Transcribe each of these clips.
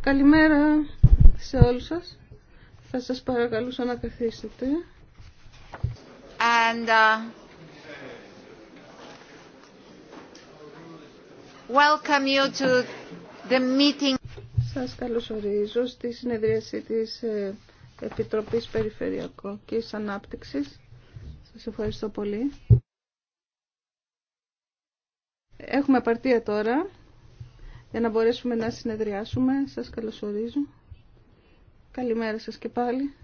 Καλημέρα σε όλους σας. Θα σας παρακαλούσα να καθίσετε. And, uh, welcome you to the meeting. Σας καλωσορίζω στη συνεδρίαση της ε, Επιτροπής Περιφερειακής Ανάπτυξης. Σας ευχαριστώ πολύ. Έχουμε παρτία τώρα για να μπορέσουμε να συνεδριάσουμε. Σας καλωσορίζω. Καλημέρα σας και πάλι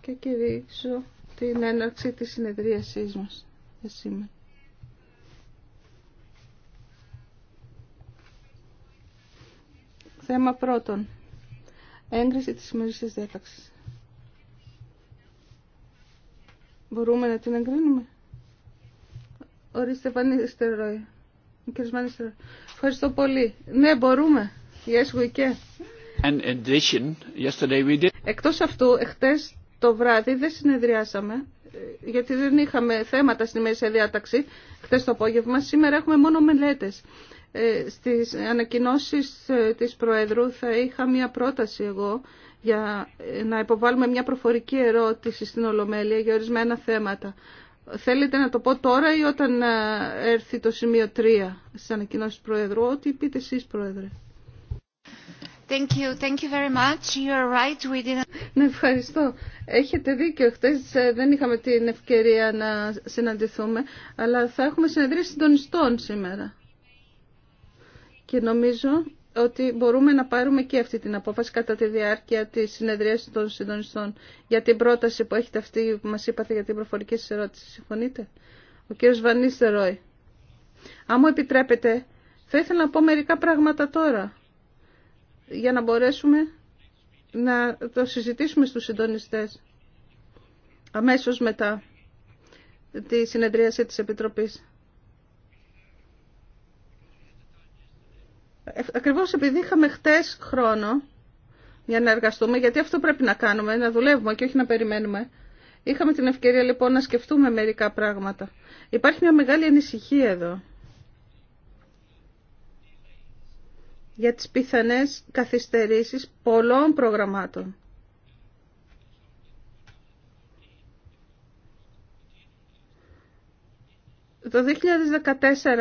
και κηρύξω την έναρξη της συνεδρίασής μας για σήμερα. Θέμα πρώτον. Έγκριση της σημερινής διάταξης. Μπορούμε να την εγκρίνουμε. Ορίστε Βανίστεροι. Ευχαριστώ πολύ. Ναι, μπορούμε. Yes, we can. And addition, yesterday we did. Εκτός αυτού, εχθές το βράδυ δεν συνεδριάσαμε, ε, γιατί δεν είχαμε θέματα στη μέση διάταξη χθες το απόγευμα. Σήμερα έχουμε μόνο μελέτες. Ε, στις ανακοινώσεις ε, της Προέδρου θα είχα μία πρόταση εγώ για να υποβάλουμε μια προφορική ερώτηση στην Ολομέλεια για ορισμένα θέματα. Θέλετε να το πω τώρα ή όταν ε, έρθει το σημείο 3 στις ανακοινώσεις του Πρόεδρου, ό,τι πείτε εσείς Πρόεδρε. Thank you. Thank you very much. right. We didn't... Ναι, ευχαριστώ. Έχετε δίκιο. Χθε δεν είχαμε την ευκαιρία να συναντηθούμε, αλλά θα έχουμε συνεδρία συντονιστών σήμερα. Και νομίζω ότι μπορούμε να πάρουμε και αυτή την απόφαση κατά τη διάρκεια της συνεδρίας των συντονιστών για την πρόταση που έχετε αυτή που μας είπατε για την προφορική σας ερώτηση. Συμφωνείτε? Ο κύριος Βανίστε Ρόι. Αν μου επιτρέπετε, θα ήθελα να πω μερικά πράγματα τώρα για να μπορέσουμε να το συζητήσουμε στους συντονιστές αμέσως μετά τη συνεδρίαση της Επιτροπής. Ε, ακριβώς επειδή είχαμε χτες χρόνο για να εργαστούμε, γιατί αυτό πρέπει να κάνουμε, να δουλεύουμε και όχι να περιμένουμε. Είχαμε την ευκαιρία λοιπόν να σκεφτούμε μερικά πράγματα. Υπάρχει μια μεγάλη ανησυχία εδώ για τις πιθανές καθυστερήσεις πολλών προγραμμάτων. Το 2014,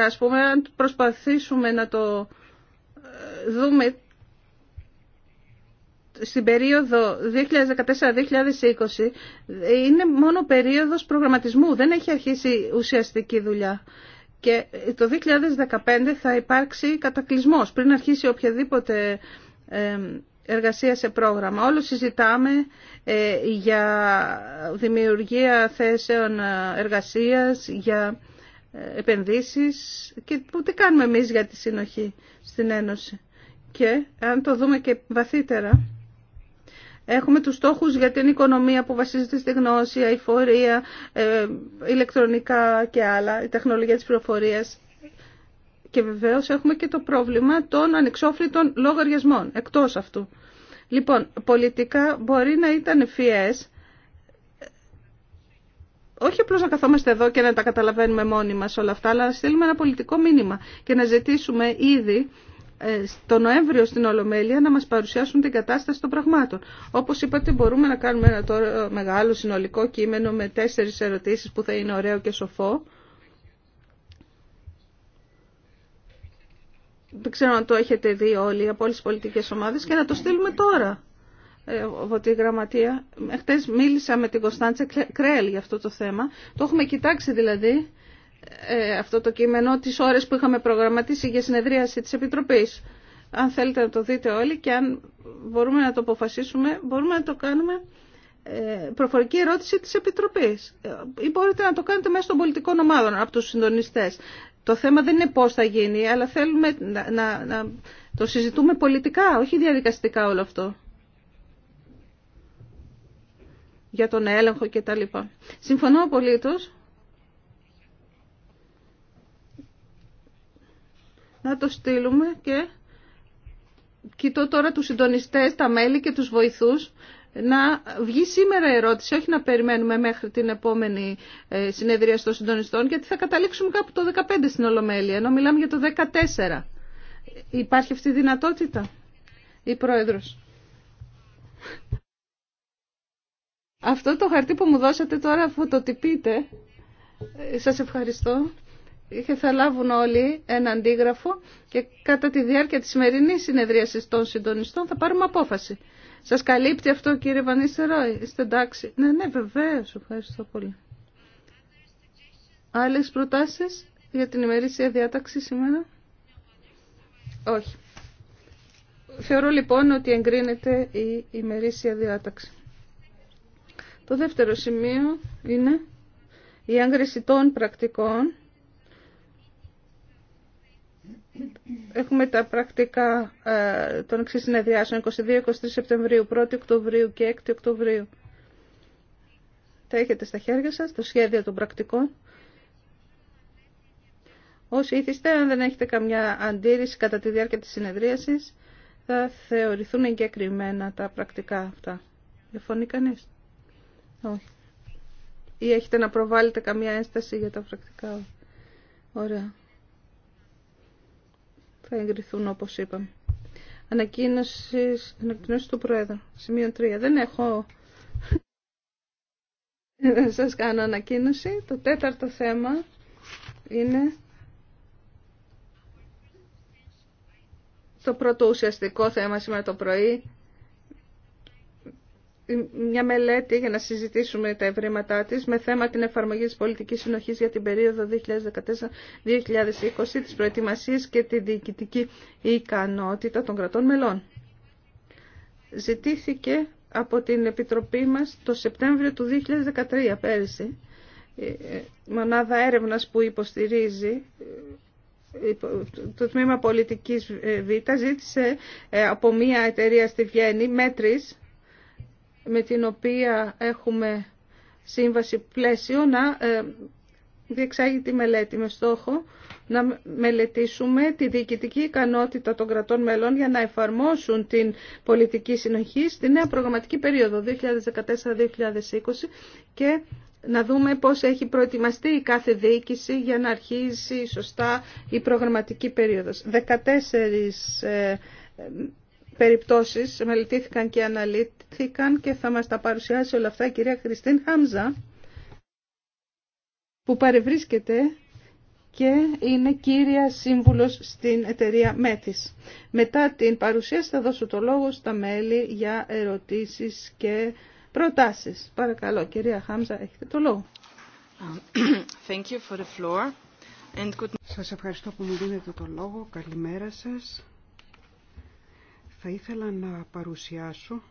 ας πούμε, αν προσπαθήσουμε να το δούμε στην περίοδο 2014-2020 είναι μόνο περίοδος προγραμματισμού, δεν έχει αρχίσει ουσιαστική δουλειά. Και το 2015 θα υπάρξει κατακλυσμός πριν αρχίσει οποιαδήποτε εργασία σε πρόγραμμα. Όλο συζητάμε ε, για δημιουργία θέσεων ε, εργασίας, για ε, επενδύσεις και που τι κάνουμε εμείς για τη συνοχή στην Ένωση. Και αν το δούμε και βαθύτερα, έχουμε τους στόχους για την οικονομία που βασίζεται στη γνώση, η φορεία, ε, ηλεκτρονικά και άλλα, η τεχνολογία της πληροφορίας. Και βεβαίως έχουμε και το πρόβλημα των ανεξόφλητων λογαριασμών, εκτός αυτού. Λοιπόν, πολιτικά μπορεί να ήταν ευφυές όχι απλώ να καθόμαστε εδώ και να τα καταλαβαίνουμε μόνοι μα όλα αυτά, αλλά να στείλουμε ένα πολιτικό μήνυμα και να ζητήσουμε ήδη ε, το Νοέμβριο στην Ολομέλεια να μα παρουσιάσουν την κατάσταση των πραγμάτων. Όπω είπατε μπορούμε να κάνουμε ένα τώρα μεγάλο συνολικό κείμενο με τέσσερι ερωτήσει που θα είναι ωραίο και σοφό. Δεν ξέρω αν το έχετε δει όλοι από όλες τις πολιτικές ομάδες και να το στείλουμε τώρα από τη γραμματεία. Χθε μίλησα με την Κωνσταντσα Κρέλ για αυτό το θέμα. Το έχουμε κοιτάξει δηλαδή ε, αυτό το κείμενο τις ώρες που είχαμε προγραμματίσει για συνεδρίαση της Επιτροπής. Αν θέλετε να το δείτε όλοι και αν μπορούμε να το αποφασίσουμε, μπορούμε να το κάνουμε ε, προφορική ερώτηση της Επιτροπής. Ε, ή μπορείτε να το κάνετε μέσα των πολιτικών ομάδων από τους συντονιστές. Το θέμα δεν είναι πώς θα γίνει, αλλά θέλουμε να, να, να το συζητούμε πολιτικά, όχι διαδικαστικά όλο αυτό για τον έλεγχο κτλ. Συμφωνώ απολύτως. Να το στείλουμε και κοιτώ τώρα τους συντονιστές, τα μέλη και τους βοηθούς να βγει σήμερα η ερώτηση, όχι να περιμένουμε μέχρι την επόμενη ε, συνεδρία των συντονιστών, γιατί θα καταλήξουμε κάπου το 15 στην Ολομέλεια, ενώ μιλάμε για το 14. Υπάρχει αυτή η δυνατότητα, η Πρόεδρος. Αυτό το χαρτί που μου δώσατε τώρα φωτοτυπείτε. Ε, σας ευχαριστώ. είχε θα λάβουν όλοι ένα αντίγραφο και κατά τη διάρκεια της σημερινής συνεδρίασης των συντονιστών θα πάρουμε απόφαση. Σας καλύπτει αυτό κύριε Βανίστερο, είστε εντάξει. Ναι, ναι, βεβαίως, ευχαριστώ πολύ. Άλλες προτάσεις για την ημερήσια διάταξη σήμερα. Όχι. Θεωρώ λοιπόν ότι εγκρίνεται η ημερήσια διάταξη. Το δεύτερο σημείο είναι η άγκριση των πρακτικών. Έχουμε τα πρακτικά ε, των εξης συνεδριασεων συνεδριάσεων 22-23 Σεπτεμβρίου, 1 Οκτωβρίου και 6 Οκτωβρίου. Τα έχετε στα χέρια σας, το σχέδιο των πρακτικών. Όσοι ήθιστε, αν δεν έχετε καμιά αντίρρηση κατά τη διάρκεια της συνεδρίασης, θα θεωρηθούν εγκεκριμένα τα πρακτικά αυτά. Διαφωνεί κανείς. Όχι. Ή έχετε να προβάλλετε καμία ένσταση για τα πρακτικά. Ωραία. Θα εγκριθούν όπως είπαμε. Ανακοίνωση, του Πρόεδρου. Σημείο 3. Δεν έχω... Δεν σας κάνω ανακοίνωση. Το τέταρτο θέμα είναι το πρώτο ουσιαστικό θέμα σήμερα το πρωί μια μελέτη για να συζητήσουμε τα ευρήματά της με θέμα την εφαρμογή της πολιτικής συνοχής για την περίοδο 2014-2020, της προετοιμασίας και τη διοικητική ικανότητα των κρατών μελών. Ζητήθηκε από την Επιτροπή μας το Σεπτέμβριο του 2013 πέρυσι, η ε, μονάδα έρευνας που υποστηρίζει ε, το τμήμα πολιτικής ε, Β ζήτησε από μια εταιρεία στη Βιέννη, Μέτρης, με την οποία έχουμε σύμβαση πλαίσιο να ε, διεξάγει τη μελέτη με στόχο να μελετήσουμε τη διοικητική ικανότητα των κρατών μελών για να εφαρμόσουν την πολιτική συνοχή στη νέα προγραμματική περίοδο 2014-2020 και να δούμε πώς έχει προετοιμαστεί η κάθε διοίκηση για να αρχίσει σωστά η προγραμματική περίοδος. 14 περιπτώσεις μελετήθηκαν και αναλύθηκαν και θα μας τα παρουσιάσει όλα αυτά η κυρία Χριστίν Χάμζα που παρευρίσκεται και είναι κύρια σύμβουλος στην εταιρεία ΜΕΤΗΣ. Μετά την παρουσίαση θα δώσω το λόγο στα μέλη για ερωτήσεις και προτάσεις. Παρακαλώ, κυρία Χάμζα, έχετε το λόγο. Thank Σας ευχαριστώ που μου δίνετε το λόγο. Καλημέρα σας. Θα ήθελα να παρουσιάσω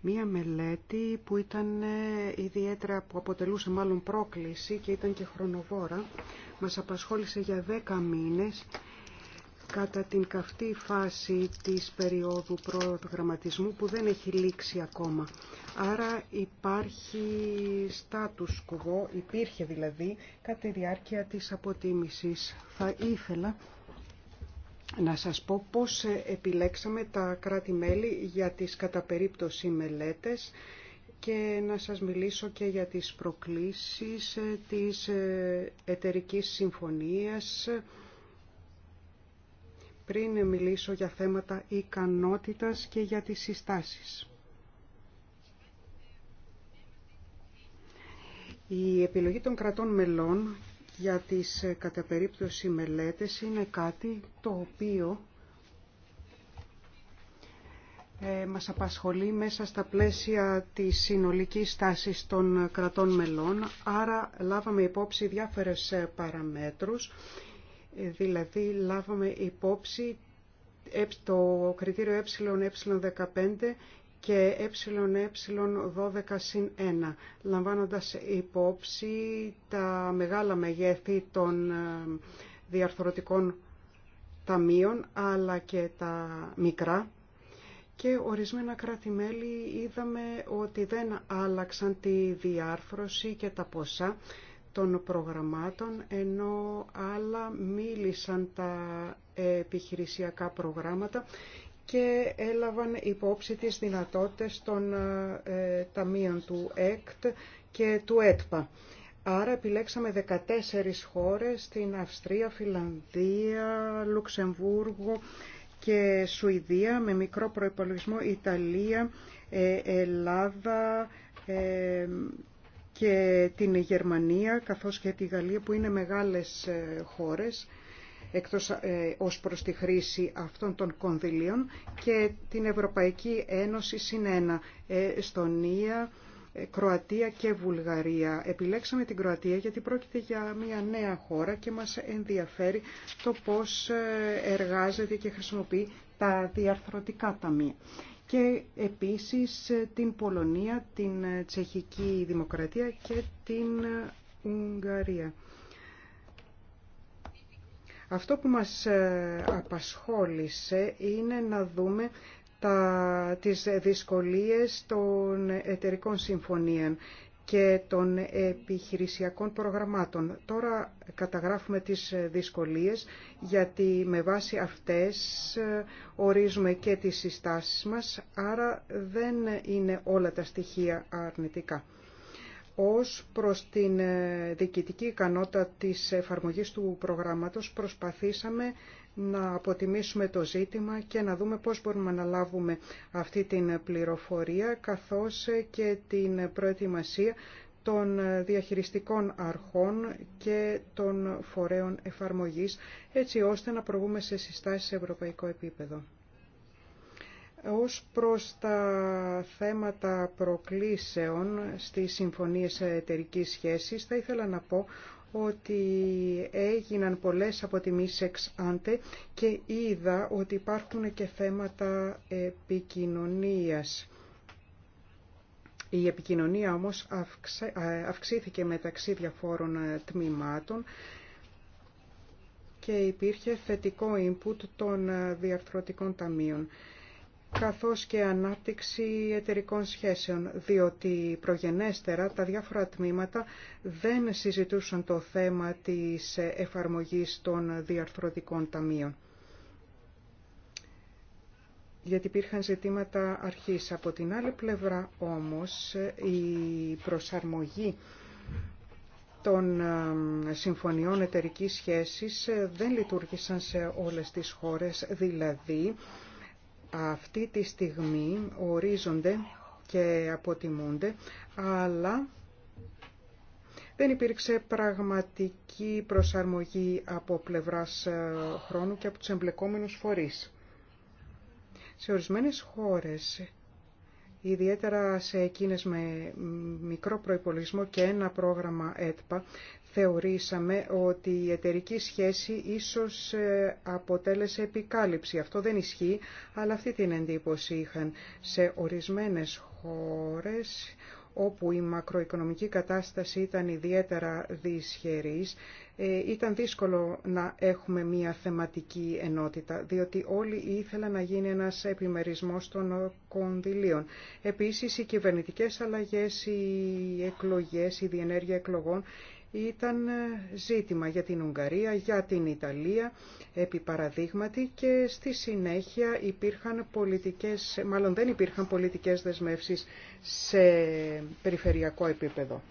μία μελέτη που ήταν ε, ιδιαίτερα, που αποτελούσε μάλλον πρόκληση και ήταν και χρονοβόρα. Μας απασχόλησε για 10 μήνες κατά την καυτή φάση της περίοδου προγραμματισμού που δεν έχει λήξει ακόμα. Άρα υπάρχει στάτους κουβό, υπήρχε δηλαδή, κατά τη διάρκεια της αποτίμησης. Θα ήθελα να σας πω πώς ε, επιλέξαμε τα κράτη-μέλη για τις κατά περίπτωση μελέτες και να σας μιλήσω και για τις προκλήσεις ε, της ε, εταιρικής συμφωνίας πριν μιλήσω για θέματα ικανότητας και για τις συστάσεις. Η επιλογή των κρατών μελών για τις ε, κατά περίπτωση μελέτες είναι κάτι το οποίο ε, μας απασχολεί μέσα στα πλαίσια της συνολικής τάσης των κρατών μελών, άρα λάβαμε υπόψη διάφορες ε, παραμέτρους, δηλαδή λάβαμε υπόψη το κριτήριο ε15 και ε12 ε συν 1, λαμβάνοντας υπόψη τα μεγάλα μεγέθη των ε, διαρθρωτικών ταμείων, αλλά και τα μικρά. Και ορισμένα κράτη-μέλη είδαμε ότι δεν άλλαξαν τη διάρθρωση και τα ποσά των προγραμμάτων, ενώ άλλα μίλησαν τα επιχειρησιακά προγράμματα και έλαβαν υπόψη τις δυνατότητες των ε, ταμείων του ΕΚΤ και του ΕΤΠΑ. Άρα επιλέξαμε 14 χώρες, την Αυστρία, Φιλανδία, Λουξεμβούργο και Σουηδία, με μικρό προϋπολογισμό Ιταλία, ε, Ελλάδα ε, και την Γερμανία, καθώς και τη Γαλλία που είναι μεγάλες ε, χώρες εκτός, ε, ως προς τη χρήση αυτών των κονδυλίων και την Ευρωπαϊκή Ένωση συνένα ε, Εστονία, ε, Κροατία και Βουλγαρία. Επιλέξαμε την Κροατία γιατί πρόκειται για μια νέα χώρα και μας ενδιαφέρει το πώς ε, εργάζεται και χρησιμοποιεί τα διαρθρωτικά ταμεία. Και επίσης την Πολωνία, την Τσεχική Δημοκρατία και την Ουγγαρία. Αυτό που μας ε, απασχόλησε είναι να δούμε τα, τις δυσκολίες των εταιρικών συμφωνίων και των επιχειρησιακών προγραμμάτων. Τώρα καταγράφουμε τις δυσκολίες γιατί με βάση αυτές ε, ορίζουμε και τις συστάσεις μας, άρα δεν είναι όλα τα στοιχεία αρνητικά ως προς την ε, διοικητική ικανότητα της εφαρμογής του προγράμματος προσπαθήσαμε να αποτιμήσουμε το ζήτημα και να δούμε πώς μπορούμε να λάβουμε αυτή την πληροφορία καθώς ε, και την προετοιμασία των ε, διαχειριστικών αρχών και των φορέων εφαρμογής έτσι ώστε να προβούμε σε συστάσεις σε ευρωπαϊκό επίπεδο. Ως προς τα θέματα προκλήσεων στις συμφωνίες εταιρική σχέσης, θα ήθελα να πω ότι έγιναν πολλές αποτιμήσεις εξ άντε και είδα ότι υπάρχουν και θέματα επικοινωνίας. Η επικοινωνία όμως αυξήθηκε μεταξύ διαφόρων τμήματων και υπήρχε θετικό input των διαρθρωτικών ταμείων καθώς και ανάπτυξη εταιρικών σχέσεων, διότι προγενέστερα τα διάφορα τμήματα δεν συζητούσαν το θέμα της εφαρμογής των διαρθρωτικών ταμείων. Γιατί υπήρχαν ζητήματα αρχής. Από την άλλη πλευρά όμως η προσαρμογή των ε, συμφωνιών εταιρικής σχέσης ε, δεν λειτουργήσαν σε όλες τις χώρες, δηλαδή αυτή τη στιγμή ορίζονται και αποτιμούνται, αλλά δεν υπήρξε πραγματική προσαρμογή από πλευράς ε, χρόνου και από τους εμπλεκόμενους φορείς. Σε ορισμένες χώρες, ιδιαίτερα σε εκείνες με μικρό προϋπολογισμό και ένα πρόγραμμα ΕΤΠΑ, θεωρήσαμε ότι η εταιρική σχέση ίσως ε, αποτέλεσε επικάλυψη. Αυτό δεν ισχύει, αλλά αυτή την εντύπωση είχαν σε ορισμένες χώρες όπου η μακροοικονομική κατάσταση ήταν ιδιαίτερα δυσχερής, ε, ήταν δύσκολο να έχουμε μία θεματική ενότητα, διότι όλοι ήθελαν να γίνει ένας επιμερισμός των κονδυλίων. Επίσης, οι κυβερνητικές αλλαγές, οι εκλογές, η διενέργεια εκλογών ήταν ε, ζήτημα για την Ουγγαρία, για την Ιταλία, επί παραδείγματι και στη συνέχεια υπήρχαν πολιτικές, μάλλον δεν υπήρχαν πολιτικές δεσμεύσεις σε περιφερειακό επίπεδο.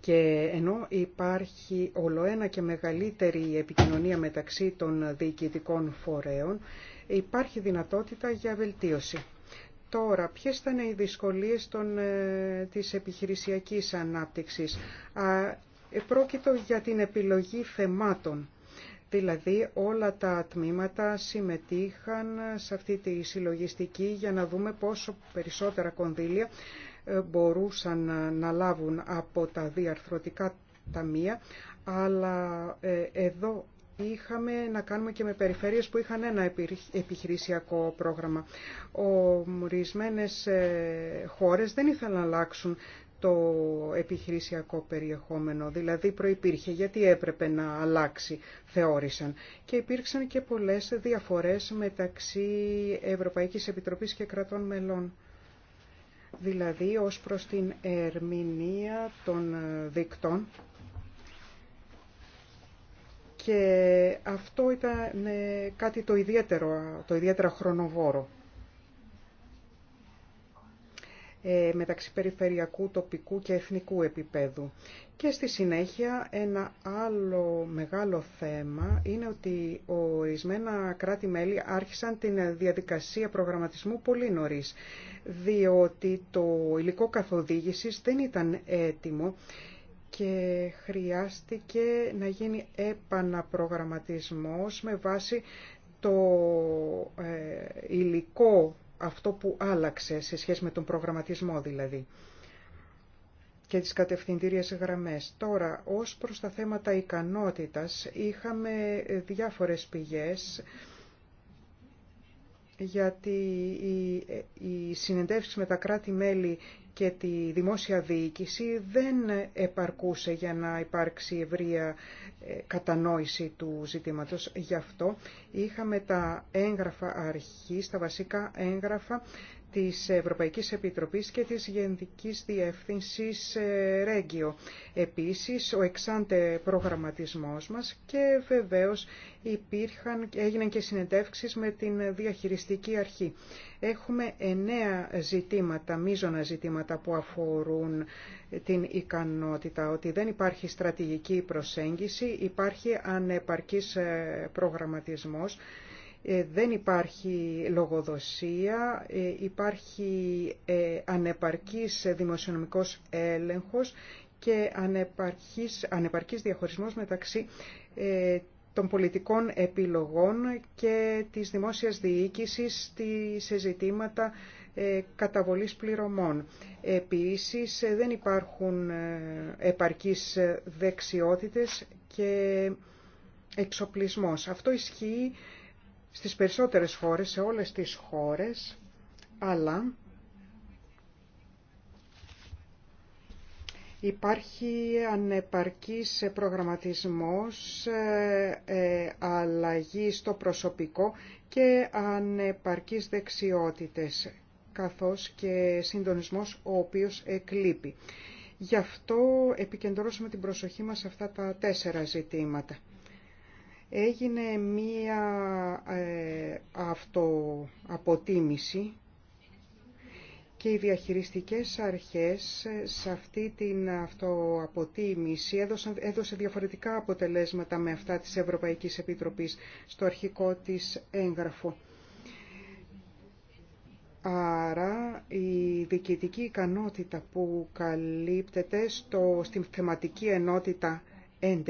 Και ενώ υπάρχει ολοένα και μεγαλύτερη επικοινωνία μεταξύ των διοικητικών φορέων, υπάρχει δυνατότητα για βελτίωση. Τώρα, ποιες θα οι δυσκολίες των, ε, της επιχειρησιακής ανάπτυξης. Α, ε, πρόκειτο για την επιλογή θεμάτων. Δηλαδή όλα τα τμήματα συμμετείχαν σε αυτή τη συλλογιστική για να δούμε πόσο περισσότερα κονδύλια ε, μπορούσαν να λάβουν από τα διαρθρωτικά ταμεία, αλλά εδώ Είχαμε να κάνουμε και με περιφέρειες που είχαν ένα επιχειρησιακό πρόγραμμα. Ορισμένε ε, χώρες δεν ήθελαν να αλλάξουν το επιχειρησιακό περιεχόμενο, δηλαδή προϋπήρχε γιατί έπρεπε να αλλάξει, θεώρησαν. Και υπήρξαν και πολλές διαφορές μεταξύ Ευρωπαϊκής Επιτροπής και κρατών μελών. Δηλαδή ως προς την ερμηνεία των ε, δικτών και αυτό ήταν ε, κάτι το ιδιαίτερο, το ιδιαίτερα χρονοβόρο. Ε, μεταξύ περιφερειακού, τοπικού και εθνικού επίπεδου. Και στη συνέχεια ένα άλλο μεγάλο θέμα είναι ότι ορισμένα κράτη-μέλη άρχισαν την διαδικασία προγραμματισμού πολύ νωρίς, διότι το υλικό καθοδήγησης δεν ήταν έτοιμο και χρειάστηκε να γίνει επαναπρογραμματισμός με βάση το ε, υλικό αυτό που άλλαξε σε σχέση με τον προγραμματισμό δηλαδή και τις κατευθυντήριες γραμμές. Τώρα, ως προς τα θέματα ικανότητας, είχαμε διάφορες πηγές, γιατί οι συνεντεύξεις με τα κράτη-μέλη και τη δημόσια διοίκηση δεν επαρκούσε για να υπάρξει ευρεία ε, κατανόηση του ζητήματος. Γι' αυτό είχαμε τα έγγραφα αρχής, τα βασικά έγγραφα της Ευρωπαϊκής Επιτροπής και της Γενικής Διευθύνσης ε, Ρέγγιο. Επίσης, ο εξάντε προγραμματισμός μας και βεβαίως υπήρχαν, έγιναν και συνεντεύξεις με την διαχειριστική αρχή. Έχουμε εννέα ζητήματα, μείζωνα ζητήματα που αφορούν την ικανότητα, ότι δεν υπάρχει στρατηγική προσέγγιση, υπάρχει ανεπαρκής ε, προγραμματισμός, ε, δεν υπάρχει λογοδοσία, ε, υπάρχει ε, ανεπαρκής δημοσιονομικός έλεγχος και ανεπαρκής, ανεπαρκής διαχωρισμός μεταξύ των πολιτικών επιλογών και της δημόσιας διοίκησης σε ζητήματα καταβολής πληρωμών. Επίσης, δεν υπάρχουν επαρκείς δεξιότητες και εξοπλισμός. Αυτό ισχύει στις περισσότερες χώρες, σε όλες τις χώρες, αλλά Υπάρχει ανεπαρκής προγραμματισμός, ε, ε, αλλαγή στο προσωπικό και ανεπαρκής δεξιότητες, καθώς και συντονισμός ο οποίος εκλείπει. Γι' αυτό επικεντρώσαμε την προσοχή μας σε αυτά τα τέσσερα ζητήματα έγινε μία ε, αυτοαποτίμηση και οι διαχειριστικές αρχές ε, σε αυτή την αυτοαποτίμηση έδωσαν, έδωσε διαφορετικά αποτελέσματα με αυτά της Ευρωπαϊκής Επιτροπής στο αρχικό της έγγραφο. Άρα η διοικητική ικανότητα που καλύπτεται στο, στην θεματική ενότητα 11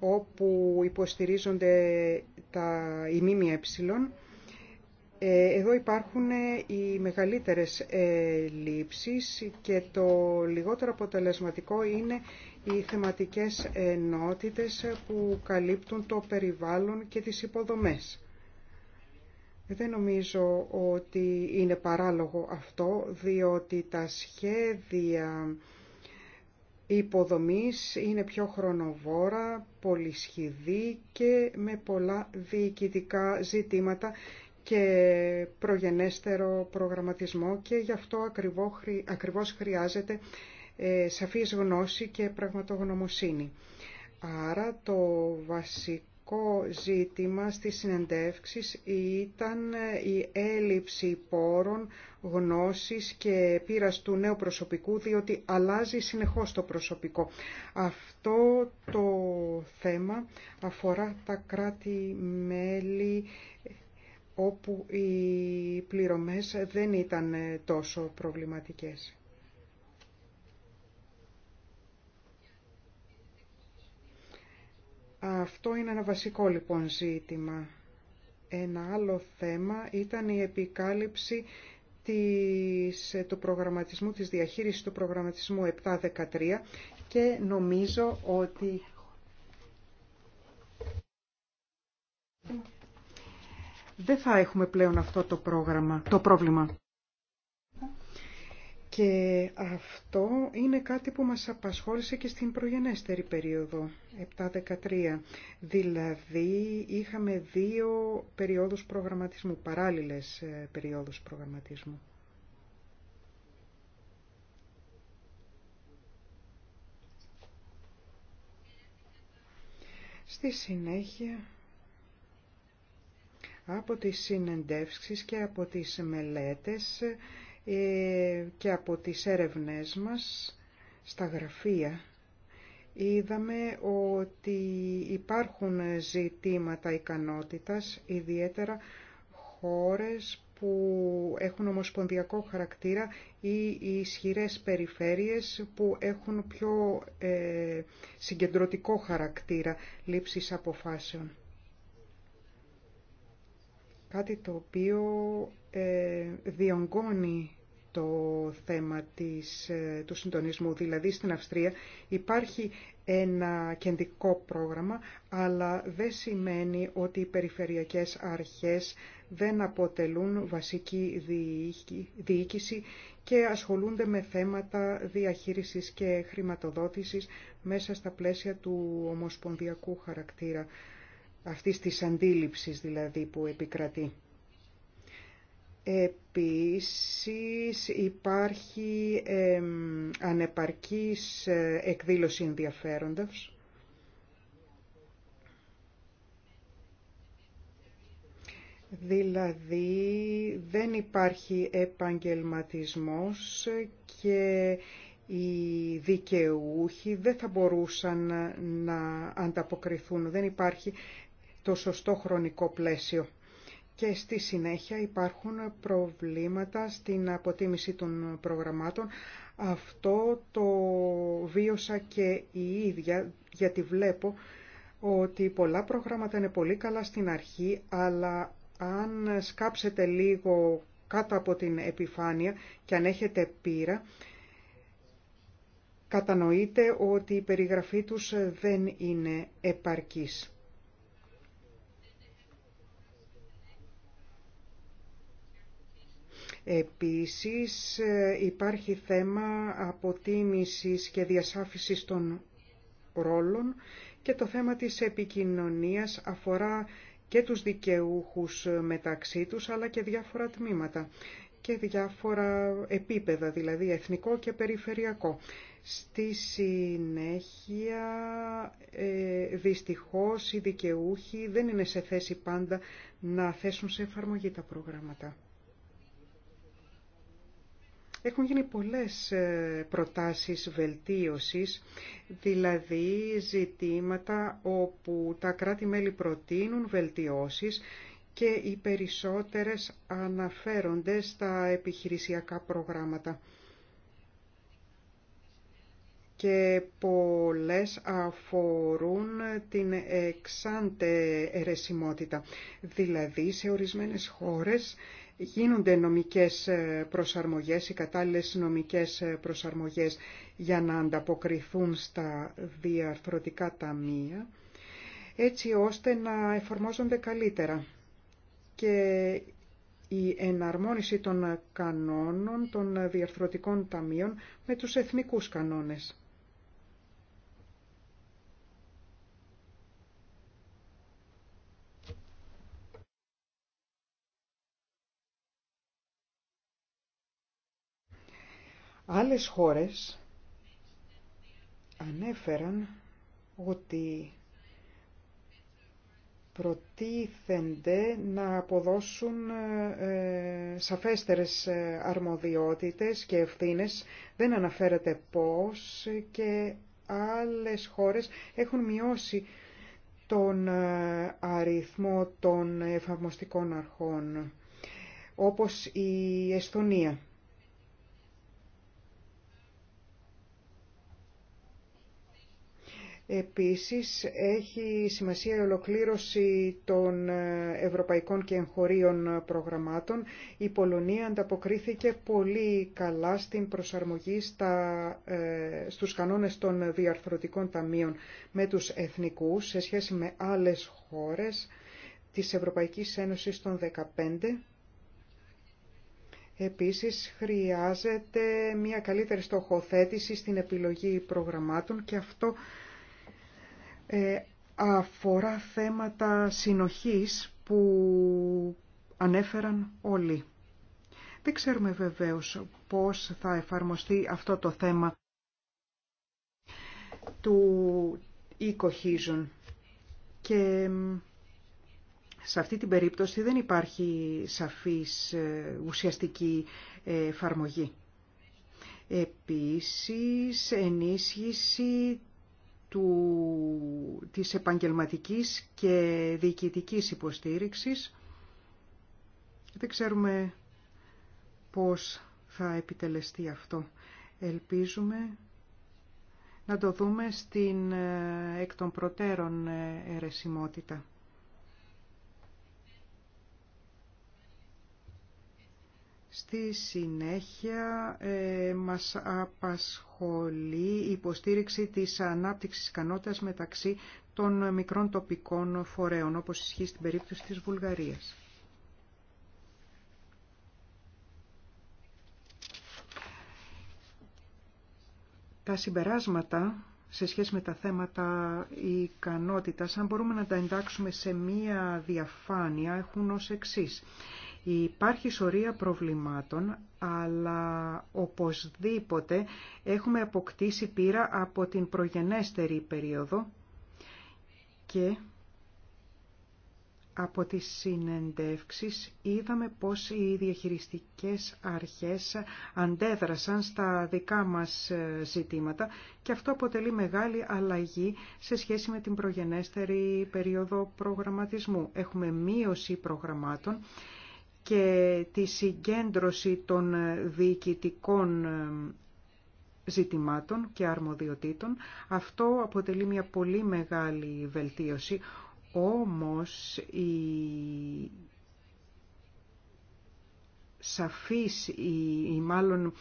όπου υποστηρίζονται τα ημίμια ΜΜΕ, ε, εδώ υπάρχουν οι μεγαλύτερες λήψεις και το λιγότερο αποτελεσματικό είναι οι θεματικές ενότητες που καλύπτουν το περιβάλλον και τις υποδομές. Δεν νομίζω ότι είναι παράλογο αυτό, διότι τα σχέδια υποδομής είναι πιο χρονοβόρα, πολυσχηδή και με πολλά διοικητικά ζητήματα και προγενέστερο προγραμματισμό και γι' αυτό ακριβώς χρειάζεται ε, σαφής γνώση και πραγματογνωμοσύνη. Άρα το βασικό βασικό ζήτημα στις συνεντεύξεις ήταν η έλλειψη πόρων, γνώσης και πείρας του νέου προσωπικού, διότι αλλάζει συνεχώς το προσωπικό. Αυτό το θέμα αφορά τα κράτη-μέλη όπου οι πληρωμές δεν ήταν τόσο προβληματικές. Αυτό είναι ένα βασικό λοιπόν ζήτημα. Ένα άλλο θέμα ήταν η επικάλυψη της, του προγραμματισμού, της διαχείρισης του προγραμματισμού 713 και νομίζω ότι δεν θα έχουμε πλέον αυτό το πρόγραμμα, το πρόβλημα. Και αυτό είναι κάτι που μας απασχόλησε και στην προγενέστερη περίοδο, 7-13. Δηλαδή είχαμε δύο περιόδους προγραμματισμού, παράλληλες ε, περιόδους προγραμματισμού. Στη συνέχεια, από τις συνεντεύξεις και από τις μελέτες, ε, και από τις έρευνές μας στα γραφεία είδαμε ότι υπάρχουν ζητήματα ικανότητας, ιδιαίτερα χώρες που έχουν ομοσπονδιακό χαρακτήρα ή ισχυρές περιφέρειες που έχουν πιο ε, συγκεντρωτικό χαρακτήρα λήψης αποφάσεων. Κάτι το οποίο ε, διονγκώνει το θέμα της, ε, του συντονισμού. Δηλαδή στην Αυστρία υπάρχει ένα κεντρικό πρόγραμμα, αλλά δεν σημαίνει ότι οι περιφερειακές αρχές δεν αποτελούν βασική διοίκηση και ασχολούνται με θέματα διαχείρισης και χρηματοδότησης μέσα στα πλαίσια του ομοσπονδιακού χαρακτήρα αυτής της αντίληψης δηλαδή που επικρατεί. Επίσης υπάρχει ε, ανεπαρκής εκδήλωση ενδιαφέροντας, Δηλαδή δεν υπάρχει επαγγελματισμός και οι δικαιούχοι δεν θα μπορούσαν να ανταποκριθούν. Δεν υπάρχει το σωστό χρονικό πλαίσιο και στη συνέχεια υπάρχουν προβλήματα στην αποτίμηση των προγραμμάτων. Αυτό το βίωσα και η ίδια, γιατί βλέπω ότι πολλά προγράμματα είναι πολύ καλά στην αρχή, αλλά αν σκάψετε λίγο κάτω από την επιφάνεια και αν έχετε πείρα, κατανοείτε ότι η περιγραφή τους δεν είναι επαρκής. Επίσης ε, υπάρχει θέμα αποτίμησης και διασάφησης των ρόλων και το θέμα της επικοινωνίας αφορά και τους δικαιούχους ε, μεταξύ τους αλλά και διάφορα τμήματα και διάφορα επίπεδα, δηλαδή εθνικό και περιφερειακό. Στη συνέχεια, ε, δυστυχώς, οι δικαιούχοι δεν είναι σε θέση πάντα να θέσουν σε εφαρμογή τα προγράμματα. Έχουν γίνει πολλές ε, προτάσεις βελτίωσης, δηλαδή ζητήματα όπου τα κράτη-μέλη προτείνουν βελτιώσεις και οι περισσότερες αναφέρονται στα επιχειρησιακά προγράμματα. Και πολλές αφορούν την εξάντε ερεσιμότητα. Δηλαδή σε ορισμένες χώρες γίνονται νομικές ε, προσαρμογές, οι κατάλληλες νομικές ε, προσαρμογές για να ανταποκριθούν στα διαρθρωτικά ταμεία, έτσι ώστε να εφαρμόζονται καλύτερα. Και η εναρμόνιση των κανόνων των διαρθρωτικών ταμείων με τους εθνικούς κανόνες. Άλλες χώρες ανέφεραν ότι προτίθενται να αποδώσουν ε, ε, σαφέστερες ε, αρμοδιότητες και ευθύνες, δεν αναφέρεται πώς και άλλες χώρες έχουν μειώσει τον αριθμό των εφαρμοστικών αρχών, όπως η Εσθονία. Επίσης, έχει σημασία η ολοκλήρωση των ε, ευρωπαϊκών και εγχωρίων προγραμμάτων. Η Πολωνία ανταποκρίθηκε πολύ καλά στην προσαρμογή στα, ε, στους κανόνες των διαρθρωτικών ταμείων με τους εθνικούς σε σχέση με άλλες χώρες της Ευρωπαϊκής Ένωσης των 15 Επίσης, χρειάζεται μια καλύτερη στοχοθέτηση στην επιλογή προγραμμάτων και αυτό ε, αφορά θέματα συνοχής που ανέφεραν όλοι. Δεν ξέρουμε βεβαίως πώς θα εφαρμοστεί αυτό το θέμα του οικοχίζων. και σε αυτή την περίπτωση δεν υπάρχει σαφής ε, ουσιαστική ε, εφαρμογή. Επίσης, ενίσχυση του, της επαγγελματικής και διοικητικής υποστήριξης. Δεν ξέρουμε πώς θα επιτελεστεί αυτό. Ελπίζουμε να το δούμε στην ε, εκ των προτέρων ε, αιρεσιμότητα. Στη συνέχεια ε, μας απασχολεί η υποστήριξη της ανάπτυξης ικανότητας μεταξύ των μικρών τοπικών φορέων, όπως ισχύει στην περίπτωση της Βουλγαρίας. Τα συμπεράσματα σε σχέση με τα θέματα ικανότητας, αν μπορούμε να τα εντάξουμε σε μία διαφάνεια, έχουν ως εξής. Υπάρχει σωρία προβλημάτων, αλλά οπωσδήποτε έχουμε αποκτήσει πείρα από την προγενέστερη περίοδο και από τις συνεντεύξεις είδαμε πως οι διαχειριστικές αρχές αντέδρασαν στα δικά μας ε, ζητήματα και αυτό αποτελεί μεγάλη αλλαγή σε σχέση με την προγενέστερη περίοδο προγραμματισμού. Έχουμε μείωση προγραμμάτων και τη συγκέντρωση των διοικητικών ε, ζητημάτων και αρμοδιοτήτων. Αυτό αποτελεί μια πολύ μεγάλη βελτίωση, όμως η σαφής ή, ή μάλλον η μαλλον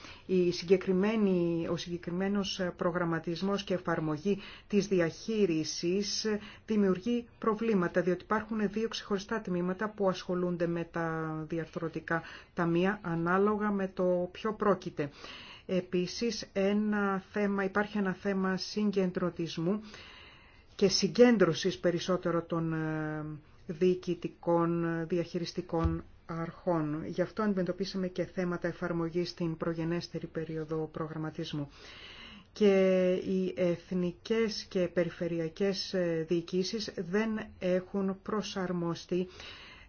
η συγκεκριμενη ο συγκεκριμένος προγραμματισμός και εφαρμογή της διαχείρισης δημιουργεί προβλήματα, διότι υπάρχουν δύο ξεχωριστά τμήματα που ασχολούνται με τα διαρθρωτικά ταμεία ανάλογα με το ποιο πρόκειται. Επίσης, ένα θέμα, υπάρχει ένα θέμα συγκεντρωτισμού και συγκέντρωσης περισσότερο των ε, διοικητικών ε, διαχειριστικών αρχών. Γι' αυτό αντιμετωπίσαμε και θέματα εφαρμογής στην προγενέστερη περίοδο προγραμματισμού. Και οι εθνικές και περιφερειακές ε, διοικήσεις δεν έχουν προσαρμοστεί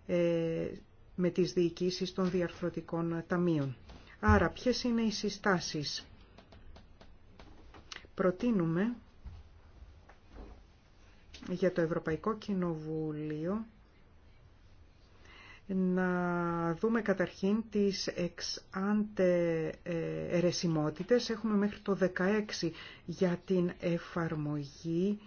ε, με τις διοικήσεις των διαρθρωτικών ταμείων. Άρα, ποιες είναι οι συστάσεις. Προτείνουμε για το Ευρωπαϊκό Κοινοβούλιο να δούμε καταρχήν τις εξάντε ερεσιμότητες. Έχουμε μέχρι το 16 για την εφαρμογή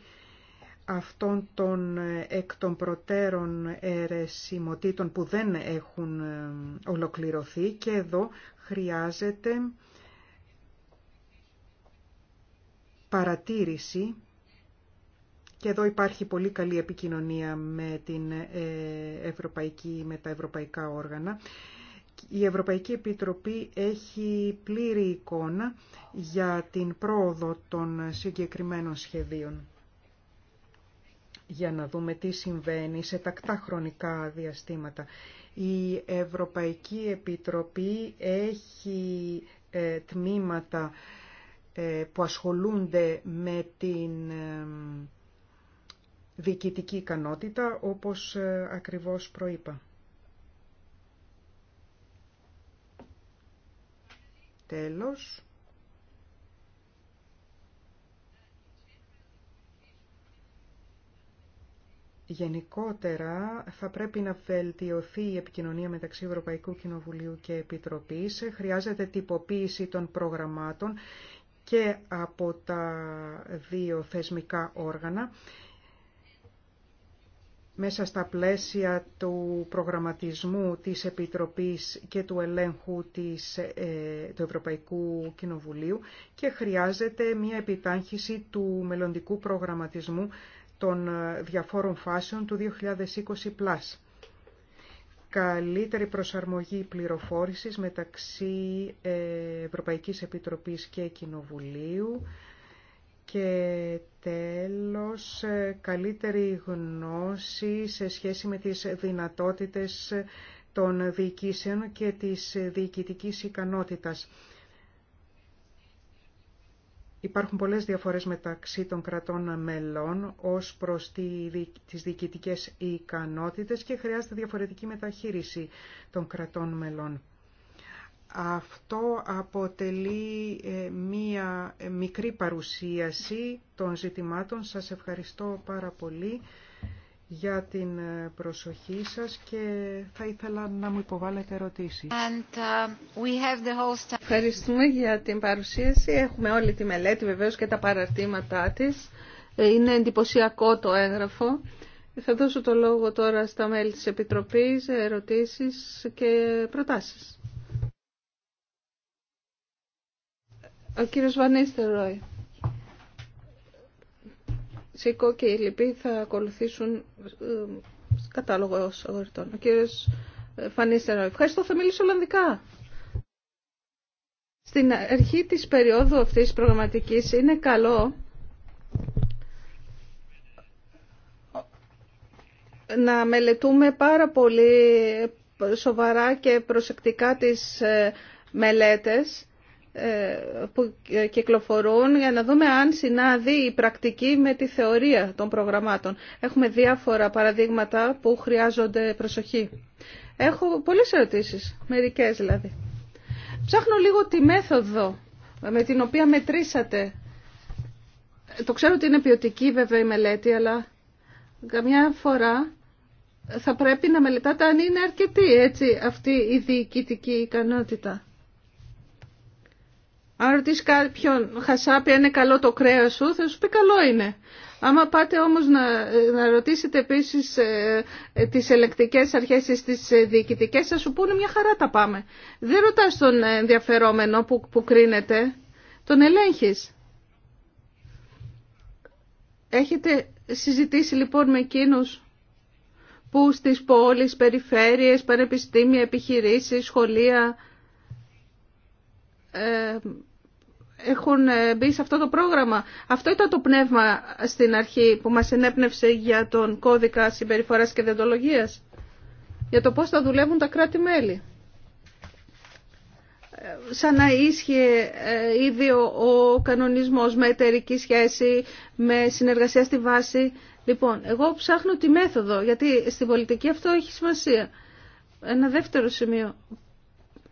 αυτών των ε, εκ των προτέρων ερεσιμοτήτων που δεν έχουν ε, ολοκληρωθεί και εδώ χρειάζεται παρατήρηση και εδώ υπάρχει πολύ καλή επικοινωνία με, την ε, ευρωπαϊκή, με τα ευρωπαϊκά όργανα. Η Ευρωπαϊκή Επιτροπή έχει πλήρη εικόνα για την πρόοδο των συγκεκριμένων σχεδίων. Για να δούμε τι συμβαίνει σε τακτά χρονικά διαστήματα. Η Ευρωπαϊκή Επιτροπή έχει ε, τμήματα ε, που ασχολούνται με την διοικητική ικανότητα, όπως ε, ακριβώς προείπα. Τέλος. Γενικότερα θα πρέπει να βελτιωθεί η επικοινωνία μεταξύ Ευρωπαϊκού Κοινοβουλίου και Επιτροπής. Χρειάζεται τυποποίηση των προγραμμάτων και από τα δύο θεσμικά όργανα μέσα στα πλαίσια του προγραμματισμού της Επιτροπής και του ελέγχου της, ε, του Ευρωπαϊκού Κοινοβουλίου και χρειάζεται μια επιτάχυση του μελλοντικού προγραμματισμού των ε, διαφόρων φάσεων του 2020+. Καλύτερη προσαρμογή πληροφόρησης μεταξύ ε, Ευρωπαϊκής Επιτροπής και Κοινοβουλίου, και τέλος, ε, καλύτερη γνώση σε σχέση με τις δυνατότητες των διοικήσεων και της διοικητικής ικανότητας. Υπάρχουν πολλές διαφορές μεταξύ των κρατών μελών ως προς τις διοικητικές ικανότητες και χρειάζεται διαφορετική μεταχείριση των κρατών μελών. Αυτό αποτελεί ε, μία ε, μικρή παρουσίαση των ζητημάτων. Σας ευχαριστώ πάρα πολύ για την ε, προσοχή σας και θα ήθελα να μου υποβάλλετε ερωτήσεις. And, uh, Ευχαριστούμε για την παρουσίαση. Έχουμε όλη τη μελέτη βεβαίως και τα παραρτήματά της. Είναι εντυπωσιακό το έγγραφο. Θα δώσω το λόγο τώρα στα μέλη της Επιτροπής, ερωτήσεις και προτάσεις. Ο κύριο Βανίστερ Ρόι. Σίκο και οι λοιποί θα ακολουθήσουν ε, κατάλογο ως αγορητών. Ο κύριο Φανίστερ ε, Ρόι. Ευχαριστώ, θα μιλήσω Ολλανδικά. Στην αρχή της περίοδου αυτής της προγραμματικής είναι καλό να μελετούμε πάρα πολύ σοβαρά και προσεκτικά τις ε, μελέτες ε, που κυκλοφορούν για να δούμε αν συνάδει η πρακτική με τη θεωρία των προγραμμάτων. Έχουμε διάφορα παραδείγματα που χρειάζονται προσοχή. Έχω πολλές ερωτήσεις, μερικές δηλαδή. Ψάχνω λίγο τη μέθοδο με την οποία μετρήσατε. Το ξέρω ότι είναι ποιοτική βέβαια η μελέτη, αλλά καμιά φορά θα πρέπει να μελετάτε αν είναι αρκετή έτσι, αυτή η διοικητική ικανότητα. Αν ρωτήσει κάποιον χασάπι είναι καλό το κρέα σου, θα σου πει καλό είναι. Άμα πάτε όμως να, ρωτήσετε επίσης ε, ε, τις ελεκτικές αρχές ή τις ε, θα σου πούνε μια χαρά τα πάμε. Δεν ρωτάς τον ενδιαφερόμενο που, που κρίνεται, τον ελέγχεις. Έχετε συζητήσει λοιπόν με εκείνους που στις πόλεις, περιφέρειες, πανεπιστήμια, επιχειρήσεις, σχολεία ε, έχουν ε, μπει σε αυτό το πρόγραμμα. Αυτό ήταν το πνεύμα στην αρχή που μας ενέπνευσε για τον κώδικα συμπεριφοράς και διοντολογίας. Για το πώς θα δουλεύουν τα κράτη-μέλη. Ε, σαν να ίσχυε ε, ήδη ο κανονισμός με εταιρική σχέση, με συνεργασία στη βάση. Λοιπόν, εγώ ψάχνω τη μέθοδο, γιατί στην πολιτική αυτό έχει σημασία. Ένα δεύτερο σημείο.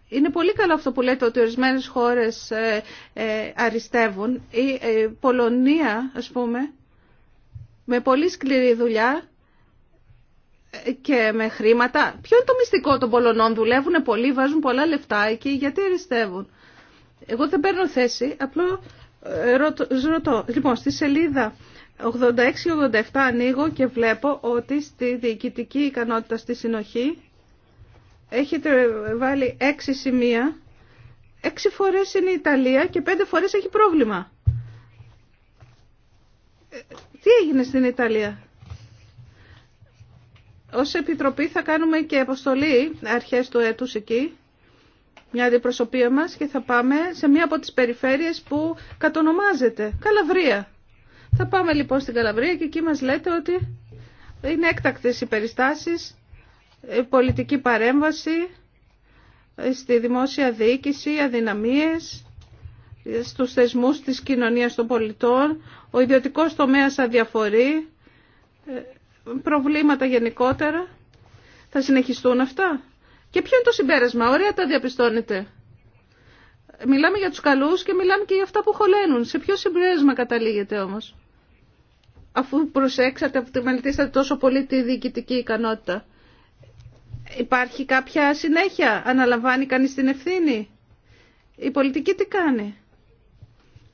Είναι πολύ καλό αυτό που λέτε ότι ορισμένες χώρες ε, ε, αριστεύουν. Η ε, Πολωνία, ας πούμε, με πολύ σκληρή δουλειά και με χρήματα. Ποιο είναι το μυστικό των Πολωνών. Δουλεύουν πολύ, βάζουν πολλά λεφτά εκεί. Γιατί αριστεύουν. Εγώ δεν παίρνω θέση, απλώς ρωτώ. Λοιπόν, στη σελίδα 86-87 ανοίγω και βλέπω ότι στη διοικητική ικανότητα στη συνοχή έχετε βάλει έξι σημεία, έξι φορές είναι η Ιταλία και πέντε φορές έχει πρόβλημα. Τι έγινε στην Ιταλία. Ως Επιτροπή θα κάνουμε και αποστολή αρχές του έτους εκεί, μια αντιπροσωπεία μας και θα πάμε σε μια από τις περιφέρειες που κατονομάζεται, Καλαβρία. Θα πάμε λοιπόν στην Καλαβρία και εκεί μας λέτε ότι είναι έκτακτες οι περιστάσεις, ε, πολιτική παρέμβαση ε, στη δημόσια διοίκηση, αδυναμίες ε, στους θεσμούς της κοινωνίας των πολιτών, ο ιδιωτικός τομέας αδιαφορεί, προβλήματα γενικότερα. Θα συνεχιστούν αυτά. Και ποιο είναι το συμπέρασμα, ωραία τα διαπιστώνετε. Μιλάμε για τους καλούς και μιλάμε και για αυτά που χωλένουν. Σε ποιο συμπέρασμα καταλήγεται όμως. Αφού προσέξατε, μελετήσατε τόσο πολύ τη διοικητική ικανότητα. Υπάρχει κάποια συνέχεια, αναλαμβάνει κανείς την ευθύνη. Η πολιτική τι κάνει.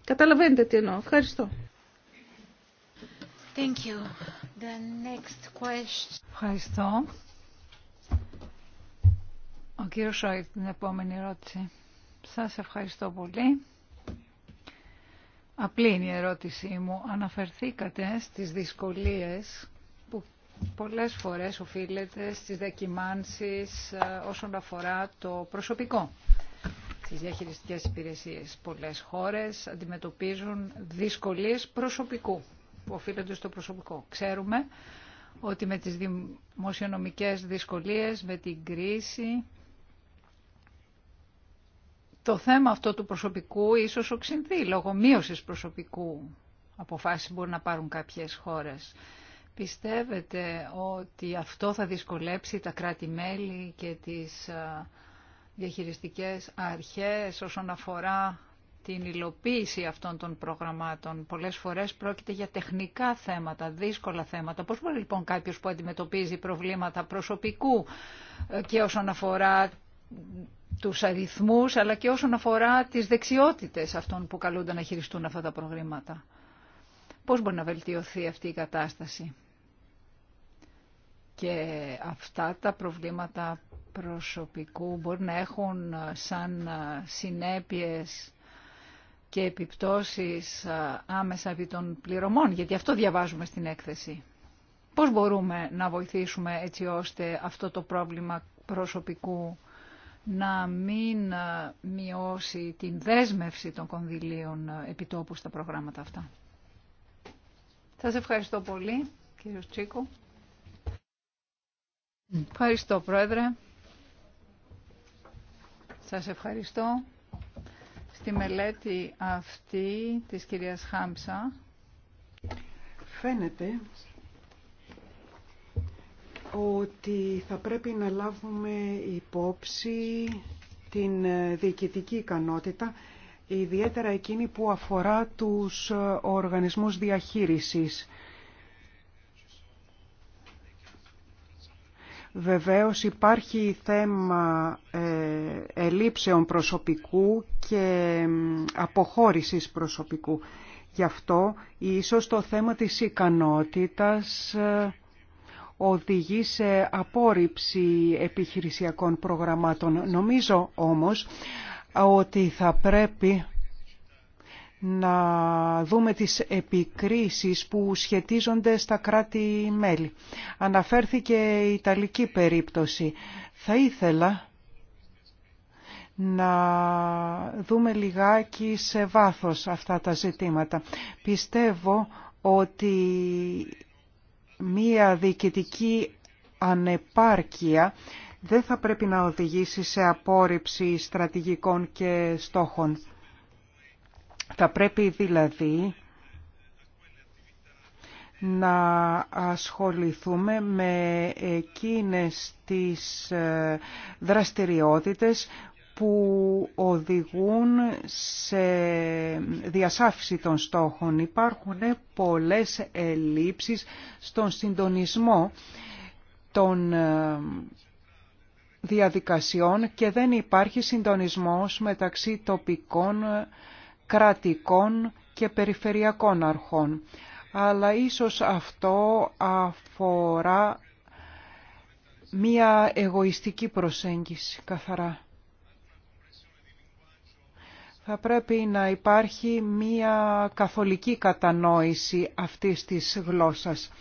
Καταλαβαίνετε τι εννοώ. Ευχαριστώ. Thank you. The next Ευχαριστώ. Ο κύριο Σόιτ, την επόμενη ερώτηση. Σας ευχαριστώ πολύ. Απλή είναι η ερώτησή μου. Αναφερθήκατε στις δυσκολίες πολλές φορές οφείλεται στις δεκιμάνσεις ε, όσον αφορά το προσωπικό στις διαχειριστικές υπηρεσίες. Πολλές χώρες αντιμετωπίζουν δυσκολίες προσωπικού που οφείλονται στο προσωπικό. Ξέρουμε ότι με τις δημοσιονομικές δυσκολίες, με την κρίση, το θέμα αυτό του προσωπικού ίσως οξυνθεί λόγω μείωσης προσωπικού αποφάσεις μπορούν να πάρουν κάποιες χώρες. Πιστεύετε ότι αυτό θα δυσκολέψει τα κράτη-μέλη και τις διαχειριστικές αρχές όσον αφορά την υλοποίηση αυτών των προγραμμάτων. Πολλές φορές πρόκειται για τεχνικά θέματα, δύσκολα θέματα. Πώς μπορεί λοιπόν κάποιος που αντιμετωπίζει προβλήματα προσωπικού ε, και όσον αφορά τους αριθμούς, αλλά και όσον αφορά τις δεξιότητες αυτών που καλούνται να χειριστούν αυτά τα προγράμματα. Πώς μπορεί να βελτιωθεί αυτή η κατάσταση και αυτά τα προβλήματα προσωπικού μπορεί να έχουν ε, σαν ε, συνέπειες και επιπτώσεις ε, άμεσα επί των πληρωμών, γιατί αυτό διαβάζουμε στην έκθεση. Πώς μπορούμε να βοηθήσουμε έτσι ώστε αυτό το πρόβλημα προσωπικού να μην μειώσει την δέσμευση των κονδυλίων επιτόπου στα προγράμματα αυτά. Σας ευχαριστώ πολύ, κύριο Τσίκου. Ευχαριστώ Πρόεδρε. Σας ευχαριστώ. Στη μελέτη αυτή της κυρίας Χάμψα φαίνεται ότι θα πρέπει να λάβουμε υπόψη την διοικητική ικανότητα, ιδιαίτερα εκείνη που αφορά τους οργανισμούς διαχείρισης Βεβαίως υπάρχει θέμα ε, ελήψεων προσωπικού και αποχώρησης προσωπικού. Γι' αυτό ίσως το θέμα της ικανότητας ε, οδηγεί σε απόρριψη επιχειρησιακών προγραμμάτων. Νομίζω όμως ότι θα πρέπει να δούμε τις επικρίσεις που σχετίζονται στα κράτη-μέλη. Αναφέρθηκε η Ιταλική περίπτωση. Θα ήθελα να δούμε λιγάκι σε βάθος αυτά τα ζητήματα. Πιστεύω ότι μία διοικητική ανεπάρκεια δεν θα πρέπει να οδηγήσει σε απόρριψη στρατηγικών και στόχων. Θα πρέπει δηλαδή να ασχοληθούμε με εκείνες τις ε, δραστηριότητες που οδηγούν σε διασάφιση των στόχων. Υπάρχουν πολλές ελλείψεις στον συντονισμό των ε, διαδικασιών και δεν υπάρχει συντονισμός μεταξύ τοπικών κρατικών και περιφερειακών αρχών. Αλλά ίσως αυτό αφορά μία εγωιστική προσέγγιση καθαρά. Θα πρέπει να υπάρχει μία καθολική κατανόηση αυτής της γλώσσας.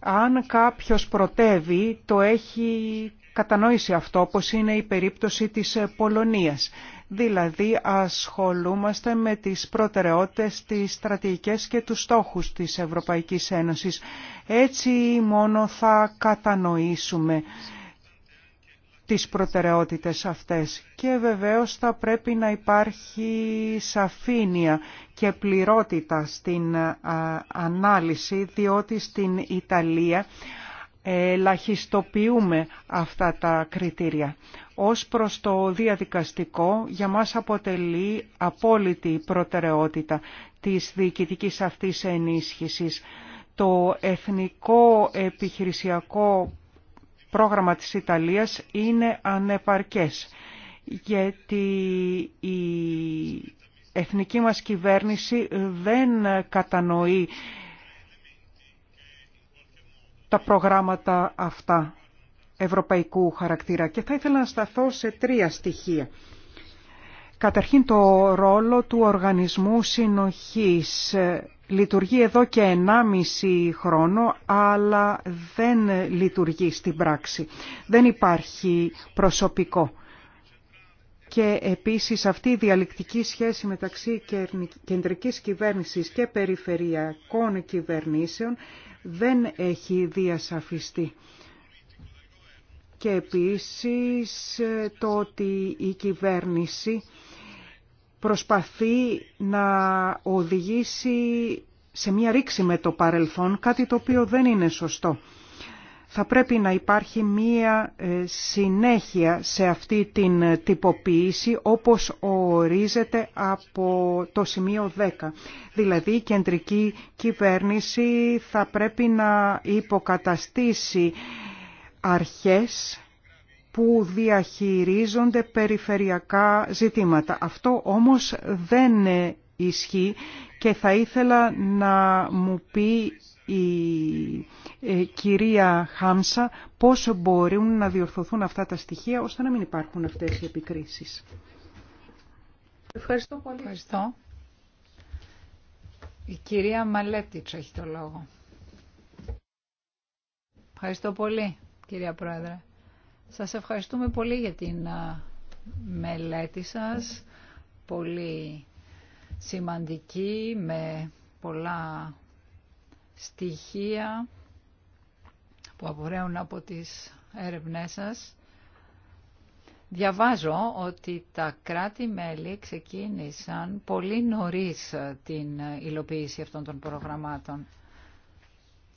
Αν κάποιος προτεύει, το έχει κατανόηση αυτό, όπως είναι η περίπτωση της Πολωνίας δηλαδή ασχολούμαστε με τις προτεραιότητες, τις στρατηγικές και τους στόχους της Ευρωπαϊκής Ένωσης. Έτσι μόνο θα κατανοήσουμε τις προτεραιότητες αυτές και βεβαίως θα πρέπει να υπάρχει σαφήνεια και πληρότητα στην ανάλυση διότι στην Ιταλία ελαχιστοποιούμε αυτά τα κριτήρια ως προς το διαδικαστικό για μας αποτελεί απόλυτη προτεραιότητα της διοικητικής αυτής ενίσχυσης. Το Εθνικό Επιχειρησιακό Πρόγραμμα της Ιταλίας είναι ανεπαρκές γιατί η εθνική μας κυβέρνηση δεν κατανοεί τα προγράμματα αυτά ευρωπαϊκού χαρακτήρα και θα ήθελα να σταθώ σε τρία στοιχεία. Καταρχήν το ρόλο του οργανισμού συνοχής λειτουργεί εδώ και 1,5 χρόνο, αλλά δεν λειτουργεί στην πράξη. Δεν υπάρχει προσωπικό. Και επίσης αυτή η διαλεκτική σχέση μεταξύ κεντρικής κυβέρνησης και περιφερειακών κυβερνήσεων δεν έχει διασαφιστεί και επίσης ε, το ότι η κυβέρνηση προσπαθεί να οδηγήσει σε μια ρήξη με το παρελθόν, κάτι το οποίο δεν είναι σωστό. Θα πρέπει να υπάρχει μία ε, συνέχεια σε αυτή την ε, τυποποίηση όπως ορίζεται από το σημείο 10. Δηλαδή η κεντρική κυβέρνηση θα πρέπει να υποκαταστήσει αρχές που διαχειρίζονται περιφερειακά ζητήματα. Αυτό όμως δεν ισχύει και θα ήθελα να μου πει η ε, κυρία Χάμσα πόσο μπορούν να διορθωθούν αυτά τα στοιχεία ώστε να μην υπάρχουν αυτές οι επικρίσεις. Ευχαριστώ πολύ. Ευχαριστώ. Η κυρία Μαλέτιτς έχει το λόγο. Ευχαριστώ πολύ κυρία Πρόεδρε. Σας ευχαριστούμε πολύ για την μελέτη σας, πολύ σημαντική, με πολλά στοιχεία που απορρέουν από τις έρευνές σας. Διαβάζω ότι τα κράτη-μέλη ξεκίνησαν πολύ νωρίς την υλοποίηση αυτών των προγραμμάτων.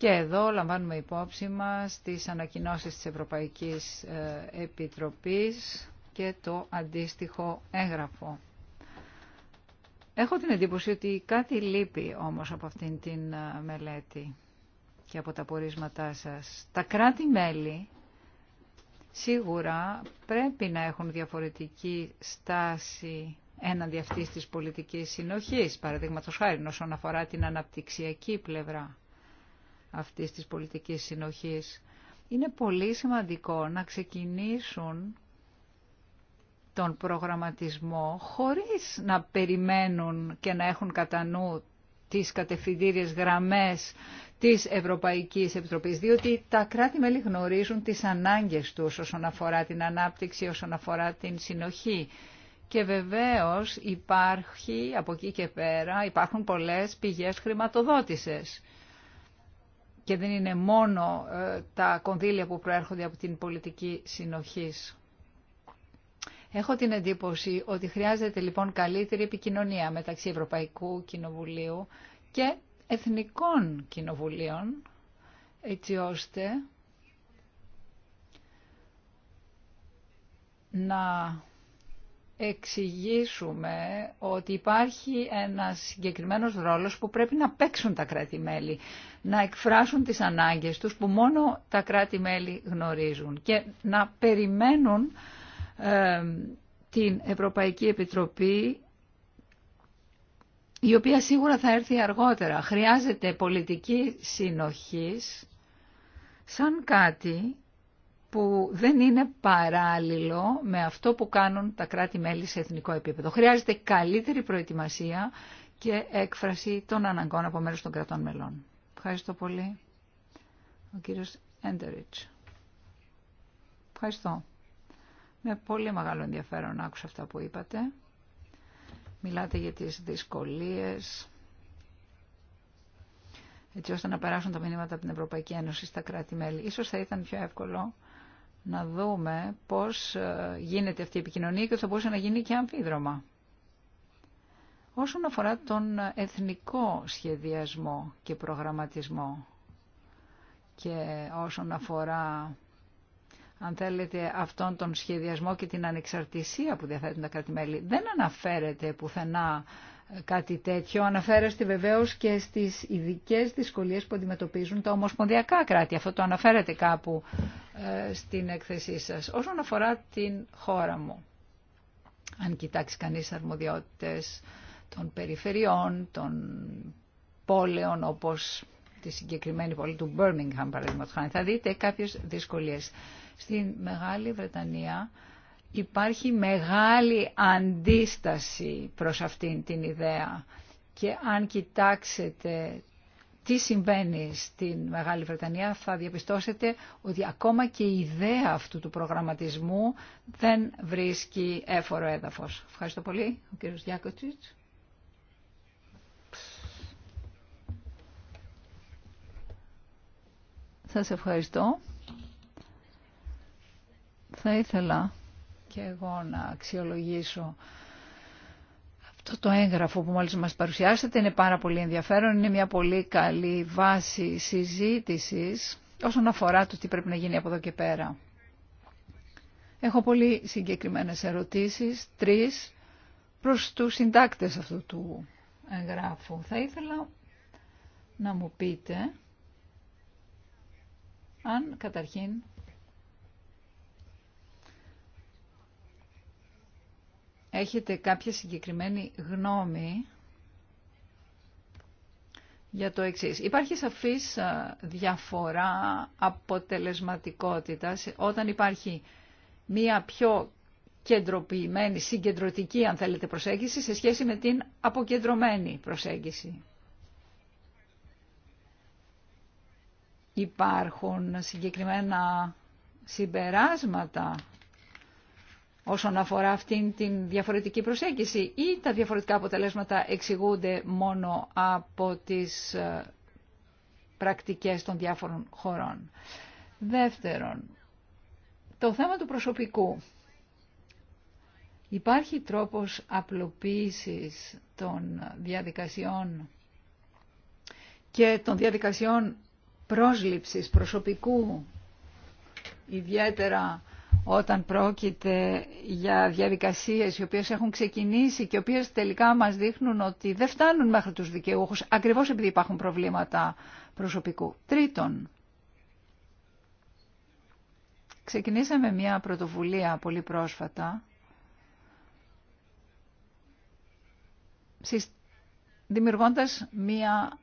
Και εδώ λαμβάνουμε υπόψη μας τις ανακοινώσεις της Ευρωπαϊκής ε, Επιτροπής και το αντίστοιχο έγγραφο. Έχω την εντύπωση ότι κάτι λείπει όμως από αυτήν την ε, μελέτη και από τα πορίσματά σας. Τα κράτη-μέλη σίγουρα πρέπει να έχουν διαφορετική στάση έναντι αυτής της πολιτικής συνοχής, παραδείγματος χάρη όσον αφορά την αναπτυξιακή πλευρά αυτής της πολιτικής συνοχής. Είναι πολύ σημαντικό να ξεκινήσουν τον προγραμματισμό χωρίς να περιμένουν και να έχουν κατά νου τις κατευθυντήριες γραμμές της Ευρωπαϊκής Επιτροπής, διότι τα κράτη-μέλη γνωρίζουν τις ανάγκες τους όσον αφορά την ανάπτυξη, όσον αφορά την συνοχή. Και βεβαίως υπάρχει από εκεί και πέρα, υπάρχουν πολλές πηγές χρηματοδότησης και δεν είναι μόνο ε, τα κονδύλια που προέρχονται από την πολιτική συνοχής. Έχω την εντύπωση ότι χρειάζεται λοιπόν καλύτερη επικοινωνία μεταξύ Ευρωπαϊκού Κοινοβουλίου και Εθνικών Κοινοβουλίων, έτσι ώστε να εξηγήσουμε ότι υπάρχει ένας συγκεκριμένος ρόλος που πρέπει να παίξουν τα κράτη-μέλη, να εκφράσουν τις ανάγκες τους που μόνο τα κράτη-μέλη γνωρίζουν και να περιμένουν την Ευρωπαϊκή Επιτροπή η οποία σίγουρα θα έρθει αργότερα. Χρειάζεται πολιτική συνοχής σαν κάτι που δεν είναι παράλληλο με αυτό που κάνουν τα κράτη-μέλη σε εθνικό επίπεδο. Χρειάζεται καλύτερη προετοιμασία και έκφραση των αναγκών από μέρους των κρατών μελών. Ευχαριστώ πολύ. Ο κύριος Έντεριτς. Ευχαριστώ. Με πολύ μεγάλο ενδιαφέρον άκουσα αυτά που είπατε. Μιλάτε για τις δυσκολίες, έτσι ώστε να περάσουν τα μηνύματα από την Ευρωπαϊκή Ένωση στα κράτη-μέλη. Ίσως θα ήταν πιο εύκολο να δούμε πώς ε, γίνεται αυτή η επικοινωνία και θα μπορούσε να γίνει και αμφίδρομα. Όσον αφορά τον εθνικό σχεδιασμό και προγραμματισμό και όσον αφορά, αν θέλετε, αυτόν τον σχεδιασμό και την ανεξαρτησία που διαθέτουν τα κράτη-μέλη, δεν αναφέρεται πουθενά κάτι τέτοιο. Αναφέρεστε βεβαίως και στις ειδικέ δυσκολίες που αντιμετωπίζουν τα ομοσπονδιακά κράτη. Αυτό το αναφέρετε κάπου ε, στην έκθεσή σας. Όσον αφορά την χώρα μου, αν κοιτάξει κανείς αρμοδιότητες των περιφερειών, των πόλεων όπως τη συγκεκριμένη πόλη του Birmingham παραδείγματος χάνει, θα δείτε κάποιες δυσκολίες. Στην Μεγάλη Βρετανία υπάρχει μεγάλη αντίσταση προς αυτήν την ιδέα. Και αν κοιτάξετε τι συμβαίνει στην Μεγάλη Βρετανία, θα διαπιστώσετε ότι ακόμα και η ιδέα αυτού του προγραμματισμού δεν βρίσκει έφορο έδαφος. Ευχαριστώ πολύ, ο κύριος Σας ευχαριστώ. Θα ήθελα και εγώ να αξιολογήσω αυτό το έγγραφο που μόλις μας παρουσιάσετε. Είναι πάρα πολύ ενδιαφέρον, είναι μια πολύ καλή βάση συζήτησης όσον αφορά το τι πρέπει να γίνει από εδώ και πέρα. Έχω πολύ συγκεκριμένες ερωτήσεις, τρεις, προς τους συντάκτες αυτού του εγγράφου. Θα ήθελα να μου πείτε αν καταρχήν έχετε κάποια συγκεκριμένη γνώμη για το εξής. Υπάρχει σαφής διαφορά αποτελεσματικότητας όταν υπάρχει μία πιο κεντροποιημένη, συγκεντρωτική αν θέλετε προσέγγιση σε σχέση με την αποκεντρωμένη προσέγγιση. Υπάρχουν συγκεκριμένα συμπεράσματα όσον αφορά αυτήν την διαφορετική προσέγγιση ή τα διαφορετικά αποτελέσματα εξηγούνται μόνο από τις ε, πρακτικές των διάφορων χωρών. Δεύτερον, το θέμα του προσωπικού. Υπάρχει τρόπος απλοποίησης των διαδικασιών και των διαδικασιών πρόσληψης προσωπικού, ιδιαίτερα όταν πρόκειται για διαδικασίες οι οποίες έχουν ξεκινήσει και οι οποίες τελικά μας δείχνουν ότι δεν φτάνουν μέχρι τους δικαιούχους ακριβώς επειδή υπάρχουν προβλήματα προσωπικού. Τρίτον, ξεκινήσαμε μια πρωτοβουλία πολύ πρόσφατα δημιουργώντας μια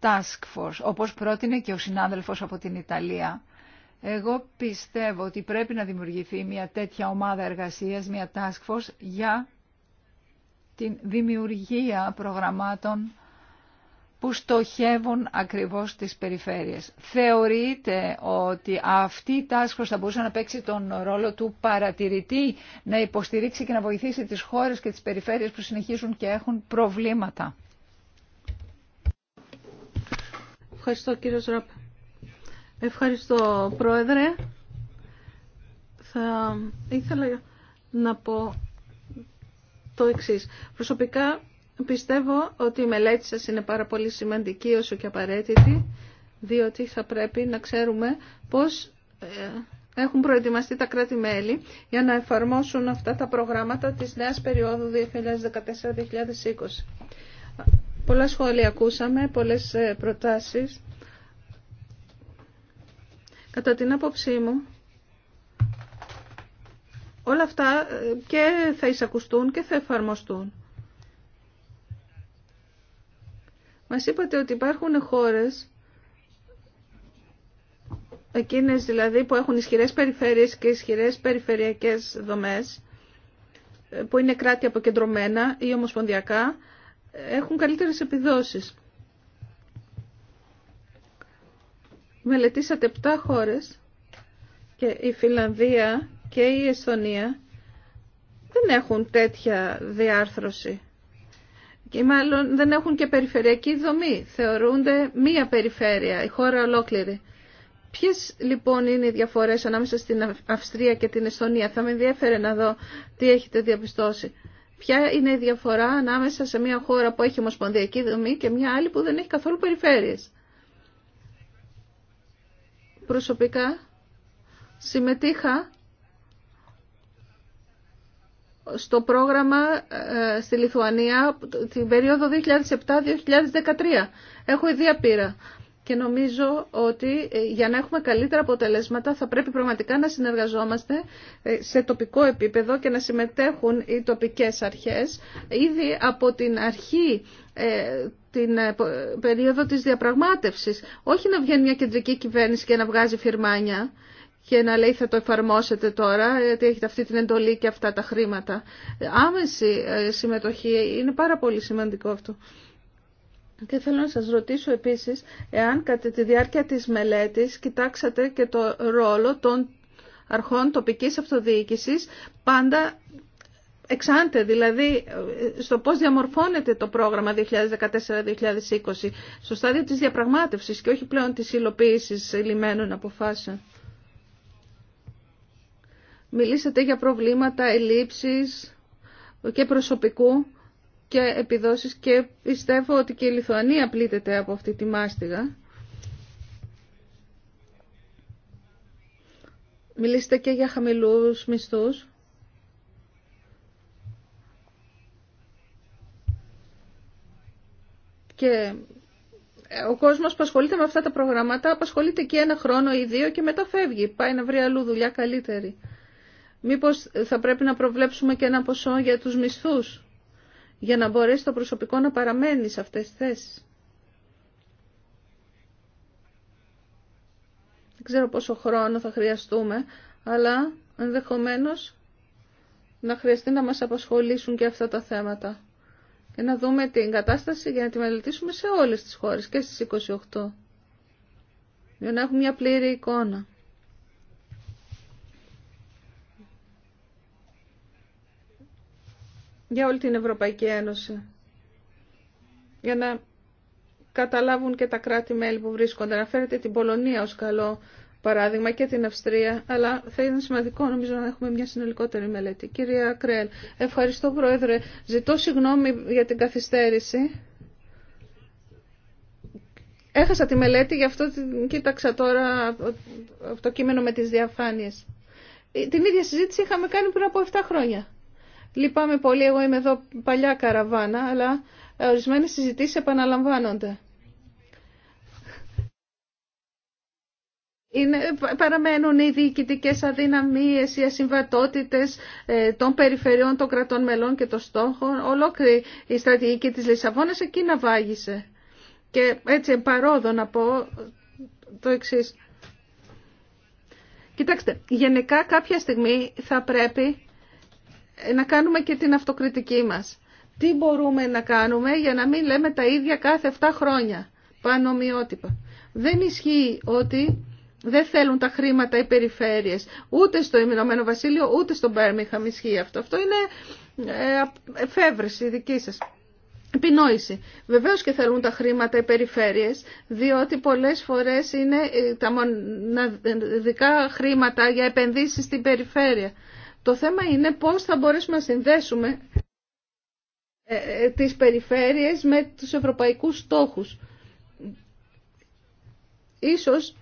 task force όπως πρότεινε και ο συνάδελφος από την Ιταλία εγώ πιστεύω ότι πρέπει να δημιουργηθεί μια τέτοια ομάδα εργασίας, μια task force για την δημιουργία προγραμμάτων που στοχεύουν ακριβώς τις περιφέρειες. Θεωρείτε ότι αυτή η task force θα μπορούσε να παίξει τον ρόλο του παρατηρητή, να υποστηρίξει και να βοηθήσει τις χώρες και τις περιφέρειες που συνεχίζουν και έχουν προβλήματα. Ευχαριστώ Ευχαριστώ, Πρόεδρε. Θα ήθελα να πω το εξής. Προσωπικά πιστεύω ότι η μελέτη σας είναι πάρα πολύ σημαντική όσο και απαραίτητη, διότι θα πρέπει να ξέρουμε πώς ε, έχουν προετοιμαστεί τα κράτη-μέλη για να εφαρμόσουν αυτά τα προγράμματα της νέας περίοδου 2014-2020. Πολλά σχόλια ακούσαμε, πολλές ε, προτάσεις Κατά την άποψή μου, όλα αυτά ε, και θα εισακουστούν και θα εφαρμοστούν. Μας είπατε ότι υπάρχουν χώρες, εκείνες δηλαδή που έχουν ισχυρές περιφέρειες και ισχυρές περιφερειακές δομές, ε, που είναι κράτη αποκεντρωμένα ή ομοσπονδιακά, έχουν καλύτερες επιδόσεις. μελετήσατε 7 χώρες και η Φιλανδία και η Εσθονία δεν έχουν τέτοια διάρθρωση και μάλλον δεν έχουν και περιφερειακή δομή. Θεωρούνται μία περιφέρεια, η χώρα ολόκληρη. Ποιες λοιπόν είναι οι διαφορές ανάμεσα στην Αυστρία και την Εστονία. Θα με ενδιαφέρε να δω τι έχετε διαπιστώσει. Ποια είναι η διαφορά ανάμεσα σε μια χώρα που έχει ομοσπονδιακή δομή και μια άλλη που δεν έχει καθόλου περιφέρειες προσωπικά συμμετείχα στο πρόγραμμα ε, στη Λιθουανία την περίοδο 2007-2013. Έχω ιδία πείρα και νομίζω ότι ε, για να έχουμε καλύτερα αποτελέσματα θα πρέπει πραγματικά να συνεργαζόμαστε ε, σε τοπικό επίπεδο και να συμμετέχουν οι τοπικές αρχές ήδη από την αρχή ε, την περίοδο της διαπραγμάτευσης. Όχι να βγαίνει μια κεντρική κυβέρνηση και να βγάζει φυρμάνια και να λέει θα το εφαρμόσετε τώρα, γιατί έχετε αυτή την εντολή και αυτά τα χρήματα. Άμεση συμμετοχή είναι πάρα πολύ σημαντικό αυτό. Και θέλω να σας ρωτήσω επίσης, εάν κατά τη διάρκεια της μελέτης κοιτάξατε και το ρόλο των αρχών τοπικής αυτοδιοίκησης, πάντα εξάντε, δηλαδή στο πώς διαμορφώνεται το πρόγραμμα 2014-2020, στο στάδιο της διαπραγμάτευσης και όχι πλέον της υλοποίησης λιμένων αποφάσεων. Μιλήσατε για προβλήματα ελλείψης και προσωπικού και επιδόσεις και πιστεύω ότι και η Λιθουανία πλήττεται από αυτή τη μάστιγα. Μιλήσετε και για χαμηλούς μισθούς. Και ε, ο κόσμος που ασχολείται με αυτά τα προγραμμάτα απασχολείται και ένα χρόνο ή δύο και μετά φεύγει. Πάει να βρει αλλού δουλειά καλύτερη. Μήπως θα πρέπει να προβλέψουμε και ένα ποσό για τους μισθούς για να μπορέσει το προσωπικό να παραμένει σε αυτές τις θέσεις. Δεν ξέρω πόσο χρόνο θα χρειαστούμε, αλλά ενδεχομένως να χρειαστεί να μας απασχολήσουν και αυτά τα θέματα και να δούμε την κατάσταση για να τη μελετήσουμε σε όλες τις χώρες και στις 28 για να έχουμε μια πλήρη εικόνα. για όλη την Ευρωπαϊκή Ένωση για να καταλάβουν και τα κράτη-μέλη που βρίσκονται. Αναφέρεται την Πολωνία ως καλό παράδειγμα και την Αυστρία, αλλά θα είναι σημαντικό νομίζω να έχουμε μια συνολικότερη μελέτη. Κυρία Κρέλ, ευχαριστώ Πρόεδρε. Ζητώ συγγνώμη για την καθυστέρηση. Έχασα τη μελέτη, γι' αυτό κοίταξα τώρα το κείμενο με τις διαφάνειες. Την ίδια συζήτηση είχαμε κάνει πριν από 7 χρόνια. Λυπάμαι πολύ, εγώ είμαι εδώ παλιά καραβάνα, αλλά ε, ορισμένες συζητήσεις επαναλαμβάνονται. Είναι, ε, παραμένουν οι διοικητικέ αδυναμίες, οι ασυμβατότητες ε, των περιφερειών, των κρατών μελών και των στόχων. Ολόκληρη η στρατηγική της Λισαβόνα εκεί να βάγισε. Και έτσι παρόδο να πω το εξή. Κοιτάξτε, γενικά κάποια στιγμή θα πρέπει να κάνουμε και την αυτοκριτική μας. Τι μπορούμε να κάνουμε για να μην λέμε τα ίδια κάθε 7 χρόνια, πανομοιότυπα. Δεν ισχύει ότι δεν θέλουν τα χρήματα οι περιφέρειες, ούτε στο Ηνωμένο Βασίλειο, ούτε στο Μπέρμιχαμ ισχύει αυτό. Αυτό είναι ε, εφεύρεση δική σας. Επινόηση. Βεβαίως και θέλουν τα χρήματα οι περιφέρειες, διότι πολλές φορές είναι ε, τα μοναδικά χρήματα για επενδύσεις στην περιφέρεια. Το θέμα είναι πώς θα μπορέσουμε να συνδέσουμε ε, ε, τις περιφέρειες με τους ευρωπαϊκούς στόχους. Ίσως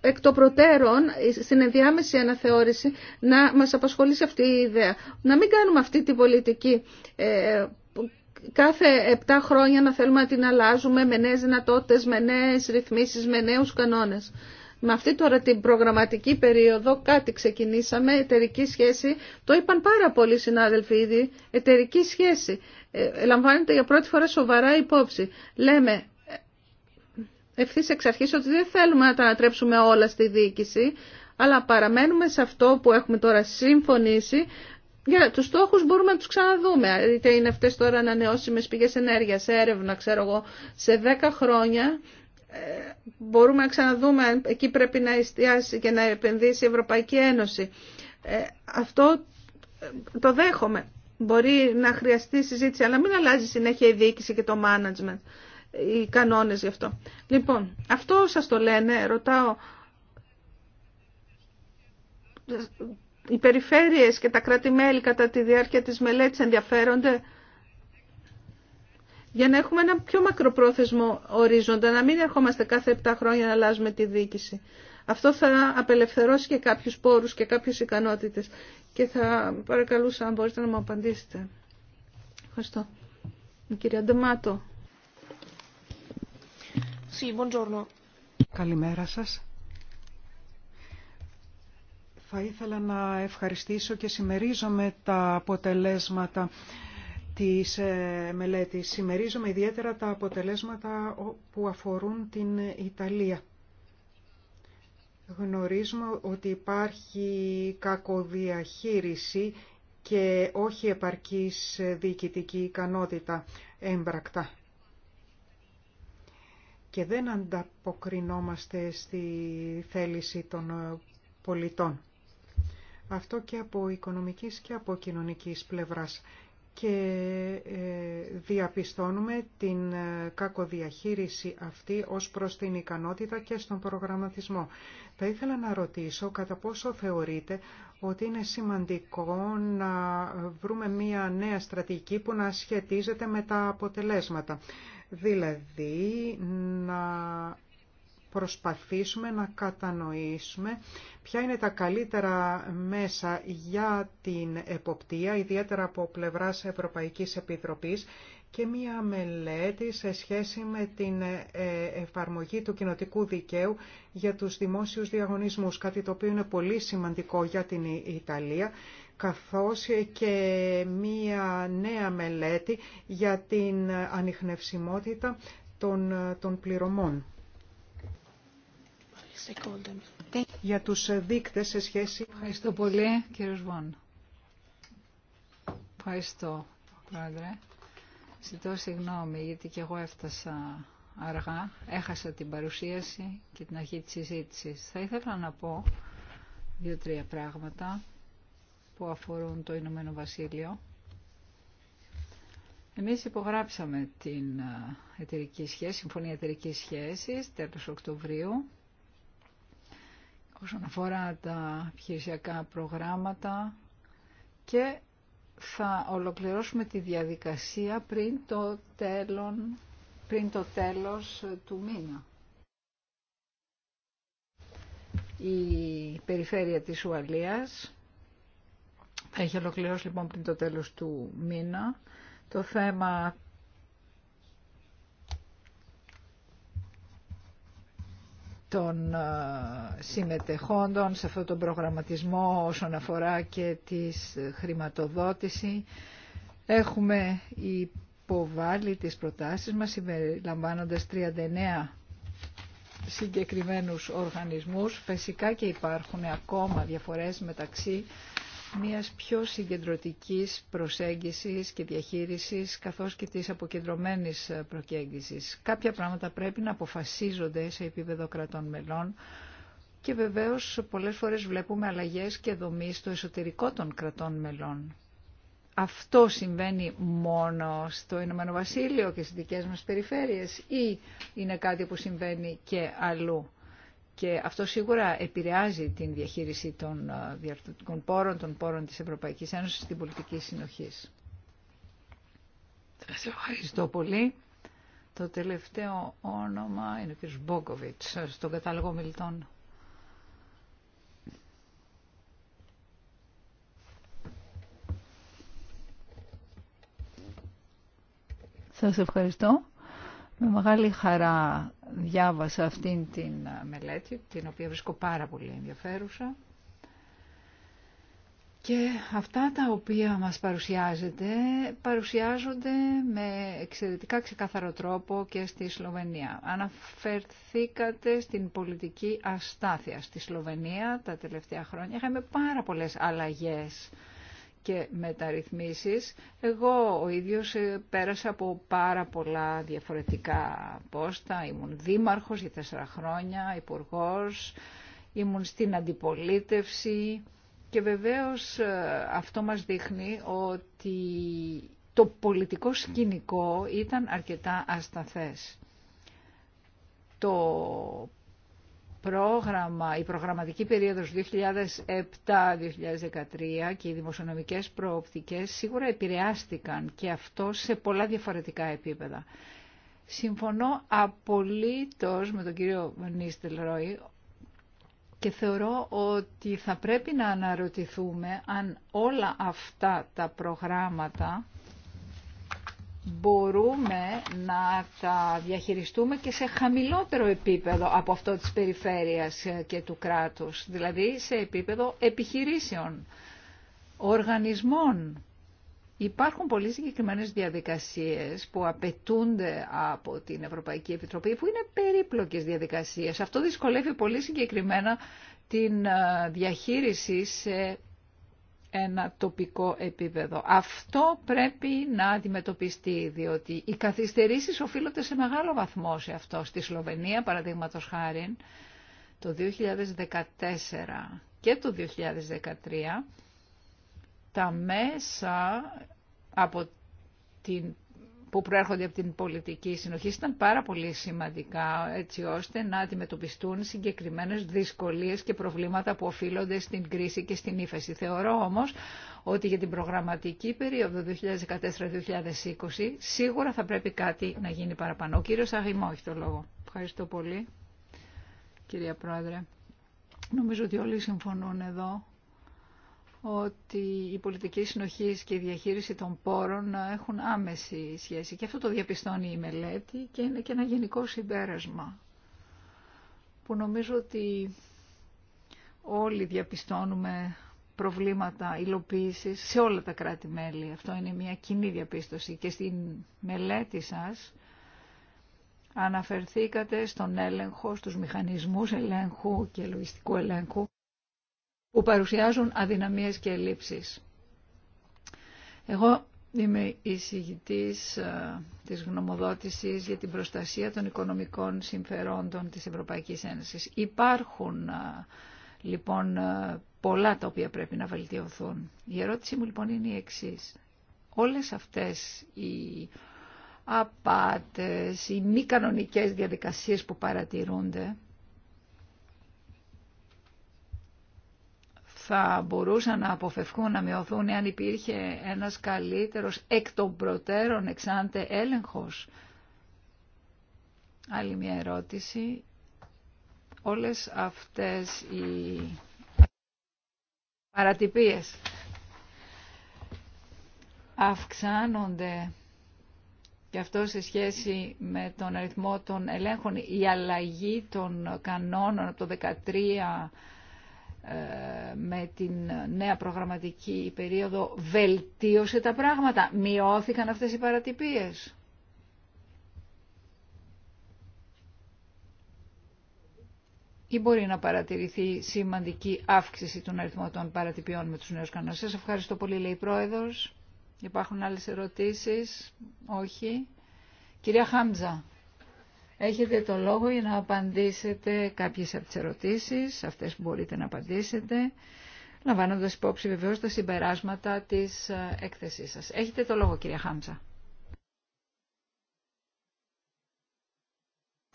εκ των προτέρων στην ενδιάμεση αναθεώρηση να μας απασχολήσει αυτή η ιδέα. Να μην κάνουμε αυτή την πολιτική ε, κάθε 7 χρόνια να θέλουμε να την αλλάζουμε με νέες δυνατότητες, με νέες ρυθμίσεις, με νέους κανόνες. Με αυτή τώρα την προγραμματική περίοδο κάτι ξεκινήσαμε, εταιρική σχέση. Το είπαν πάρα πολλοί συνάδελφοι ήδη, εταιρική σχέση. Ε, λαμβάνεται για πρώτη φορά σοβαρά υπόψη. Λέμε ε, ευθύ εξ αρχή ότι δεν θέλουμε να τα ανατρέψουμε όλα στη διοίκηση, αλλά παραμένουμε σε αυτό που έχουμε τώρα συμφωνήσει, για τους στόχους μπορούμε να τους ξαναδούμε. Είτε είναι αυτές τώρα ανανεώσιμες πηγές ενέργειας, έρευνα, ξέρω εγώ, σε 10 χρόνια μπορούμε να ξαναδούμε αν εκεί πρέπει να εστιάσει και να επενδύσει η Ευρωπαϊκή Ένωση. Ε, αυτό ε, το δέχομαι. Μπορεί να χρειαστεί συζήτηση, αλλά μην αλλάζει συνέχεια η διοίκηση και το management, οι κανόνες γι' αυτό. Λοιπόν, αυτό σας το λένε, ρωτάω, οι περιφέρειες και τα κράτη-μέλη κατά τη διάρκεια της μελέτης ενδιαφέρονται για να έχουμε ένα πιο μακροπρόθεσμο ορίζοντα, να μην ερχόμαστε κάθε 7 χρόνια να αλλάζουμε τη διοίκηση. Αυτό θα απελευθερώσει και κάποιους πόρους και κάποιες ικανότητες και θα παρακαλούσα αν μπορείτε να μου απαντήσετε. Ευχαριστώ. Η κυρία Ντεμάτο. Καλημέρα σας. Θα ήθελα να ευχαριστήσω και συμμερίζομαι τα αποτελέσματα της ε, μελέτη Σημερίζομαι ιδιαίτερα τα αποτελέσματα που αφορούν την Ιταλία. Γνωρίζουμε ότι υπάρχει κακοδιαχείριση και όχι επαρκής διοικητική ικανότητα έμπρακτα. Και δεν ανταποκρινόμαστε στη θέληση των ε, πολιτών. Αυτό και από οικονομικής και από κοινωνικής πλευράς και ε, διαπιστώνουμε την ε, κακοδιαχείριση αυτή ως προς την ικανότητα και στον προγραμματισμό. Θα ήθελα να ρωτήσω κατά πόσο θεωρείτε ότι είναι σημαντικό να βρούμε μία νέα στρατηγική που να σχετίζεται με τα αποτελέσματα. Δηλαδή να προσπαθήσουμε να κατανοήσουμε ποια είναι τα καλύτερα μέσα για την εποπτεία, ιδιαίτερα από πλευράς Ευρωπαϊκής Επιτροπής και μία μελέτη σε σχέση με την ε, εφαρμογή του κοινοτικού δικαίου για τους δημόσιους διαγωνισμούς, κάτι το οποίο είναι πολύ σημαντικό για την Ιταλία, καθώς και μία νέα μελέτη για την ανιχνευσιμότητα των, των πληρωμών για τους δείκτες σε σχέση... Ευχαριστώ πολύ, κύριε Βόν. Ευχαριστώ, πρόεδρε. Ζητώ συγγνώμη, γιατί και εγώ έφτασα αργά. Έχασα την παρουσίαση και την αρχή της συζήτηση. Θα ήθελα να πω δύο-τρία πράγματα που αφορούν το Ηνωμένο Βασίλειο. Εμείς υπογράψαμε την ε, εταιρική σχέση, συμφωνία εταιρικής σχέσης τέλος Οκτωβρίου όσον αφορά τα επιχειρησιακά προγράμματα και θα ολοκληρώσουμε τη διαδικασία πριν το, τέλος, πριν το τέλος του μήνα. Η περιφέρεια της Ουαλίας θα έχει ολοκληρώσει λοιπόν πριν το τέλος του μήνα το θέμα των ε, συμμετεχόντων σε αυτόν τον προγραμματισμό όσον αφορά και τη ε, χρηματοδότηση. Έχουμε υποβάλει τις προτάσεις μας συμπεριλαμβάνοντας 39 συγκεκριμένους οργανισμούς. Φυσικά και υπάρχουν ακόμα διαφορές μεταξύ μιας πιο συγκεντρωτικής προσέγγισης και διαχείρισης καθώς και της αποκεντρωμένης προκέγγισης. Κάποια πράγματα πρέπει να αποφασίζονται σε επίπεδο κρατών μελών και βεβαίως πολλές φορές βλέπουμε αλλαγές και δομή στο εσωτερικό των κρατών μελών. Αυτό συμβαίνει μόνο στο Ηνωμένο Βασίλειο και στις δικές μας περιφέρειες ή είναι κάτι που συμβαίνει και αλλού και αυτό σίγουρα επηρεάζει την διαχείριση των ε, διαρθρωτικών πόρων, των πόρων της Ευρωπαϊκής Ένωσης στην πολιτική συνοχής. Σας ευχαριστώ πολύ. Το τελευταίο όνομα είναι ο κ. Μπόκοβιτς, ε, στον κατάλογο μιλτών. Σας ευχαριστώ. Με μεγάλη χαρά διάβασα αυτήν την ε, μελέτη, την οποία βρίσκω πάρα πολύ ενδιαφέρουσα. Και αυτά τα οποία μας παρουσιάζεται, παρουσιάζονται με εξαιρετικά ξεκαθαρό τρόπο και στη Σλοβενία. Αναφερθήκατε στην πολιτική αστάθεια στη Σλοβενία τα τελευταία χρόνια. Είχαμε πάρα πολλές αλλαγές και μεταρρυθμίσεις. Εγώ ο ίδιος ε, πέρασα από πάρα πολλά διαφορετικά πόστα. Ήμουν δήμαρχος για τέσσερα χρόνια, υπουργός, ήμουν στην αντιπολίτευση και βεβαίως ε, αυτό μας δείχνει ότι το πολιτικό σκηνικό ήταν αρκετά ασταθές. Το πρόγραμμα, η προγραμματική περίοδος 2007-2013 και οι δημοσιονομικές προοπτικές σίγουρα επηρεάστηκαν και αυτό σε πολλά διαφορετικά επίπεδα. Συμφωνώ απολύτως με τον κύριο Νίστελ Ρόι και θεωρώ ότι θα πρέπει να αναρωτηθούμε αν όλα αυτά τα προγράμματα μπορούμε να τα διαχειριστούμε και σε χαμηλότερο επίπεδο από αυτό της περιφέρειας ε, και του κράτους, δηλαδή σε επίπεδο επιχειρήσεων, οργανισμών. Υπάρχουν πολύ συγκεκριμένε διαδικασίες που απαιτούνται από την Ευρωπαϊκή Επιτροπή, που είναι περίπλοκες διαδικασίες. Αυτό δυσκολεύει πολύ συγκεκριμένα την ε, διαχείριση σε ένα τοπικό επίπεδο. Αυτό πρέπει να αντιμετωπιστεί, διότι οι καθυστερήσεις οφείλονται σε μεγάλο βαθμό σε αυτό. Στη Σλοβενία, παραδείγματο χάρη, το 2014 και το 2013, τα μέσα από την που προέρχονται από την πολιτική συνοχή ήταν πάρα πολύ σημαντικά έτσι ώστε να αντιμετωπιστούν συγκεκριμένες δυσκολίες και προβλήματα που οφείλονται στην κρίση και στην ύφεση. Θεωρώ όμως ότι για την προγραμματική περίοδο 2014-2020 σίγουρα θα πρέπει κάτι να γίνει παραπάνω. Ο κύριος Αγημό έχει το λόγο. Ευχαριστώ πολύ κυρία Πρόεδρε. Νομίζω ότι όλοι συμφωνούν εδώ ότι η πολιτική συνοχή και η διαχείριση των πόρων έχουν άμεση σχέση. Και αυτό το διαπιστώνει η μελέτη και είναι και ένα γενικό συμπέρασμα που νομίζω ότι όλοι διαπιστώνουμε προβλήματα υλοποίηση σε όλα τα κράτη-μέλη. Αυτό είναι μια κοινή διαπίστωση. Και στην μελέτη σας αναφερθήκατε στον έλεγχο, στους μηχανισμούς ελέγχου και λογιστικού ελέγχου που παρουσιάζουν αδυναμίες και ελλείψεις. Εγώ είμαι εισηγητής ε, της γνωμοδότησης για την προστασία των οικονομικών συμφερόντων της Ευρωπαϊκής Ένωσης. Υπάρχουν ε, λοιπόν ε, πολλά τα οποία πρέπει να βελτιωθούν. Η ερώτησή μου λοιπόν είναι η εξής. Όλες αυτές οι απάτες, οι μη κανονικές διαδικασίες που παρατηρούνται θα μπορούσαν να αποφευχούν να μειωθούν εάν υπήρχε ένας καλύτερος εκ των προτέρων εξάντε έλεγχος. Άλλη μια ερώτηση. Όλες αυτές οι παρατυπίες αυξάνονται και αυτό σε σχέση με τον αριθμό των ελέγχων, η αλλαγή των κανόνων από το 13 ε, με την νέα προγραμματική περίοδο βελτίωσε τα πράγματα. Μειώθηκαν αυτές οι παρατυπίες. Ή μπορεί να παρατηρηθεί σημαντική αύξηση των αριθμών των παρατυπιών με τους νέους κανόνες. Σας ευχαριστώ πολύ, λέει η Πρόεδρος. Υπάρχουν άλλες ερωτήσεις. Όχι. Κυρία Χάμτζα. Έχετε το λόγο για να απαντήσετε κάποιες από τις ερωτήσεις, αυτές που μπορείτε να απαντήσετε, λαμβάνοντας υπόψη βεβαίως τα συμπεράσματα της ε, έκθεσής σας. Έχετε το λόγο κυρία Χάμτσα.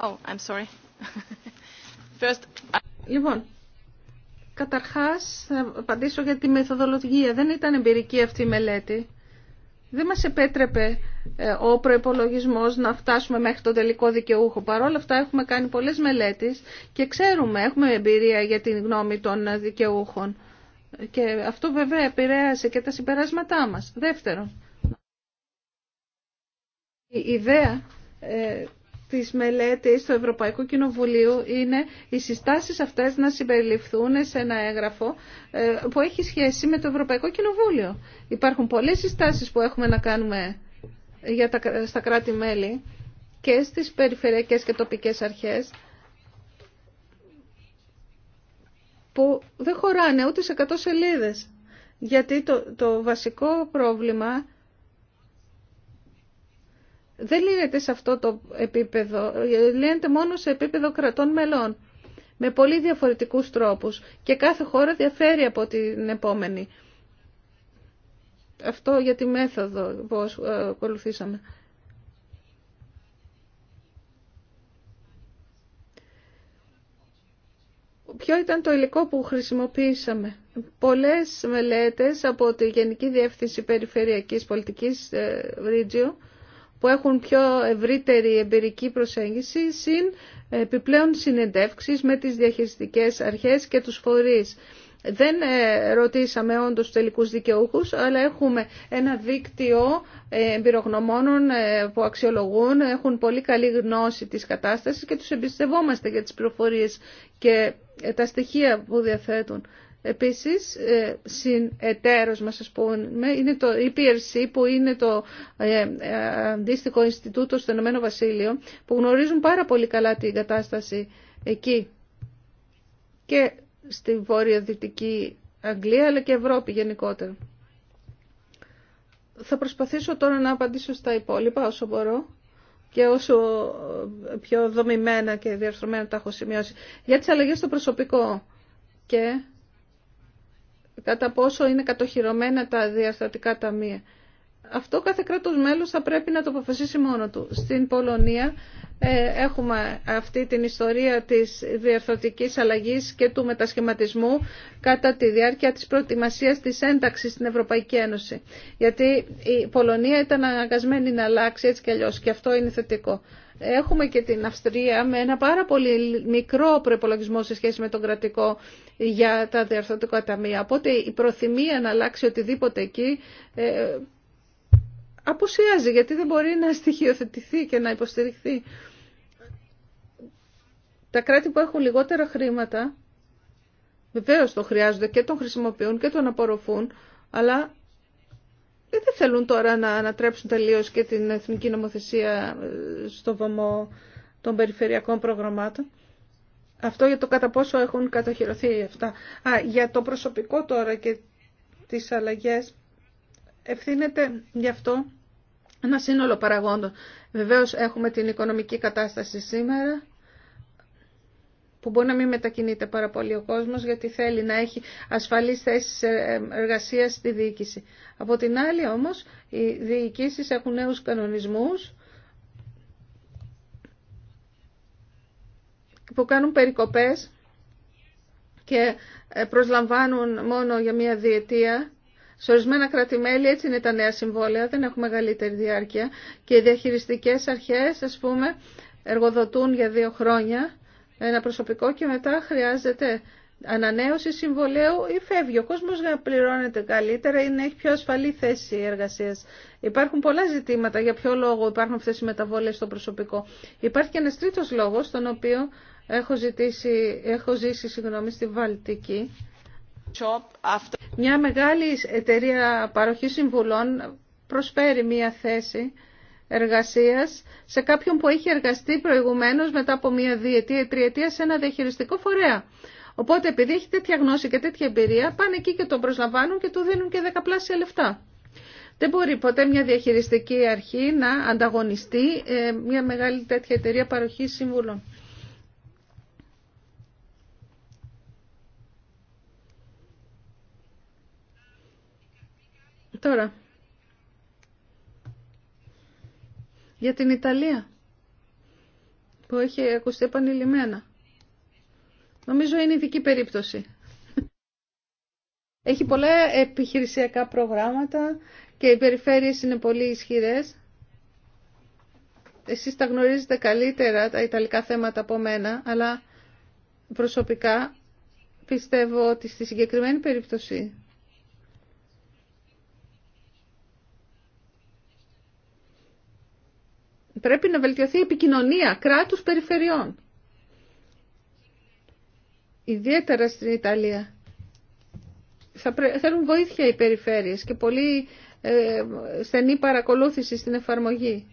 Oh, I'm sorry. First... Λοιπόν, καταρχάς θα απαντήσω για τη μεθοδολογία. Δεν ήταν εμπειρική αυτή η μελέτη δεν μας επέτρεπε ε, ο προϋπολογισμός να φτάσουμε μέχρι τον τελικό δικαιούχο. Παρόλα αυτά έχουμε κάνει πολλές μελέτες και ξέρουμε, έχουμε εμπειρία για την γνώμη των δικαιούχων. Και αυτό βέβαια επηρέασε και τα συμπεράσματά μας. Δεύτερον, η ιδέα ε, της μελέτη του Ευρωπαϊκού Κοινοβουλίου είναι οι συστάσεις αυτές να συμπεριληφθούν σε ένα έγγραφο ε, που έχει σχέση με το Ευρωπαϊκό Κοινοβούλιο. Υπάρχουν πολλές συστάσεις που έχουμε να κάνουμε για τα, στα κράτη-μέλη και στις περιφερειακές και τοπικές αρχές που δεν χωράνε ούτε σε 100 σελίδες. Γιατί το, το βασικό πρόβλημα δεν λύνεται σε αυτό το επίπεδο, λύνεται μόνο σε επίπεδο κρατών μελών, με πολύ διαφορετικούς τρόπους και κάθε χώρα διαφέρει από την επόμενη. Αυτό για τη μέθοδο που ε, ακολουθήσαμε. Ποιο ήταν το υλικό που χρησιμοποίησαμε. Πολλές μελέτες από τη Γενική Διεύθυνση Περιφερειακής Πολιτικής ε, Ρίτζιο, που έχουν πιο ευρύτερη εμπειρική προσέγγιση, συν επιπλέον συνεντεύξεις με τις διαχειριστικές αρχές και τους φορείς. Δεν ε, ρωτήσαμε όντως τελικούς δικαιούχους, αλλά έχουμε ένα δίκτυο ε, εμπειρογνωμόνων ε, που αξιολογούν, έχουν πολύ καλή γνώση της κατάστασης και τους εμπιστευόμαστε για τις πληροφορίες και τα στοιχεία που διαθέτουν. Επίσης, ε, συνεταίρος μας, ας πούμε, είναι το EPRC, που είναι το ε, ε, αντίστοιχο Ινστιτούτο στο Ηνωμένο Βασίλειο, που γνωρίζουν πάρα πολύ καλά την κατάσταση εκεί και στη βόρεια-δυτική Αγγλία, αλλά και Ευρώπη γενικότερα. Θα προσπαθήσω τώρα να απαντήσω στα υπόλοιπα όσο μπορώ και όσο πιο δομημένα και διαρθρωμένα τα έχω σημειώσει. Για τις αλλαγές στο προσωπικό και κατά πόσο είναι κατοχυρωμένα τα διαστατικά ταμεία. Αυτό κάθε κράτος μέλος θα πρέπει να το αποφασίσει μόνο του. Στην Πολωνία ε, έχουμε αυτή την ιστορία της διαρθρωτικής αλλαγής και του μετασχηματισμού κατά τη διάρκεια της προετοιμασίας της ένταξης στην Ευρωπαϊκή Ένωση. Γιατί η Πολωνία ήταν αναγκασμένη να αλλάξει έτσι κι αλλιώς και αυτό είναι θετικό. Έχουμε και την Αυστρία με ένα πάρα πολύ μικρό προπολογισμό σε σχέση με τον κρατικό για τα διαρθρωτικά ταμεία. Οπότε η προθυμία να αλλάξει οτιδήποτε εκεί ε, γιατί δεν μπορεί να στοιχειοθετηθεί και να υποστηριχθεί. Τα κράτη που έχουν λιγότερα χρήματα βεβαίως το χρειάζονται και τον χρησιμοποιούν και τον απορροφούν αλλά ε, δεν θέλουν τώρα να ανατρέψουν τελείως και την εθνική νομοθεσία ε, στο βωμό των περιφερειακών προγραμμάτων. Αυτό για το κατά πόσο έχουν κατοχυρωθεί αυτά. Α, για το προσωπικό τώρα και τις αλλαγές ευθύνεται γι' αυτό ένα σύνολο παραγόντων. Βεβαίως έχουμε την οικονομική κατάσταση σήμερα που μπορεί να μην μετακινείται πάρα πολύ ο κόσμος γιατί θέλει να έχει ασφαλείς θέσεις ε, ε, εργασίας στη διοίκηση. Από την άλλη όμως οι διοικήσεις έχουν νέους κανονισμούς που κάνουν περικοπές και ε, προσλαμβάνουν μόνο για μία διετία. Σε ορισμένα κρατημέλη έτσι είναι τα νέα συμβόλαια, δεν έχουν μεγαλύτερη διάρκεια και οι διαχειριστικές αρχές, ας πούμε, εργοδοτούν για δύο χρόνια ένα προσωπικό και μετά χρειάζεται ανανέωση συμβολέου ή φεύγει. Ο κόσμος να πληρώνεται καλύτερα ή να έχει πιο ασφαλή θέση εργασίας. Υπάρχουν πολλά ζητήματα για ποιο λόγο υπάρχουν αυτές οι μεταβολές στο προσωπικό. Υπάρχει και ένας τρίτος λόγος, τον οποίο Έχω, ζητήσει, έχω ζήσει συγγνώμη, στη Βαλτική. Μια μεγάλη εταιρεία παροχής συμβουλών προσφέρει μια θέση εργασίας σε κάποιον που έχει εργαστεί προηγουμένως μετά από μια διετία, ή τριετία σε ένα διαχειριστικό φορέα. Οπότε επειδή έχει τέτοια γνώση και τέτοια εμπειρία, πάνε εκεί και τον προσλαμβάνουν και του δίνουν και δεκαπλάσια λεφτά. Δεν μπορεί ποτέ μια διαχειριστική αρχή να ανταγωνιστεί ε, μια μεγάλη τέτοια εταιρεία παροχής συμβουλών. Τώρα, για την Ιταλία, που έχει ακουστεί επανειλημμένα. Νομίζω είναι ειδική περίπτωση. Έχει πολλά επιχειρησιακά προγράμματα και οι περιφέρειες είναι πολύ ισχυρές. Εσείς τα γνωρίζετε καλύτερα τα ιταλικά θέματα από μένα, αλλά προσωπικά πιστεύω ότι στη συγκεκριμένη περίπτωση πρέπει να βελτιωθεί η επικοινωνία κράτους περιφερειών. Ιδιαίτερα στην Ιταλία. Θα θέλουν βοήθεια οι περιφέρειες και πολύ ε, στενή παρακολούθηση στην εφαρμογή.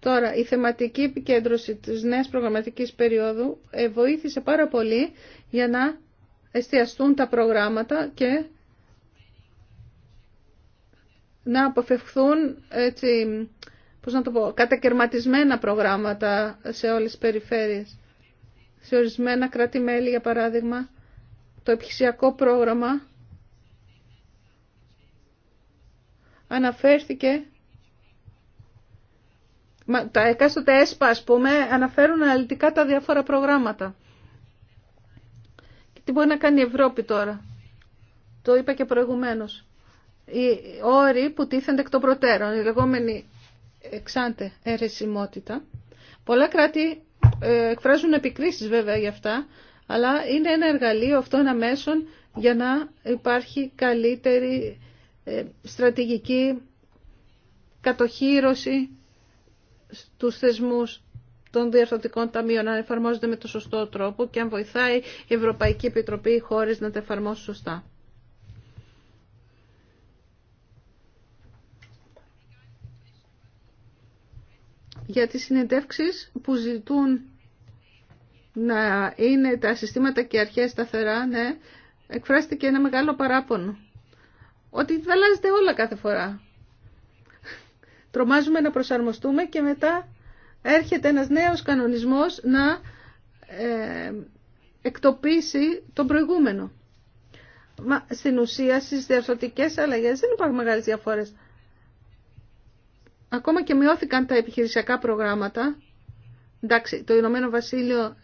Τώρα, η θεματική επικέντρωση της νέας προγραμματικής περίοδου ε, βοήθησε πάρα πολύ για να εστιαστούν τα προγράμματα και να αποφευχθούν έτσι, πώς να το πω, κατακαιρματισμένα προγράμματα σε όλες τις περιφέρειες. Σε ορισμένα κράτη-μέλη, για παράδειγμα, το επιχειρησιακό πρόγραμμα αναφέρθηκε τα εκάστοτε ΕΣΠΑ, ας πούμε, αναφέρουν αναλυτικά τα διάφορα προγράμματα. Και τι μπορεί να κάνει η Ευρώπη τώρα. Το είπα και προηγουμένως. Οι όροι που τίθενται εκ των προτέρων, οι λεγόμενοι εξάντε αιρεσιμότητα. Πολλά κράτη ε, εκφράζουν επικρίσεις βέβαια για αυτά, αλλά είναι ένα εργαλείο αυτό ένα μέσον για να υπάρχει καλύτερη ε, στρατηγική κατοχήρωση στους θεσμούς των διαρθρωτικών ταμείων, αν εφαρμόζονται με το σωστό τρόπο και αν βοηθάει η Ευρωπαϊκή Επιτροπή οι χώρες να τα εφαρμόσουν σωστά. για τις συνεντεύξεις που ζητούν να είναι τα συστήματα και αρχές σταθερά, ναι, εκφράστηκε ένα μεγάλο παράπονο. Ότι θα όλα κάθε φορά. Τρομάζουμε να προσαρμοστούμε και μετά έρχεται ένας νέος κανονισμός να ε, εκτοπίσει τον προηγούμενο. Μα στην ουσία στις διαρθωτικές αλλαγές δεν υπάρχουν μεγάλες διαφορές. Ακόμα και μειώθηκαν τα επιχειρησιακά προγράμματα. Εντάξει, το Ηνωμένο Βασίλειο,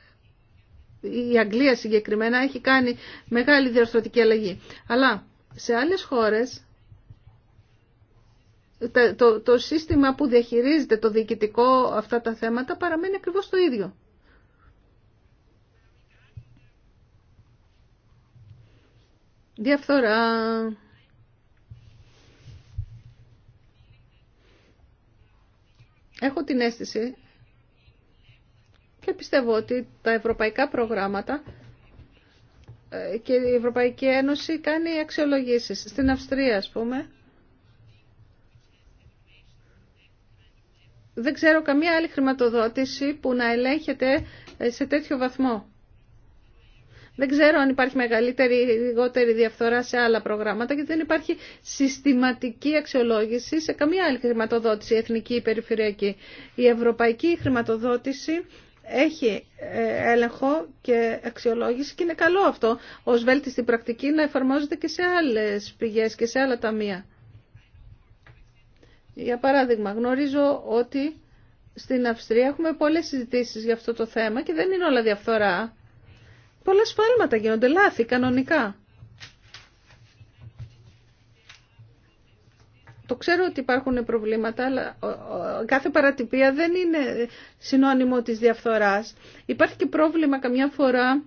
η Αγγλία συγκεκριμένα, έχει κάνει μεγάλη διορθωτική αλλαγή. Αλλά σε άλλες χώρες το, το, το σύστημα που διαχειρίζεται το διοικητικό αυτά τα θέματα παραμένει ακριβώς το ίδιο. Διαφθορά, Έχω την αίσθηση και πιστεύω ότι τα ευρωπαϊκά προγράμματα ε, και η Ευρωπαϊκή Ένωση κάνει αξιολογήσεις. Στην Αυστρία, ας πούμε, δεν ξέρω καμία άλλη χρηματοδότηση που να ελέγχεται ε, σε τέτοιο βαθμό. Δεν ξέρω αν υπάρχει μεγαλύτερη ή λιγότερη διαφθορά σε άλλα προγράμματα γιατί δεν υπάρχει συστηματική αξιολόγηση σε καμία άλλη χρηματοδότηση, εθνική ή περιφερειακή. Η ευρωπαϊκή χρηματοδότηση έχει ε, έλεγχο και αξιολόγηση και είναι καλό αυτό ως βέλτιστη πρακτική να εφαρμόζεται και σε άλλες πηγές και σε άλλα ταμεία. Για παράδειγμα, γνωρίζω ότι στην Αυστρία έχουμε πολλές συζητήσεις για αυτό το θέμα και δεν είναι όλα διαφθορά. Πολλά σφάλματα γίνονται, λάθη κανονικά. Το ξέρω ότι υπάρχουν προβλήματα, αλλά κάθε παρατυπία δεν είναι συνώνυμο της διαφθοράς. Υπάρχει και πρόβλημα καμιά φορά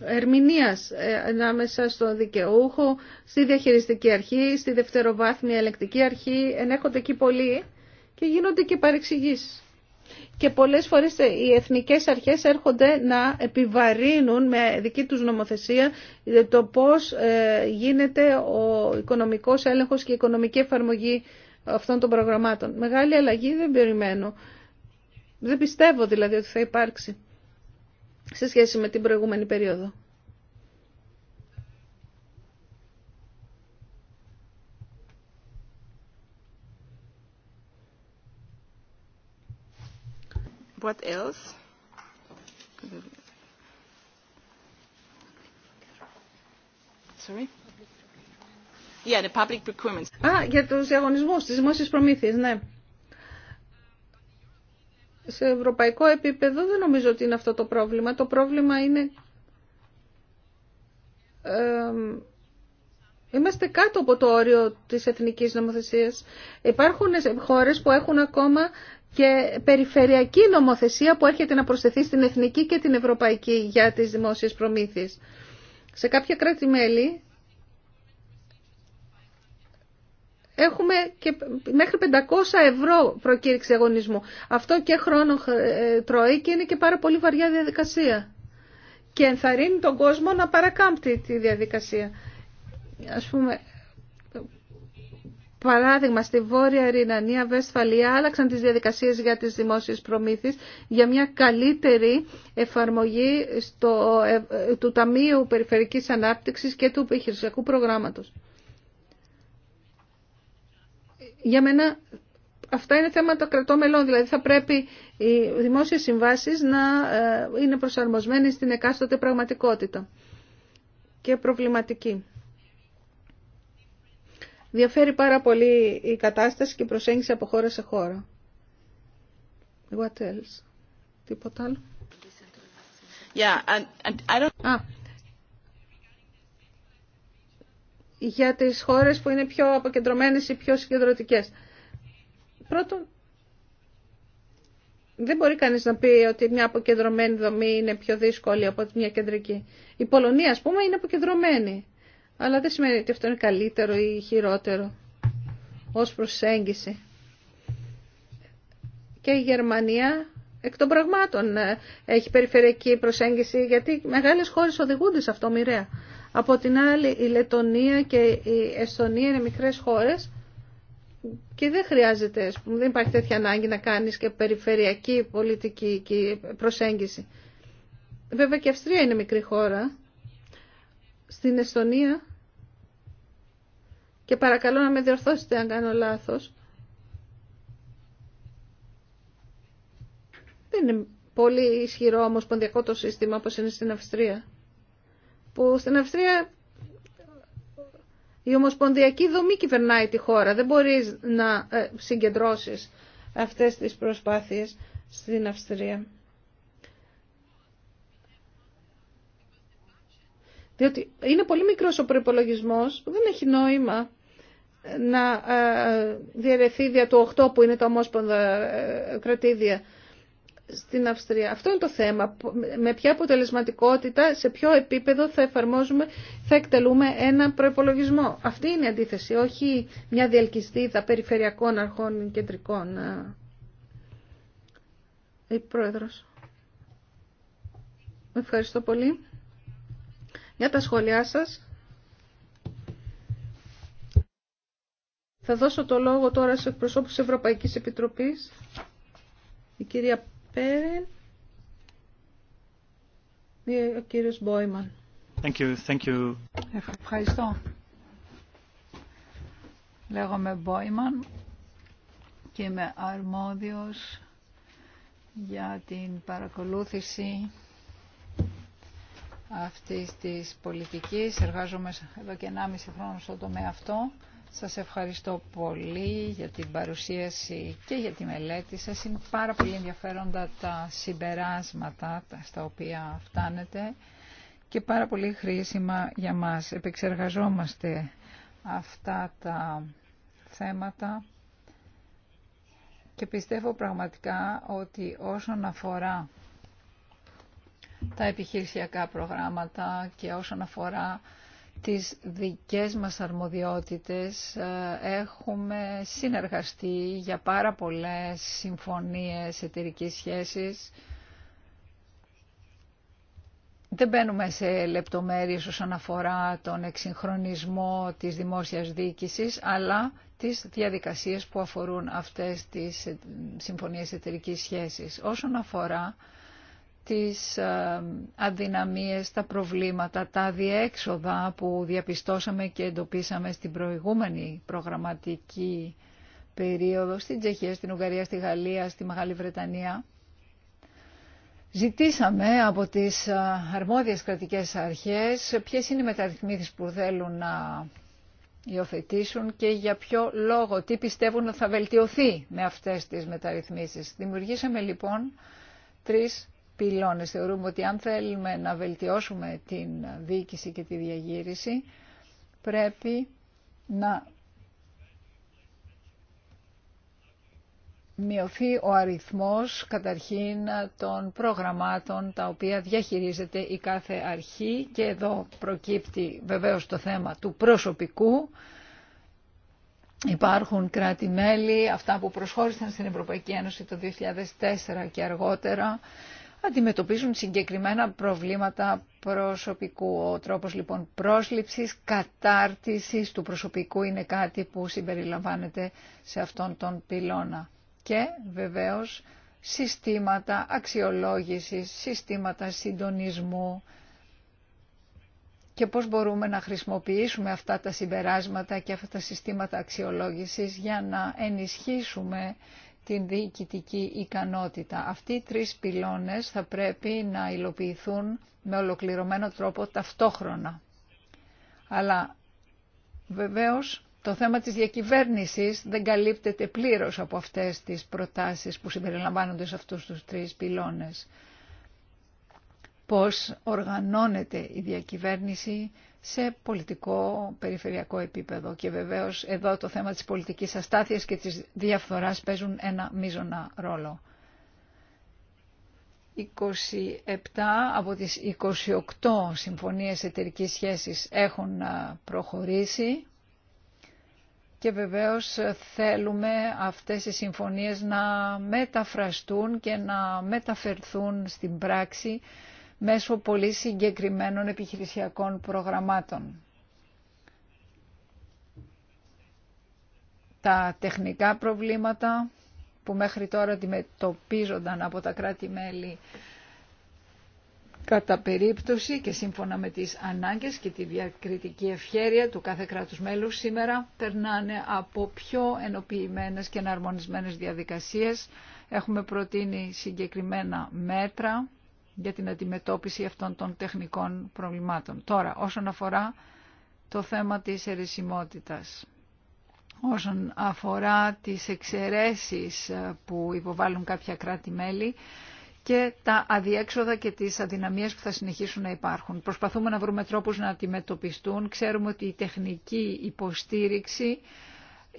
ερμηνείας ε, ανάμεσα στο δικαιούχο, στη διαχειριστική αρχή, στη δευτεροβάθμια ελεκτική αρχή. Ενέχονται εκεί πολλοί και γίνονται και παρεξηγήσεις και πολλές φορές οι εθνικές αρχές έρχονται να επιβαρύνουν με δική τους νομοθεσία ε, το πώς ε, γίνεται ο οικονομικός έλεγχος και η οικονομική εφαρμογή αυτών των προγραμμάτων. Μεγάλη αλλαγή δεν περιμένω. Δεν πιστεύω δηλαδή ότι θα υπάρξει σε σχέση με την προηγούμενη περίοδο. What else? Sorry. Yeah, the public procurement. Α, για τους διαγωνισμούς, τις δημόσιες προμήθειες, ναι. Σε ευρωπαϊκό επίπεδο δεν νομίζω ότι είναι αυτό το πρόβλημα. Το πρόβλημα είναι... Ε, Είμαστε κάτω από το όριο της εθνικής νομοθεσίας. Υπάρχουν χώρες που έχουν ακόμα και περιφερειακή νομοθεσία που έρχεται να προσθεθεί στην εθνική και την ευρωπαϊκή για τις δημόσιες προμήθειες. Σε κάποια κράτη-μέλη έχουμε και μέχρι 500 ευρώ προκήρυξη αγωνισμού. Αυτό και χρόνο ε, τρώει και είναι και πάρα πολύ βαριά διαδικασία. Και ενθαρρύνει τον κόσμο να παρακάμπτει τη διαδικασία. Ας πούμε, Παράδειγμα, στη Βόρεια Ρινανία, Βεσφαλία, άλλαξαν τις διαδικασίες για τις δημόσιες προμήθειες για μια καλύτερη εφαρμογή στο, ε, ε, του Ταμείου Περιφερικής Ανάπτυξης και του επιχειρησιακού προγράμματος. Για μένα αυτά είναι θέματα κρατών δηλαδή θα πρέπει οι δημόσιες συμβάσεις να ε, είναι προσαρμοσμένες στην εκάστοτε πραγματικότητα και προβληματική. Διαφέρει πάρα πολύ η κατάσταση και η προσέγγιση από χώρα σε χώρα. What else? Τίποτα άλλο. Yeah, and, I Για τις χώρες που είναι πιο αποκεντρωμένες ή πιο συγκεντρωτικές. Πρώτον, δεν μπορεί κανείς να πει ότι μια αποκεντρωμένη δομή είναι πιο δύσκολη από μια κεντρική. Η Πολωνία, ας πούμε, είναι αποκεντρωμένη. Αλλά δεν σημαίνει ότι αυτό είναι καλύτερο ή χειρότερο ως προσέγγιση. Και η Γερμανία εκ των πραγμάτων ε, έχει περιφερειακή προσέγγιση γιατί μεγάλες χώρες οδηγούνται σε αυτό μοιραία. Από την άλλη η Λετωνία και η Εστονία είναι μικρές χώρες και δεν χρειάζεται, δεν υπάρχει τέτοια ανάγκη να κάνεις και περιφερειακή πολιτική προσέγγιση. Βέβαια και η Αυστρία είναι μικρή χώρα. Στην Εστονία και παρακαλώ να με διορθώσετε αν κάνω λάθος. Δεν είναι πολύ ισχυρό ομοσπονδιακό το σύστημα όπως είναι στην Αυστρία. Που στην Αυστρία η ομοσπονδιακή δομή κυβερνάει τη χώρα. Δεν μπορείς να ε, συγκεντρώσεις αυτές τις προσπάθειες στην Αυστρία. Διότι είναι πολύ μικρός ο προϋπολογισμός που δεν έχει νόημα να ε, διαιρεθεί δια του 8 που είναι το ομόσπονδα ε, κρατήδια στην Αυστρία. Αυτό είναι το θέμα. Με ποια αποτελεσματικότητα, σε ποιο επίπεδο θα εφαρμόζουμε, θα εκτελούμε ένα προπολογισμό. Αυτή είναι η αντίθεση, όχι μια διαλκυστίδα περιφερειακών αρχών κεντρικών. Ε, η Πρόεδρος. Ευχαριστώ πολύ για τα σχόλιά σας. Θα δώσω το λόγο τώρα σε εκπροσώπους της Ευρωπαϊκής Επιτροπής. Η κυρία Πέρεν. Ε, ο κύριος Μπόιμαν. Thank you, thank you. Ευχαριστώ. Λέγομαι Μπόιμαν και είμαι αρμόδιος για την παρακολούθηση αυτής της πολιτικής. Εργάζομαι εδώ και 1,5 χρόνο στο τομέα αυτό σας ευχαριστώ πολύ για την παρουσίαση και για τη μελέτη σας. Είναι πάρα πολύ ενδιαφέροντα τα συμπεράσματα στα οποία φτάνετε και πάρα πολύ χρήσιμα για μας. Επεξεργαζόμαστε αυτά τα θέματα και πιστεύω πραγματικά ότι όσον αφορά τα επιχειρησιακά προγράμματα και όσον αφορά τις δικές μας αρμοδιότητες ε, έχουμε συνεργαστεί για πάρα πολλές συμφωνίες εταιρικής σχέσης. Δεν μπαίνουμε σε λεπτομέρειες όσον αφορά τον εξυγχρονισμό της δημόσιας διοίκησης, αλλά τις διαδικασίες που αφορούν αυτές τις συμφωνίες εταιρικής σχέσης. Όσον αφορά τις ε, αδυναμίες, τα προβλήματα, τα διέξοδα που διαπιστώσαμε και εντοπίσαμε στην προηγούμενη προγραμματική περίοδο στην Τσεχία, στην Ουγγαρία, στη Γαλλία, στη Μεγάλη Βρετανία. Ζητήσαμε από τις ε, αρμόδιες κρατικές αρχές ποιες είναι οι μεταρρυθμίσεις που θέλουν να υιοθετήσουν και για ποιο λόγο, τι πιστεύουν ότι θα βελτιωθεί με αυτές τις μεταρρυθμίσεις. Δημιουργήσαμε λοιπόν τρεις Θεωρούμε ότι αν θέλουμε να βελτιώσουμε την διοίκηση και τη διαγύριση, πρέπει να μειωθεί ο αριθμός καταρχήν των προγραμμάτων τα οποία διαχειρίζεται η κάθε αρχή και εδώ προκύπτει βεβαίως το θέμα του προσωπικού. Υπάρχουν κράτη-μέλη, αυτά που προσχώρησαν στην Ευρωπαϊκή Ένωση το 2004 και αργότερα αντιμετωπίζουν συγκεκριμένα προβλήματα προσωπικού. Ο τρόπος λοιπόν πρόσληψης, κατάρτισης του προσωπικού είναι κάτι που συμπεριλαμβάνεται σε αυτόν τον πυλώνα. Και βεβαίως συστήματα αξιολόγησης, συστήματα συντονισμού και πώς μπορούμε να χρησιμοποιήσουμε αυτά τα συμπεράσματα και αυτά τα συστήματα αξιολόγησης για να ενισχύσουμε την διοικητική ικανότητα. Αυτοί οι τρεις πυλώνες θα πρέπει να υλοποιηθούν με ολοκληρωμένο τρόπο ταυτόχρονα. Αλλά βεβαίως το θέμα της διακυβέρνησης δεν καλύπτεται πλήρως από αυτές τις προτάσεις που συμπεριλαμβάνονται σε αυτούς τους τρεις πυλώνες. Πώς οργανώνεται η διακυβέρνηση, σε πολιτικό, περιφερειακό επίπεδο. Και βεβαίως εδώ το θέμα της πολιτικής αστάθειας και της διαφθοράς παίζουν ένα μείζωνα ρόλο. 27 από τις 28 συμφωνίες εταιρική σχέσης έχουν προχωρήσει και βεβαίως θέλουμε αυτές οι συμφωνίες να μεταφραστούν και να μεταφερθούν στην πράξη μέσω πολύ συγκεκριμένων επιχειρησιακών προγραμμάτων. Τα τεχνικά προβλήματα που μέχρι τώρα αντιμετωπίζονταν από τα κράτη-μέλη κατά περίπτωση και σύμφωνα με τις ανάγκες και τη διακριτική ευχέρεια του κάθε κράτους μέλους σήμερα περνάνε από πιο ενοποιημένες και εναρμονισμένες διαδικασίες. Έχουμε προτείνει συγκεκριμένα μέτρα για την αντιμετώπιση αυτών των τεχνικών προβλημάτων. Τώρα, όσον αφορά το θέμα της ερεσιμότητας, όσον αφορά τις εξαιρέσεις ε, που υποβάλλουν κάποια κράτη-μέλη και τα αδιέξοδα και τις αδυναμίες που θα συνεχίσουν να υπάρχουν. Προσπαθούμε να βρούμε τρόπους να αντιμετωπιστούν. Ξέρουμε ότι η τεχνική υποστήριξη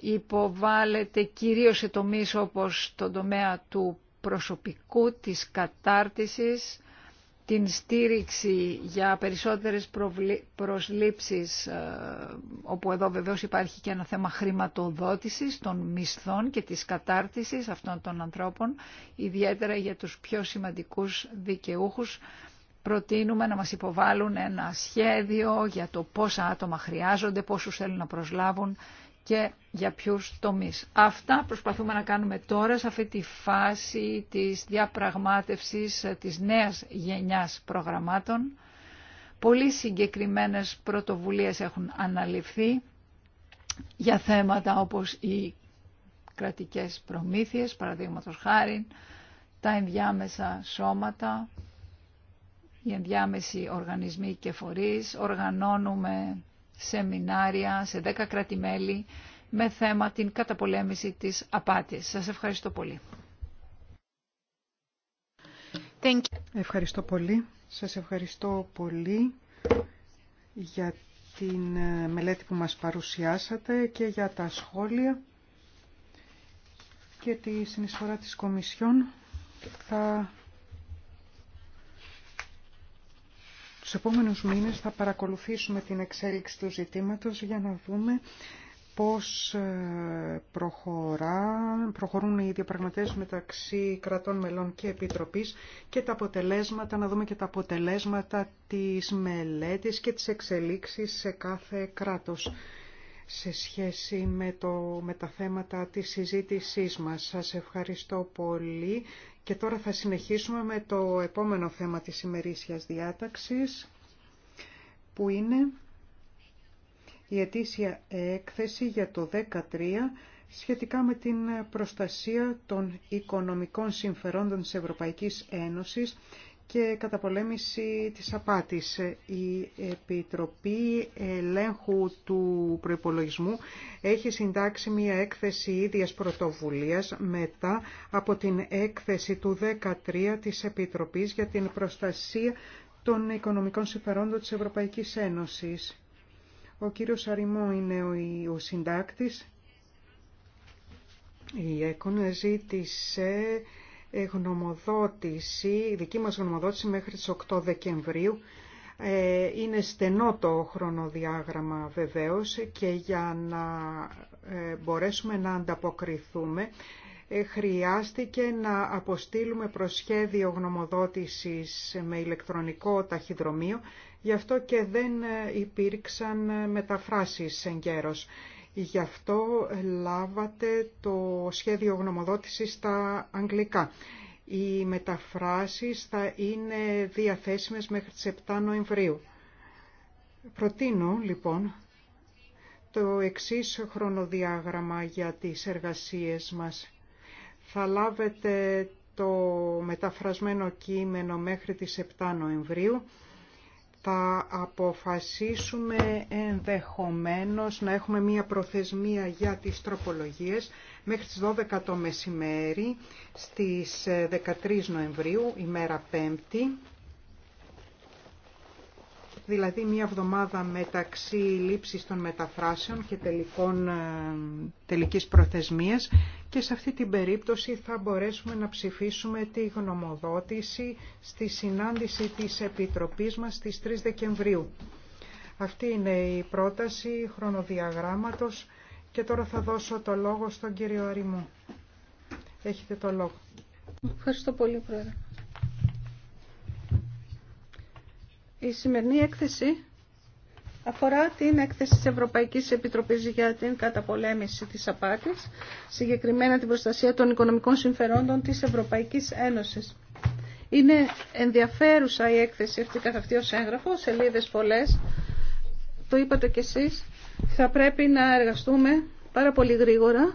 υποβάλλεται κυρίως σε τομείς όπως τον τομέα του προσωπικού, της κατάρτισης, την στήριξη για περισσότερες προσλήψεις, ε, όπου εδώ βεβαίως υπάρχει και ένα θέμα χρηματοδότησης των μισθών και της κατάρτισης αυτών των ανθρώπων, ιδιαίτερα για τους πιο σημαντικούς δικαιούχους. Προτείνουμε να μας υποβάλουν ένα σχέδιο για το πόσα άτομα χρειάζονται, πόσους θέλουν να προσλάβουν και για ποιους τομείς. Αυτά προσπαθούμε να κάνουμε τώρα σε αυτή τη φάση της διαπραγμάτευσης της νέας γενιάς προγραμμάτων. Πολύ συγκεκριμένες πρωτοβουλίες έχουν αναλυφθεί για θέματα όπως οι κρατικές προμήθειες, παραδείγματος χάρη, τα ενδιάμεσα σώματα, οι ενδιάμεσοι οργανισμοί και φορείς, οργανώνουμε σεμινάρια σε 10 κρατημέλη με θέμα την καταπολέμηση της απάτης. Σας ευχαριστώ πολύ. Thank you. Ευχαριστώ πολύ. Σας ευχαριστώ πολύ για την ε, μελέτη που μας παρουσιάσατε και για τα σχόλια και τη συνεισφορά της Κομισιόν. Θα Τους επόμενους μήνες θα παρακολουθήσουμε την εξέλιξη του ζητήματος για να δούμε πώς ε, προχωρούν οι διαπραγματεύσεις μεταξύ κρατών μελών και επιτροπής και τα αποτελέσματα, να δούμε και τα αποτελέσματα της μελέτης και της εξελίξης σε κάθε κράτος σε σχέση με, το, με τα θέματα της συζήτησής μας. Σας ευχαριστώ πολύ και τώρα θα συνεχίσουμε με το επόμενο θέμα της ημερήσιας διάταξης που είναι η ετήσια έκθεση για το 13 σχετικά με την προστασία των οικονομικών συμφερόντων της Ευρωπαϊκής Ένωσης και καταπολέμηση της απάτης. Η Επιτροπή Ελέγχου του Προϋπολογισμού έχει συντάξει μια έκθεση ίδιας πρωτοβουλίας μετά από την έκθεση του 13 της Επιτροπής για την προστασία των οικονομικών συμφερόντων της Ευρωπαϊκής Ένωσης. Ο κύριος Αριμό είναι ο συντάκτης. Η ΕΚΟΝ ζήτησε γνωμοδότηση, η δική μας γνωμοδότηση μέχρι τις 8 Δεκεμβρίου. Ε, είναι στενό το χρονοδιάγραμμα βεβαίως και για να ε, μπορέσουμε να ανταποκριθούμε ε, χρειάστηκε να αποστείλουμε προσχέδιο γνωμοδότησης με ηλεκτρονικό ταχυδρομείο, γι' αυτό και δεν υπήρξαν μεταφράσεις εν Γι' αυτό λάβατε το σχέδιο γνωμοδότησης στα αγγλικά. Οι μεταφράσεις θα είναι διαθέσιμες μέχρι τις 7 Νοεμβρίου. Προτείνω λοιπόν το εξής χρονοδιάγραμμα για τις εργασίες μας. Θα λάβετε το μεταφρασμένο κείμενο μέχρι τις 7 Νοεμβρίου θα αποφασίσουμε ενδεχομένως να έχουμε μία προθεσμία για τις τροπολογίες μέχρι τις 12 το μεσημέρι στις 13 ε, Νοεμβρίου, ημέρα 5η δηλαδή μία εβδομάδα μεταξύ λήψης των μεταφράσεων και τελικών, ε, τελικής προθεσμίας και σε αυτή την περίπτωση θα μπορέσουμε να ψηφίσουμε τη γνωμοδότηση στη συνάντηση της Επιτροπής μας στις 3 Δεκεμβρίου. Αυτή είναι η πρόταση χρονοδιαγράμματος και τώρα θα δώσω το λόγο στον κύριο Αρημού. Έχετε το λόγο. Ευχαριστώ πολύ, Πρόεδρε. Η σημερινή έκθεση αφορά την έκθεση της Ευρωπαϊκής Επιτροπής για την καταπολέμηση της απάτης, συγκεκριμένα την προστασία των οικονομικών συμφερόντων της Ευρωπαϊκής Ένωσης. Είναι ενδιαφέρουσα η έκθεση αυτή καθ' αυτή ως έγγραφο, σελίδες πολλές. Το είπατε κι εσείς, θα πρέπει να εργαστούμε πάρα πολύ γρήγορα,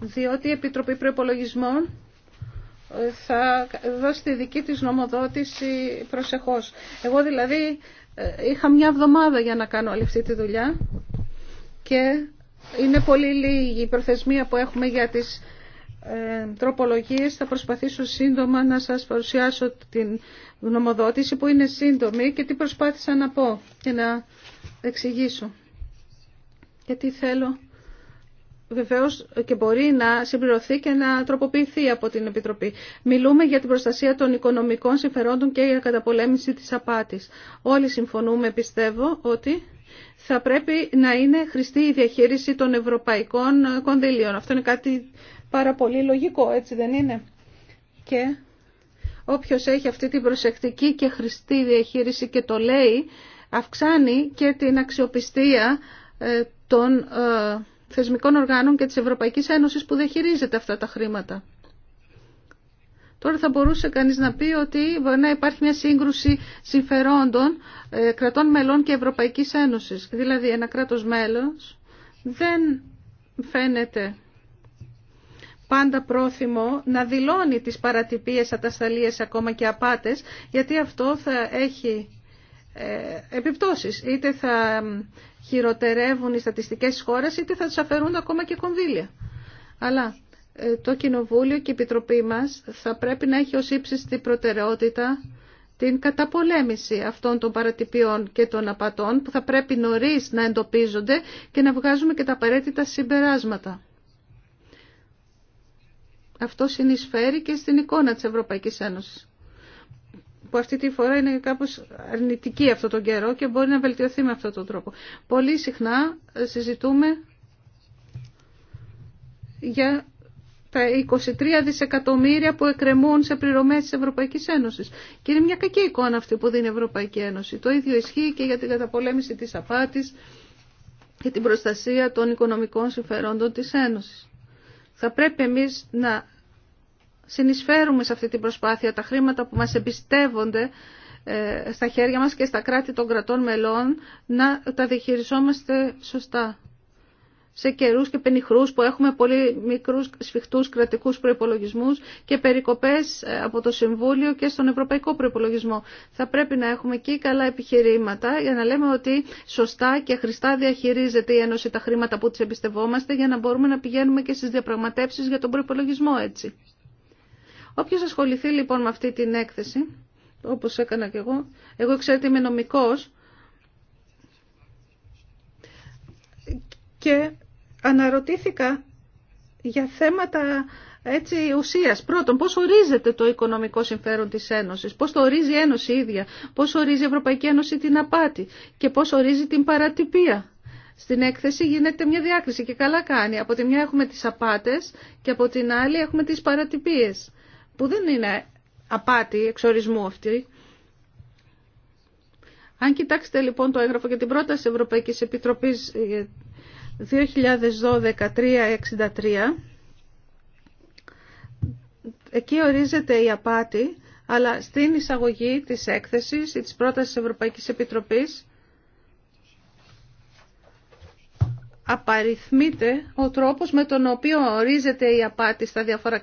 διότι η Επιτροπή Προπολογισμών θα δώσει τη δική της νομοδότηση προσεχώς. Εγώ δηλαδή ε, είχα μια εβδομάδα για να κάνω όλη αυτή τη δουλειά και είναι πολύ λίγη η προθεσμία που έχουμε για τις ε, τροπολογίες. Θα προσπαθήσω σύντομα να σας παρουσιάσω την νομοδότηση που είναι σύντομη και τι προσπάθησα να πω και να εξηγήσω. Γιατί θέλω Βεβαίω και μπορεί να συμπληρωθεί και να τροποποιηθεί από την Επιτροπή. Μιλούμε για την προστασία των οικονομικών συμφερόντων και για καταπολέμηση της απάτης. Όλοι συμφωνούμε, πιστεύω, ότι θα πρέπει να είναι χρηστή η διαχείριση των ευρωπαϊκών κονδυλίων. Αυτό είναι κάτι πάρα πολύ λογικό, έτσι δεν είναι. Και όποιος έχει αυτή την προσεκτική και χρηστή διαχείριση και το λέει, αυξάνει και την αξιοπιστία ε, των ε, θεσμικών οργάνων και της Ευρωπαϊκής Ένωσης που δεν χειρίζεται αυτά τα χρήματα. Τώρα θα μπορούσε κανείς να πει ότι μπορεί να υπάρχει μια σύγκρουση συμφερόντων ε, κρατών μελών και Ευρωπαϊκής Ένωσης. Δηλαδή ένα κράτος μέλος δεν φαίνεται πάντα πρόθυμο να δηλώνει τις παρατυπίες, ατασταλίες ακόμα και απάτες, γιατί αυτό θα έχει ε, επιπτώσεις. Είτε θα χειροτερεύουν οι στατιστικές χώρες είτε θα τους αφαιρούν ακόμα και κονδύλια. Αλλά ε, το Κοινοβούλιο και η Επιτροπή μας θα πρέπει να έχει ως ύψιστη προτεραιότητα την καταπολέμηση αυτών των παρατυπιών και των απατών που θα πρέπει νωρίς να εντοπίζονται και να βγάζουμε και τα απαραίτητα συμπεράσματα. Αυτό συνεισφέρει και στην εικόνα της Ευρωπαϊκής Ένωσης που αυτή τη φορά είναι κάπως αρνητική αυτό τον καιρό και μπορεί να βελτιωθεί με αυτόν τον τρόπο. Πολύ συχνά συζητούμε για τα 23 δισεκατομμύρια που εκκρεμούν σε πληρωμές της Ευρωπαϊκής Ένωσης. Και είναι μια κακή εικόνα αυτή που δίνει η Ευρωπαϊκή Ένωση. Το ίδιο ισχύει και για την καταπολέμηση της απάτης και την προστασία των οικονομικών συμφερόντων της Ένωσης. Θα πρέπει εμείς να συνεισφέρουμε σε αυτή την προσπάθεια τα χρήματα που μας εμπιστεύονται ε, στα χέρια μας και στα κράτη των κρατών μελών να τα διαχειριζόμαστε σωστά. Σε καιρούς και πενιχρούς που έχουμε πολύ μικρούς σφιχτούς κρατικούς προϋπολογισμούς και περικοπές ε, από το Συμβούλιο και στον Ευρωπαϊκό Προϋπολογισμό. Θα πρέπει να έχουμε εκεί καλά επιχειρήματα για να λέμε ότι σωστά και χρηστά διαχειρίζεται η Ένωση τα χρήματα που τις εμπιστευόμαστε για να μπορούμε να πηγαίνουμε και στις διαπραγματεύσεις για τον προϋπολογισμό έτσι. Όποιος ασχοληθεί λοιπόν με αυτή την έκθεση, όπως έκανα και εγώ, εγώ ξέρετε είμαι νομικός και αναρωτήθηκα για θέματα έτσι ουσίας. Πρώτον, πώς ορίζεται το οικονομικό συμφέρον της Ένωσης, πώς το ορίζει η Ένωση ίδια, πώς ορίζει η Ευρωπαϊκή Ένωση την απάτη και πώς ορίζει την παρατυπία. Στην έκθεση γίνεται μια διάκριση και καλά κάνει. Από τη μια έχουμε τις απάτες και από την άλλη έχουμε τις παρατυπίες που δεν είναι απάτη εξορισμού αυτή. Αν κοιτάξετε λοιπόν το έγγραφο για την πρόταση Ευρωπαϊκής Επιτροπής 2012-363, εκεί ορίζεται η απάτη, αλλά στην εισαγωγή της έκθεσης ή της πρότασης Ευρωπαϊκής Επιτροπής απαριθμείται ο τρόπος με τον οποίο ορίζεται η απάτη στα διάφορα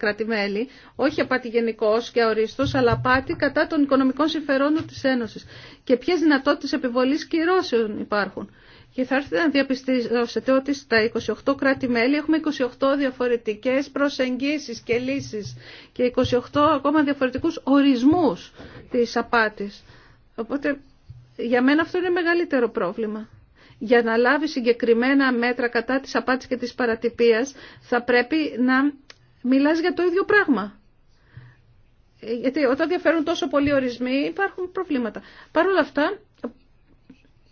όχι απάτη γενικώ και ορίστος, αλλά απάτη κατά των οικονομικών συμφερόντων της Ένωσης και ποιες δυνατότητες επιβολής κυρώσεων υπάρχουν. Και θα έρθετε να διαπιστώσετε ότι στα 28 κράτη-μέλη έχουμε 28 διαφορετικές προσεγγίσεις και λύσεις και 28 ακόμα διαφορετικούς ορισμούς της απάτης. Οπότε για μένα αυτό είναι μεγαλύτερο πρόβλημα για να λάβει συγκεκριμένα μέτρα κατά της απάτης και της παρατυπίας θα πρέπει να μιλάς για το ίδιο πράγμα. Γιατί όταν διαφέρουν τόσο πολλοί ορισμοί υπάρχουν προβλήματα. Παρ' όλα αυτά,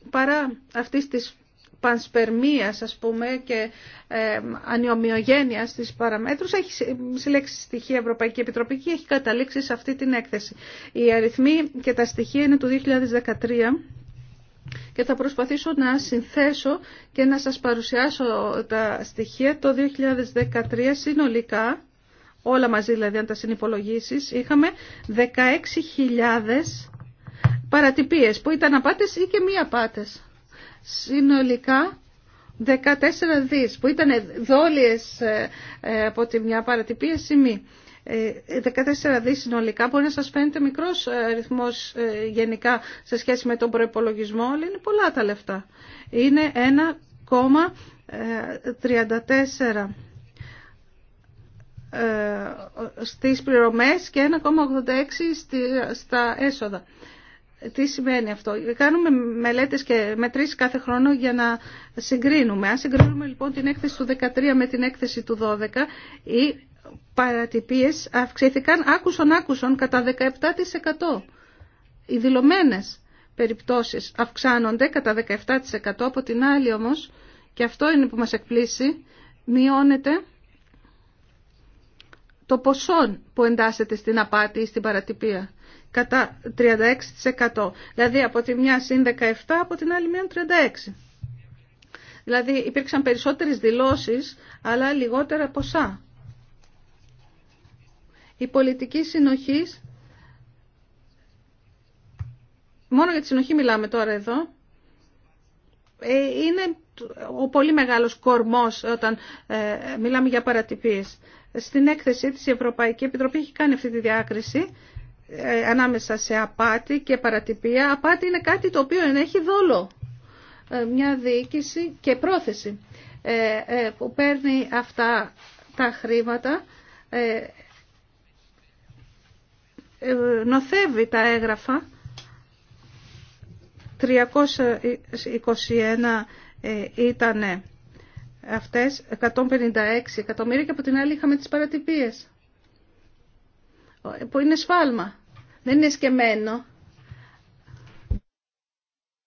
παρά αυτής της πανσπερμίας ας πούμε και ε, ανιομοιογένειας της παραμέτρους έχει συλλέξει στοιχεία Ευρωπαϊκή Επιτροπή και έχει καταλήξει σε αυτή την έκθεση. Οι αριθμοί και τα στοιχεία είναι του 2013 και θα προσπαθήσω να συνθέσω και να σας παρουσιάσω τα στοιχεία. Το 2013 συνολικά, όλα μαζί δηλαδή αν τα συνυπολογίσεις, είχαμε 16.000 παρατυπίες που ήταν απάτες ή και μη απάτες. Συνολικά 14 δις που ήταν δόλιες ε, ε, από τη μια παρατυπίες ή μη. 14 ε, δι συνολικά μπορεί να σας φαίνεται μικρός ε, αριθμός ε, γενικά σε σχέση με τον προϋπολογισμό, αλλά είναι πολλά τα λεφτά. Είναι 1,34 στις πληρωμές και 1,86 στα έσοδα. Τι σημαίνει αυτό. Κάνουμε μελέτες και μετρήσεις κάθε χρόνο για να συγκρίνουμε. Αν συγκρίνουμε λοιπόν την έκθεση του 13 με την έκθεση του 12 ή παρατυπίες αυξήθηκαν άκουσον άκουσον κατά 17%. Οι δηλωμένες περιπτώσεις αυξάνονται κατά 17%. Από την άλλη όμως, και αυτό είναι που μας εκπλήσει, μειώνεται το ποσό που εντάσσεται στην απάτη ή στην παρατυπία κατά 36%. Δηλαδή από τη μια συν 17, από την άλλη μείον 36%. Δηλαδή υπήρξαν περισσότερες δηλώσεις, αλλά λιγότερα ποσά. Η πολιτική συνοχής, μόνο για τη συνοχή μιλάμε τώρα εδώ, ε, είναι ο πολύ μεγάλος κορμός όταν ε, μιλάμε για παρατυπίες. Στην έκθεση της η Ευρωπαϊκή Επιτροπή έχει κάνει αυτή τη διάκριση ε, ανάμεσα σε απάτη και παρατυπία. Απάτη είναι κάτι το οποίο έχει δόλο, μια διοίκηση και πρόθεση που παίρνει αυτά τα χρήματα νοθεύει τα έγγραφα 321 ε, ήταν αυτές 156 εκατομμύρια και από την άλλη είχαμε τις παρατυπίες που είναι σφάλμα δεν είναι σκεμμένο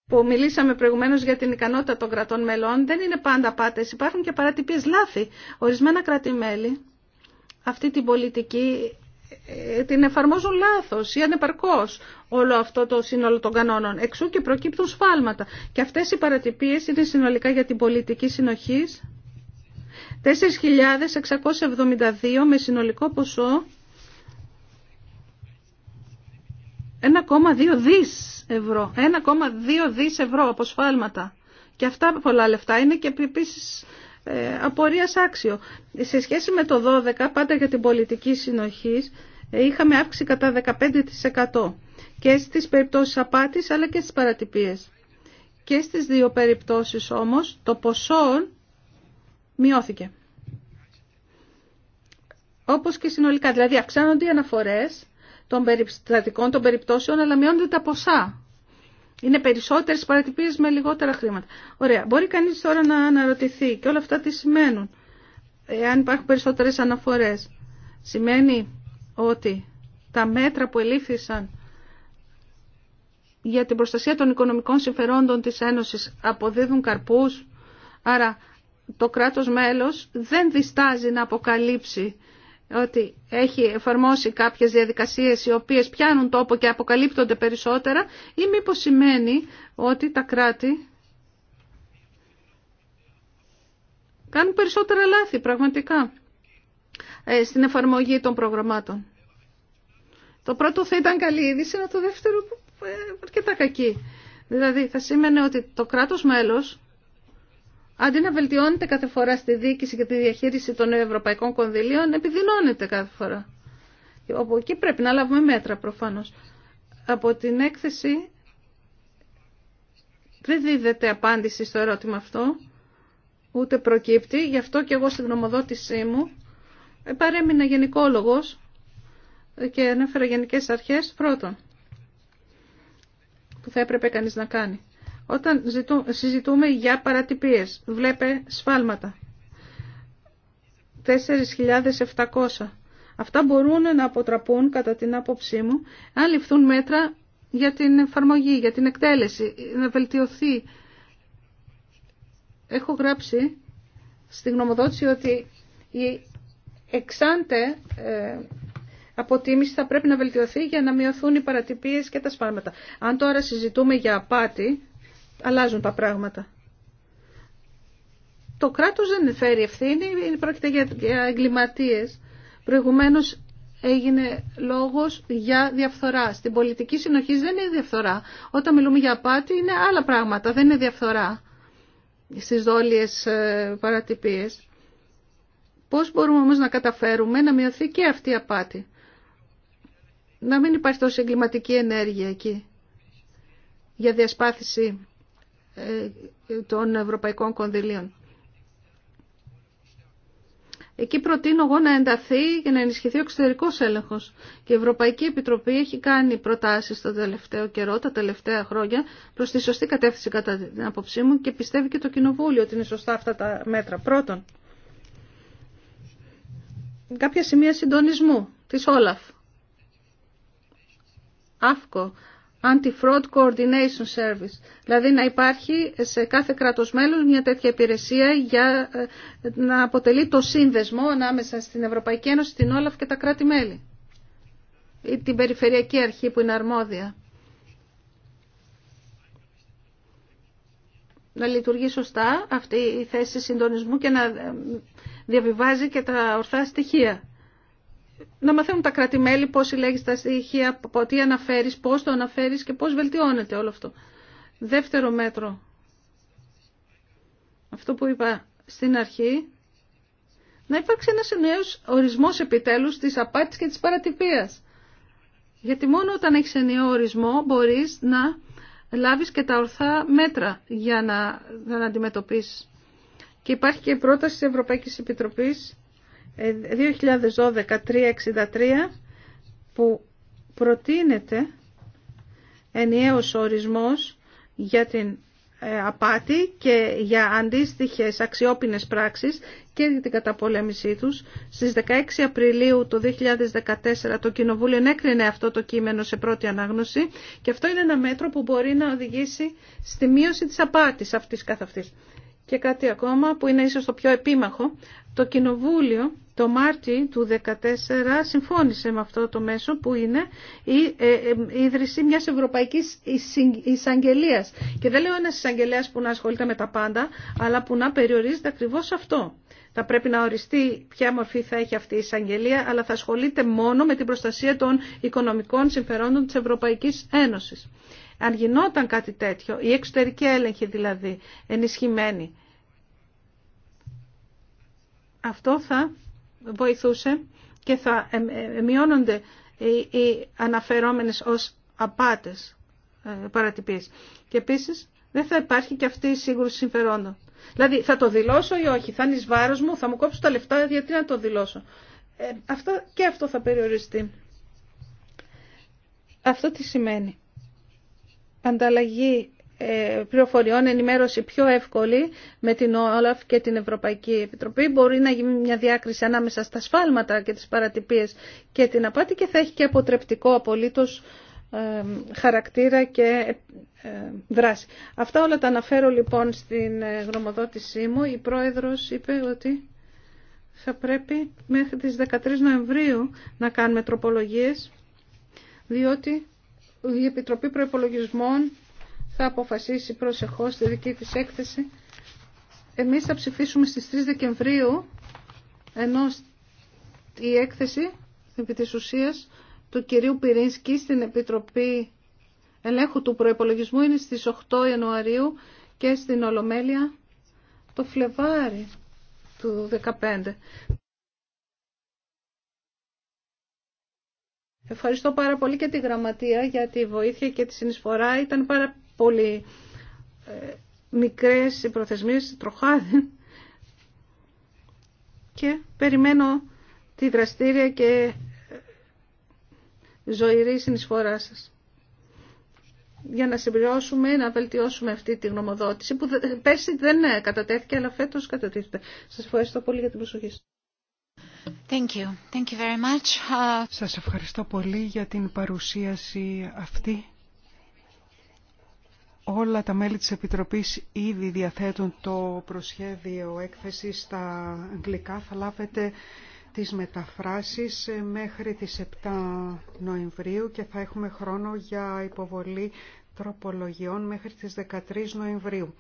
που μιλήσαμε προηγουμένως για την ικανότητα των κρατών μελών, δεν είναι πάντα πάτες. Υπάρχουν και παρατυπίες. λαθη λάθη. Ορισμένα αυτή την πολιτική ε, την εφαρμόζουν λάθος ή ανεπαρκώς όλο αυτό το σύνολο των κανόνων. Εξού και προκύπτουν σφάλματα. Και αυτές οι παρατυπίες είναι συνολικά για την πολιτική συνοχή 4.672 με συνολικό ποσό 1,2 δις ευρώ. 1,2 δις ευρώ από σφάλματα. Και αυτά πολλά λεφτά είναι και επίσης... Ε, απορίας άξιο. Σε σχέση με το 12, πάντα για την πολιτική συνοχή, ε, είχαμε αύξηση κατά 15% και στις περιπτώσεις απάτης αλλά και στις παρατυπίες. Και στις δύο περιπτώσεις όμως το ποσό μειώθηκε. Όπως και συνολικά, δηλαδή αυξάνονται οι αναφορές των περιστατικών των περιπτώσεων αλλά μειώνονται τα ποσά είναι περισσότερε παρατυπίε με λιγότερα χρήματα. Ωραία. Μπορεί κανεί τώρα να αναρωτηθεί και όλα αυτά τι σημαίνουν. Εάν υπάρχουν περισσότερε αναφορέ, σημαίνει ότι τα μέτρα που ελήφθησαν για την προστασία των οικονομικών συμφερόντων της Ένωσης αποδίδουν καρπούς. Άρα το κράτος μέλος δεν διστάζει να αποκαλύψει ότι έχει εφαρμόσει κάποιες διαδικασίες οι οποίες πιάνουν τόπο και αποκαλύπτονται περισσότερα ή μήπως σημαίνει ότι τα κράτη κάνουν περισσότερα λάθη πραγματικά ε, στην εφαρμογή των προγραμμάτων. Το πρώτο θα ήταν καλή είδηση, αλλά το δεύτερο ε, αρκετά κακή. Δηλαδή θα σημαίνει ότι το κράτος μέλος αντί να βελτιώνεται κάθε φορά στη διοίκηση και τη διαχείριση των ευρωπαϊκών κονδυλίων, επιδεινώνεται κάθε φορά. Από εκεί πρέπει να λάβουμε μέτρα προφανώς. Από την έκθεση δεν δίδεται απάντηση στο ερώτημα αυτό, ούτε προκύπτει. Γι' αυτό και εγώ στην γνωμοδότησή μου παρέμεινα γενικόλογος και ανέφερα γενικές αρχές πρώτον που θα έπρεπε κανείς να κάνει όταν συζητούμε για παρατυπίες. Βλέπε σφάλματα. 4.700. Αυτά μπορούν να αποτραπούν, κατά την άποψή μου, αν ληφθούν μέτρα για την εφαρμογή, για την εκτέλεση, να βελτιωθεί. Έχω γράψει στη γνωμοδότηση ότι η εξάντε ε, αποτίμηση θα πρέπει να βελτιωθεί για να μειωθούν οι παρατυπίες και τα σφάλματα. Αν τώρα συζητούμε για απάτη, αλλάζουν τα πράγματα. Το κράτος δεν φέρει ευθύνη, πρόκειται για εγκληματίες. Προηγουμένως έγινε λόγος για διαφθορά. Στην πολιτική συνοχή δεν είναι διαφθορά. Όταν μιλούμε για απάτη είναι άλλα πράγματα, δεν είναι διαφθορά στις δόλιες ε, παρατυπίες. Πώς μπορούμε όμως να καταφέρουμε να μειωθεί και αυτή η απάτη. Να μην υπάρχει τόση εγκληματική ενέργεια εκεί για διασπάθηση ε, των ευρωπαϊκών κονδυλίων. Εκεί προτείνω εγώ να ενταθεί και να ενισχυθεί ο εξωτερικό έλεγχο. Και η Ευρωπαϊκή Επιτροπή έχει κάνει προτάσει το τελευταίο καιρό, τα τελευταία χρόνια, προ τη σωστή κατεύθυνση κατά την άποψή μου και πιστεύει και το Κοινοβούλιο ότι είναι σωστά αυτά τα μέτρα. Πρώτον, κάποια σημεία συντονισμού τη Όλαφ. ΑΦΚΟ, Anti-Fraud Coordination Service. Δηλαδή να υπάρχει σε κάθε κράτος μέλος μια τέτοια υπηρεσία για ε, να αποτελεί το σύνδεσμο ανάμεσα στην Ευρωπαϊκή Ένωση, την Όλαφ και τα κράτη-μέλη. Ή την Περιφερειακή Αρχή που είναι αρμόδια. Να λειτουργεί σωστά αυτή η θέση συντονισμού και να ε, διαβιβάζει και τα ορθά στοιχεία να μαθαίνουν τα κρατημέλη πώς συλλέγεις τα στοιχεία, τι αναφέρεις, πώς το αναφέρεις και πώς βελτιώνεται όλο αυτό. Δεύτερο μέτρο. Αυτό που είπα στην αρχή, να υπάρξει ένας νέος ορισμός επιτέλους της απάτης και της παρατυπίας. Γιατί μόνο όταν έχεις νέο ορισμό μπορείς να λάβεις και τα ορθά μέτρα για να, να αντιμετωπίσεις. Και υπάρχει και η πρόταση της Ευρωπαϊκής Επιτροπής 2012-363 ε, που προτείνεται ενιαίος ορισμός για την ε, απάτη και για αντίστοιχες αξιόπινες πράξεις και για την καταπολέμησή τους. Στις 16 Απριλίου του 2014 το Κοινοβούλιο ενέκρινε αυτό το κείμενο σε πρώτη ανάγνωση και αυτό είναι ένα μέτρο που μπορεί να οδηγήσει στη μείωση της απάτης αυτής καθ' αυτής. Και κάτι ακόμα που είναι ίσως το πιο επίμαχο, το Κοινοβούλιο το Μάρτι του 2014 συμφώνησε με αυτό το μέσο που είναι η ε, ε, ίδρυση μιας ευρωπαϊκής εισαγγελία. Και δεν λέω ένας εισαγγελέα που να ασχολείται με τα πάντα, αλλά που να περιορίζεται ακριβώς αυτό. Θα πρέπει να οριστεί ποια μορφή θα έχει αυτή η εισαγγελία, αλλά θα ασχολείται μόνο με την προστασία των οικονομικών συμφερόντων της Ευρωπαϊκής Ένωσης. Αν γινόταν κάτι τέτοιο, η εξωτερική έλεγχη δηλαδή, ενισχυμένη, αυτό θα βοηθούσε και θα ε, ε, μειώνονται οι αναφερόμενες ως απάτες ε, παρατυπίες. Και επίσης δεν θα υπάρχει και αυτή η σίγουρη συμφερόντων. Δηλαδή θα το δηλώσω ή όχι, θα είναι εις βάρος μου, θα μου κόψω τα λεφτά, γιατί να το δηλώσω. αυτό, και αυτό θα περιοριστεί. Αυτό τι σημαίνει. Ανταλλαγή ε, πληροφοριών ενημέρωση πιο εύκολη με την ΟΛΑΦ και την Ευρωπαϊκή Επιτροπή. Μπορεί να γίνει μια διάκριση ανάμεσα στα σφάλματα και τις παρατυπίες και την απάτη και θα έχει και αποτρεπτικό απολύτως ε, χαρακτήρα και ε, δράση. Αυτά όλα τα αναφέρω λοιπόν στην γνωμοδότησή μου. Η πρόεδρος είπε ότι θα πρέπει μέχρι τις 13 Νοεμβρίου να κάνουμε τροπολογίες, διότι η Επιτροπή Προϋπολογισμών θα αποφασίσει προσεχώς τη δική της έκθεση. Εμείς θα ψηφίσουμε στις 3 Δεκεμβρίου, ενώ η έκθεση επί της ουσίας του κυρίου Πυρίνσκη στην Επιτροπή Ελέγχου του Προϋπολογισμού είναι στις 8 Ιανουαρίου και στην Ολομέλεια το Φλεβάρι του 2015. Ευχαριστώ πάρα πολύ και τη Γραμματεία για τη βοήθεια και τη συνεισφορά. Ήταν πάρα πολύ ε, μικρές προθεσμίες, τροχάδι. Και περιμένω τη δραστήρια και ε, ζωηρή συνεισφορά σας. Για να συμπληρώσουμε, να βελτιώσουμε αυτή τη γνωμοδότηση που πέρσι δεν ε, κατατέθηκε, αλλά φέτος κατατίθεται. Σας ευχαριστώ πολύ για την προσοχή σας. Thank you. Thank you very much. Σας ευχαριστώ πολύ για την παρουσίαση αυτή. Όλα τα μέλη της Επιτροπής ήδη διαθέτουν το προσχέδιο έκθεση στα αγγλικά. Θα λάβετε τις μεταφράσεις μέχρι τις 7 Νοεμβρίου και θα έχουμε χρόνο για υποβολή τροπολογιών μέχρι τις 13 Νοεμβρίου.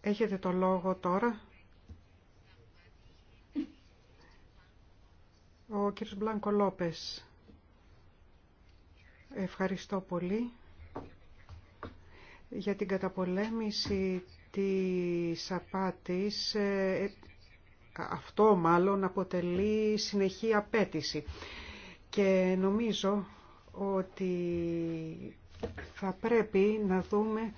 Έχετε το λόγο τώρα. Ο κ. Μπλάνκο Λόπες. Ευχαριστώ πολύ για την καταπολέμηση της απάτης, ε, ε, αυτό μάλλον αποτελεί συνεχή απέτηση. Και νομίζω ότι θα πρέπει να δούμε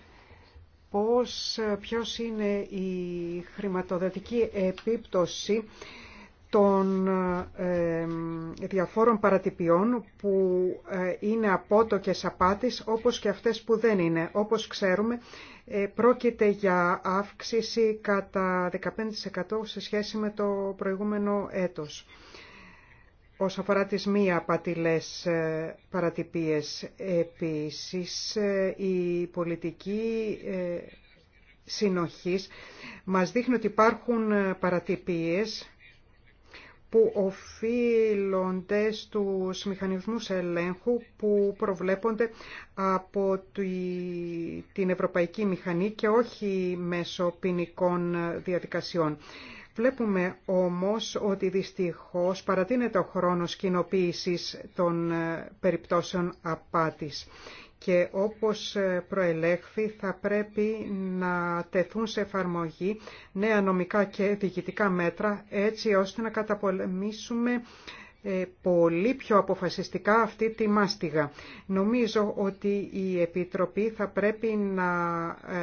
πώς, ποιος είναι η χρηματοδοτική επίπτωση των ε, ε, διαφόρων παρατυπιών που ε, είναι απότοκες απάτης όπως και αυτές που δεν είναι. Όπως ξέρουμε πρόκειται για αύξηση κατά 15% σε σχέση με το προηγούμενο έτος. Όσον αφορά τις μη απατηλές παρατυπίες, επίσης η πολιτική συνοχής μας δείχνει ότι υπάρχουν παρατυπίες που οφείλονται στους μηχανισμούς ελέγχου που προβλέπονται από την Ευρωπαϊκή Μηχανή και όχι μέσω ποινικών διαδικασιών. Βλέπουμε όμως ότι δυστυχώς παρατείνεται ο χρόνος κοινοποίησης των ε, περιπτώσεων απάτης και όπως ε, προελέχθη θα πρέπει να τεθούν σε εφαρμογή νέα νομικά και διοικητικά μέτρα έτσι ώστε να καταπολεμήσουμε ε, πολύ πιο αποφασιστικά αυτή τη μάστιγα. Νομίζω ότι η Επιτροπή θα πρέπει να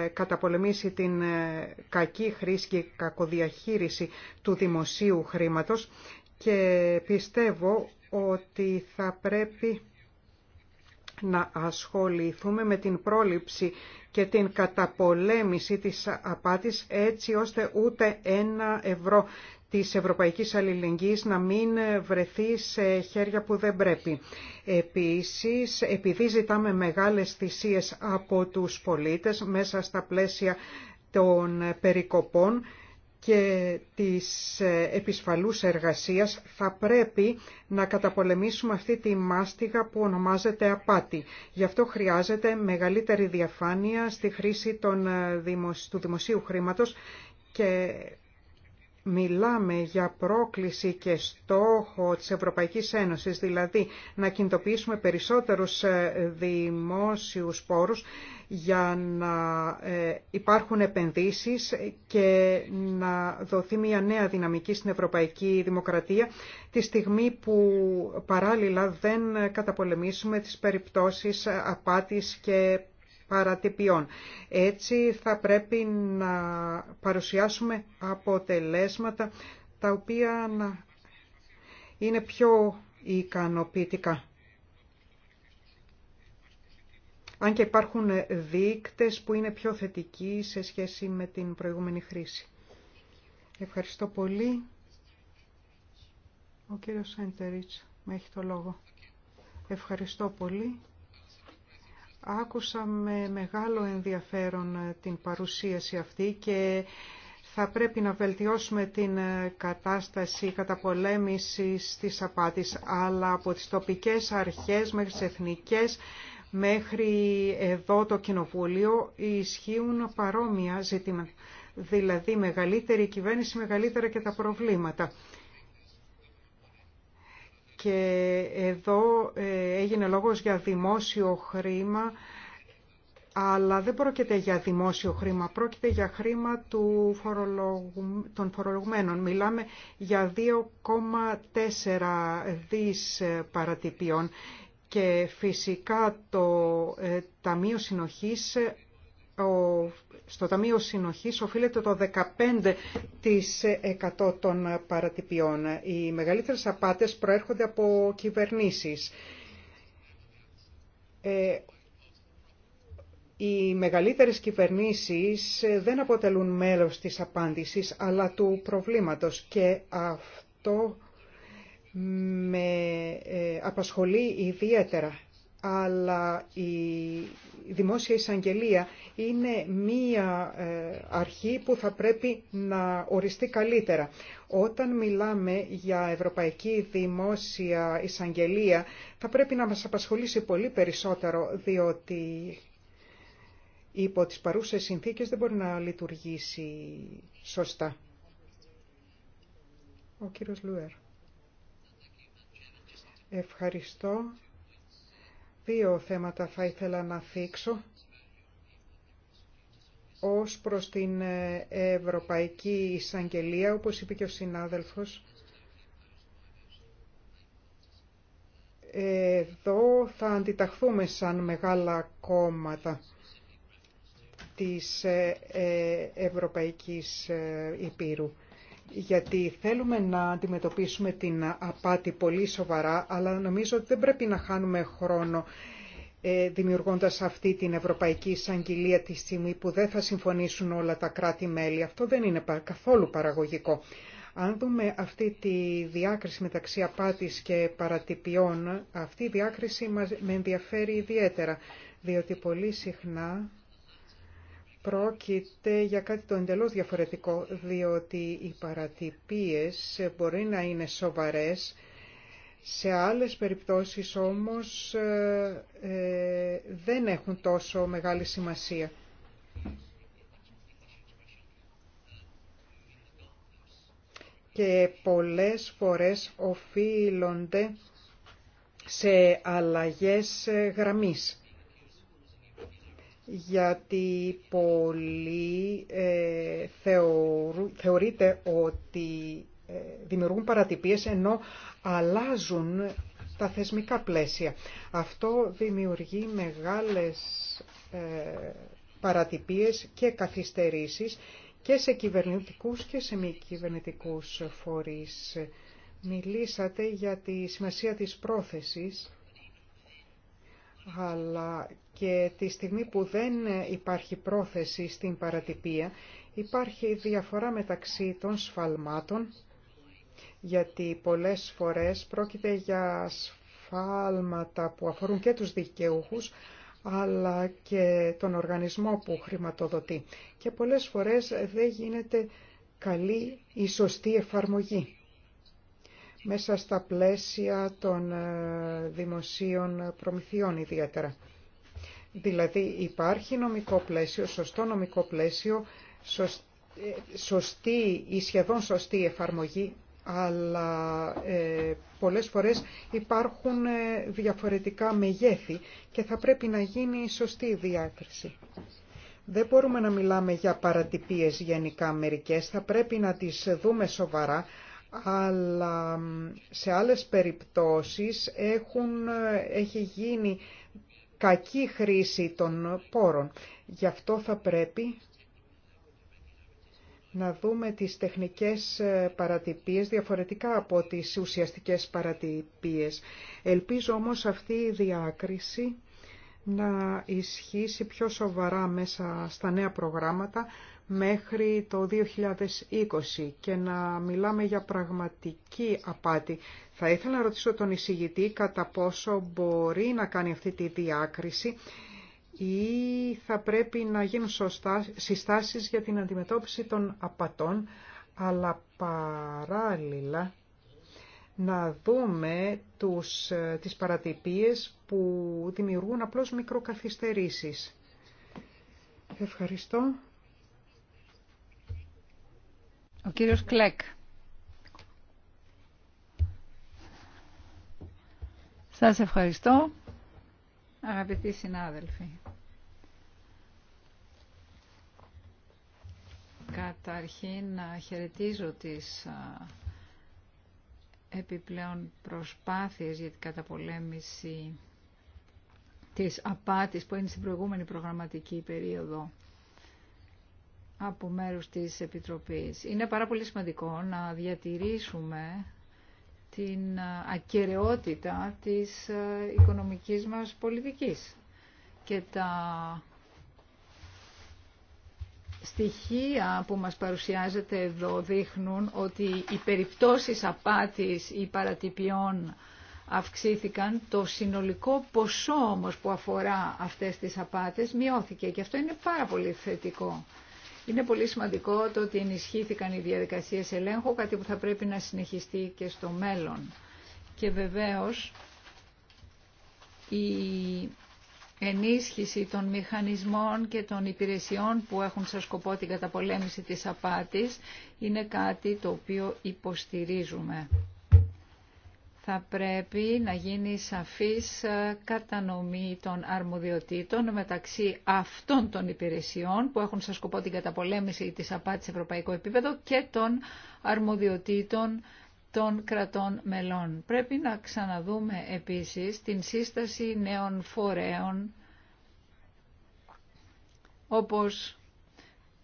ε, καταπολεμήσει την κακή χρήση και κακοδιαχείριση του δημοσίου χρήματος και πιστεύω ότι θα πρέπει να ασχοληθούμε με την πρόληψη και την καταπολέμηση της απάτης έτσι ώστε ούτε ένα ευρώ της Ευρωπαϊκής Αλληλεγγύης να μην βρεθεί σε χέρια που δεν πρέπει. Επίσης, επειδή ζητάμε μεγάλες θυσίες από τους πολίτες μέσα στα πλαίσια των περικοπών, και της ε, επισφαλούς εργασίας θα πρέπει να καταπολεμήσουμε αυτή τη μάστιγα που ονομάζεται απάτη. Γι' αυτό χρειάζεται μεγαλύτερη διαφάνεια στη χρήση των, ε, του δημοσίου χρήματος και Μιλάμε για πρόκληση και στόχο της Ευρωπαϊκής Ένωσης, δηλαδή να κινητοποιήσουμε περισσότερους ε, δημόσιους πόρους για να ε, υπάρχουν επενδύσεις και να δοθεί μια νέα δυναμική στην Ευρωπαϊκή Δημοκρατία τη στιγμή που παράλληλα δεν καταπολεμήσουμε τις περιπτώσεις απάτης και παρατυπιών. Έτσι θα πρέπει να παρουσιάσουμε αποτελέσματα τα οποία είναι πιο ικανοποιητικά. Αν και υπάρχουν δείκτες που είναι πιο θετικοί σε σχέση με την προηγούμενη χρήση. Ευχαριστώ πολύ. Ο κύριος Σέντεριτς με έχει το λόγο. Ευχαριστώ πολύ. Άκουσα με μεγάλο ενδιαφέρον ε, την παρουσίαση αυτή και θα πρέπει να βελτιώσουμε την ε, κατάσταση καταπολέμησης της απάτης, αλλά από τις τοπικές αρχές μέχρι τις εθνικές μέχρι εδώ το Κοινοβούλιο ισχύουν παρόμοια ζητήματα. Δηλαδή μεγαλύτερη κυβέρνηση, μεγαλύτερα και τα προβλήματα και εδώ ε, έγινε λόγος για δημόσιο χρήμα, αλλά δεν πρόκειται για δημόσιο χρήμα, πρόκειται για χρήμα του των φορολογουμένων. Μιλάμε για 2,4 δις ε, παρατυπιών και φυσικά το ε, Ταμείο Συνοχής στο Ταμείο Συνοχής οφείλεται το 15% των παρατυπιών. Οι μεγαλύτερες απάτες προέρχονται από κυβερνήσεις. Ε, οι μεγαλύτερες κυβερνήσεις δεν αποτελούν μέλος της απάντησης, αλλά του προβλήματος και αυτό με ε, απασχολεί ιδιαίτερα αλλά η δημόσια εισαγγελία είναι μία ε, αρχή που θα πρέπει να οριστεί καλύτερα. Όταν μιλάμε για ευρωπαϊκή δημόσια εισαγγελία θα πρέπει να μας απασχολήσει πολύ περισσότερο διότι υπό τις παρούσες συνθήκες δεν μπορεί να λειτουργήσει σωστά. Ο κύριος Λουέρ. Ευχαριστώ δύο θέματα θα ήθελα να θίξω ως προς την ε, Ευρωπαϊκή Εισαγγελία, όπως είπε και ο συνάδελφος. Εδώ θα αντιταχθούμε σαν μεγάλα κόμματα της ε, ε, Ευρωπαϊκής Υπήρου γιατί θέλουμε να αντιμετωπίσουμε την απάτη πολύ σοβαρά, αλλά νομίζω ότι δεν πρέπει να χάνουμε χρόνο ε, δημιουργώντας αυτή την Ευρωπαϊκή Εισαγγελία τη στιγμή που δεν θα συμφωνήσουν όλα τα κράτη-μέλη. Αυτό δεν είναι καθόλου παραγωγικό. Αν δούμε αυτή τη διάκριση μεταξύ απάτης και παρατυπιών, αυτή η διάκριση με ενδιαφέρει ιδιαίτερα, διότι πολύ συχνά Πρόκειται για κάτι το εντελώς διαφορετικό, διότι οι παρατυπίες μπορεί να είναι σοβαρές, σε άλλες περιπτώσεις όμως ε, ε, δεν έχουν τόσο μεγάλη σημασία. Και πολλές φορές οφείλονται σε αλλαγές ε, γραμμής γιατί πολλοί ε, θεωρείται ότι ε, δημιουργούν παρατυπίες ενώ αλλάζουν τα θεσμικά πλαίσια. Αυτό δημιουργεί μεγάλες ε, παρατυπίες και καθυστερήσεις και σε κυβερνητικούς και σε μη κυβερνητικούς φορείς. Μιλήσατε για τη σημασία της πρόθεσης αλλά και τη στιγμή που δεν υπάρχει πρόθεση στην παρατυπία, υπάρχει διαφορά μεταξύ των σφαλμάτων, γιατί πολλές φορές πρόκειται για σφάλματα που αφορούν και τους δικαιούχους, αλλά και τον οργανισμό που χρηματοδοτεί. Και πολλές φορές δεν γίνεται καλή ή σωστή εφαρμογή μέσα στα πλαίσια των ε, δημοσίων προμηθειών ιδιαίτερα. Δηλαδή υπάρχει νομικό πλαίσιο, σωστό νομικό πλαίσιο, ε, σωστή ή σχεδόν σωστή εφαρμογή, αλλά ε, πολλές φορές υπάρχουν ε, διαφορετικά μεγέθη και θα πρέπει να γίνει σωστή διάκριση. Δεν μπορούμε να μιλάμε για παρατυπίες γενικά μερικές, θα πρέπει να τις δούμε σοβαρά, αλλά σε άλλες περιπτώσεις έχουν, έχει γίνει κακή χρήση των πόρων. Γι' αυτό θα πρέπει να δούμε τις τεχνικές ε, παρατυπίες διαφορετικά από τις ουσιαστικές παρατυπίες. Ελπίζω όμως αυτή η διάκριση να ισχύσει πιο σοβαρά μέσα στα νέα προγράμματα μέχρι το 2020 και να μιλάμε για πραγματική απάτη. Θα ήθελα να ρωτήσω τον εισηγητή κατά πόσο μπορεί να κάνει αυτή τη διάκριση ή θα πρέπει να γίνουν σωστά συστάσεις για την αντιμετώπιση των απατών, αλλά παράλληλα να δούμε τους, τις παρατυπίες που δημιουργούν απλώς μικροκαθυστερήσεις. Ευχαριστώ. Ο κύριος Κλέκ. Σας ευχαριστώ, αγαπητοί συνάδελφοι. Καταρχήν να χαιρετίζω τις επιπλέον προσπάθειες για την καταπολέμηση της απάτης που είναι στην προηγούμενη προγραμματική περίοδο από μέρους της Επιτροπής. Είναι πάρα πολύ σημαντικό να διατηρήσουμε την ε, ακαιρεότητα της ε, οικονομικής μας πολιτικής και τα στοιχεία που μας παρουσιάζεται εδώ δείχνουν ότι οι περιπτώσεις απάτης ή παρατυπιών αυξήθηκαν, το συνολικό ποσό όμως που αφορά αυτές τις απάτες μειώθηκε και αυτό είναι πάρα πολύ θετικό. Είναι πολύ σημαντικό το ότι ενισχύθηκαν οι διαδικασίες ελέγχου, κάτι που θα πρέπει να συνεχιστεί και στο μέλλον. Και βεβαίως η ενίσχυση των μηχανισμών και των υπηρεσιών που έχουν σαν σκοπό την καταπολέμηση της απάτης είναι κάτι το οποίο υποστηρίζουμε θα πρέπει να γίνει σαφής ε, κατανομή των αρμοδιοτήτων μεταξύ αυτών των υπηρεσιών που έχουν σαν σκοπό την καταπολέμηση της απάτης σε ευρωπαϊκό επίπεδο και των αρμοδιοτήτων των κρατών μελών. Πρέπει να ξαναδούμε επίσης την σύσταση νέων φορέων όπως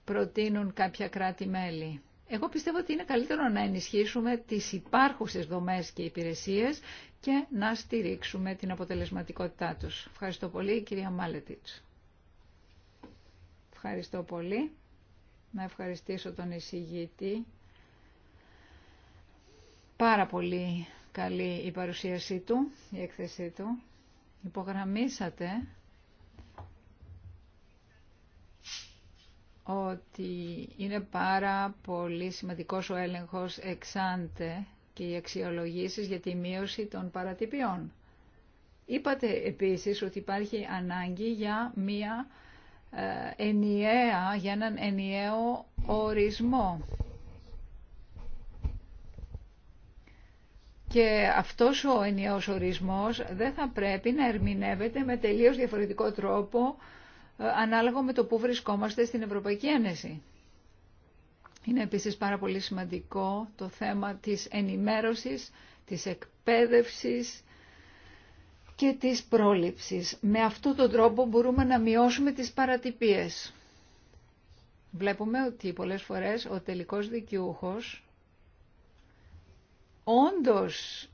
προτείνουν κάποια κράτη-μέλη. Εγώ πιστεύω ότι είναι καλύτερο να ενισχύσουμε τις υπάρχουσες δομές και υπηρεσίες και να στηρίξουμε την αποτελεσματικότητά τους. Ευχαριστώ πολύ, κυρία Μάλετιτς. Ευχαριστώ πολύ. Να ευχαριστήσω τον εισηγήτη. Πάρα πολύ καλή η παρουσίασή του, η έκθεσή του. Υπογραμμίσατε ότι είναι πάρα πολύ σημαντικός ο έλεγχος εξάντε και οι αξιολογήσεις για τη μείωση των παρατυπιών. Είπατε επίσης ότι υπάρχει ανάγκη για μία ε, ενιαία, για έναν ενιαίο ορισμό. Και αυτός ο ενιαίος ορισμός δεν θα πρέπει να ερμηνεύεται με τελείως διαφορετικό τρόπο ε, ανάλογα με το που βρισκόμαστε στην Ευρωπαϊκή Ένωση. Είναι επίσης πάρα πολύ σημαντικό το θέμα της ενημέρωσης, της εκπαίδευσης και της πρόληψης. Με αυτόν τον τρόπο μπορούμε να μειώσουμε τις παρατυπίες. Βλέπουμε ότι πολλές φορές ο τελικός δικιούχος όντως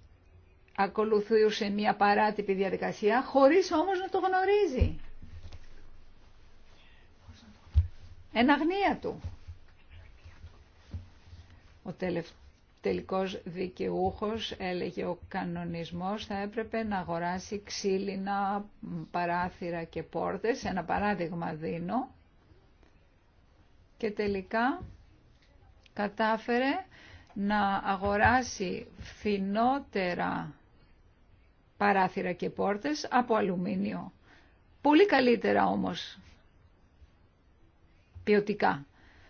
ακολουθούσε μια παράτυπη διαδικασία χωρίς όμως να το γνωρίζει. εν αγνία του. Ο τελικός δικαιούχος, έλεγε ο κανονισμός, θα έπρεπε να αγοράσει ξύλινα παράθυρα και πόρτες, ένα παράδειγμα δίνω, και τελικά κατάφερε να αγοράσει φθηνότερα παράθυρα και πόρτες από αλουμίνιο. Πολύ καλύτερα όμως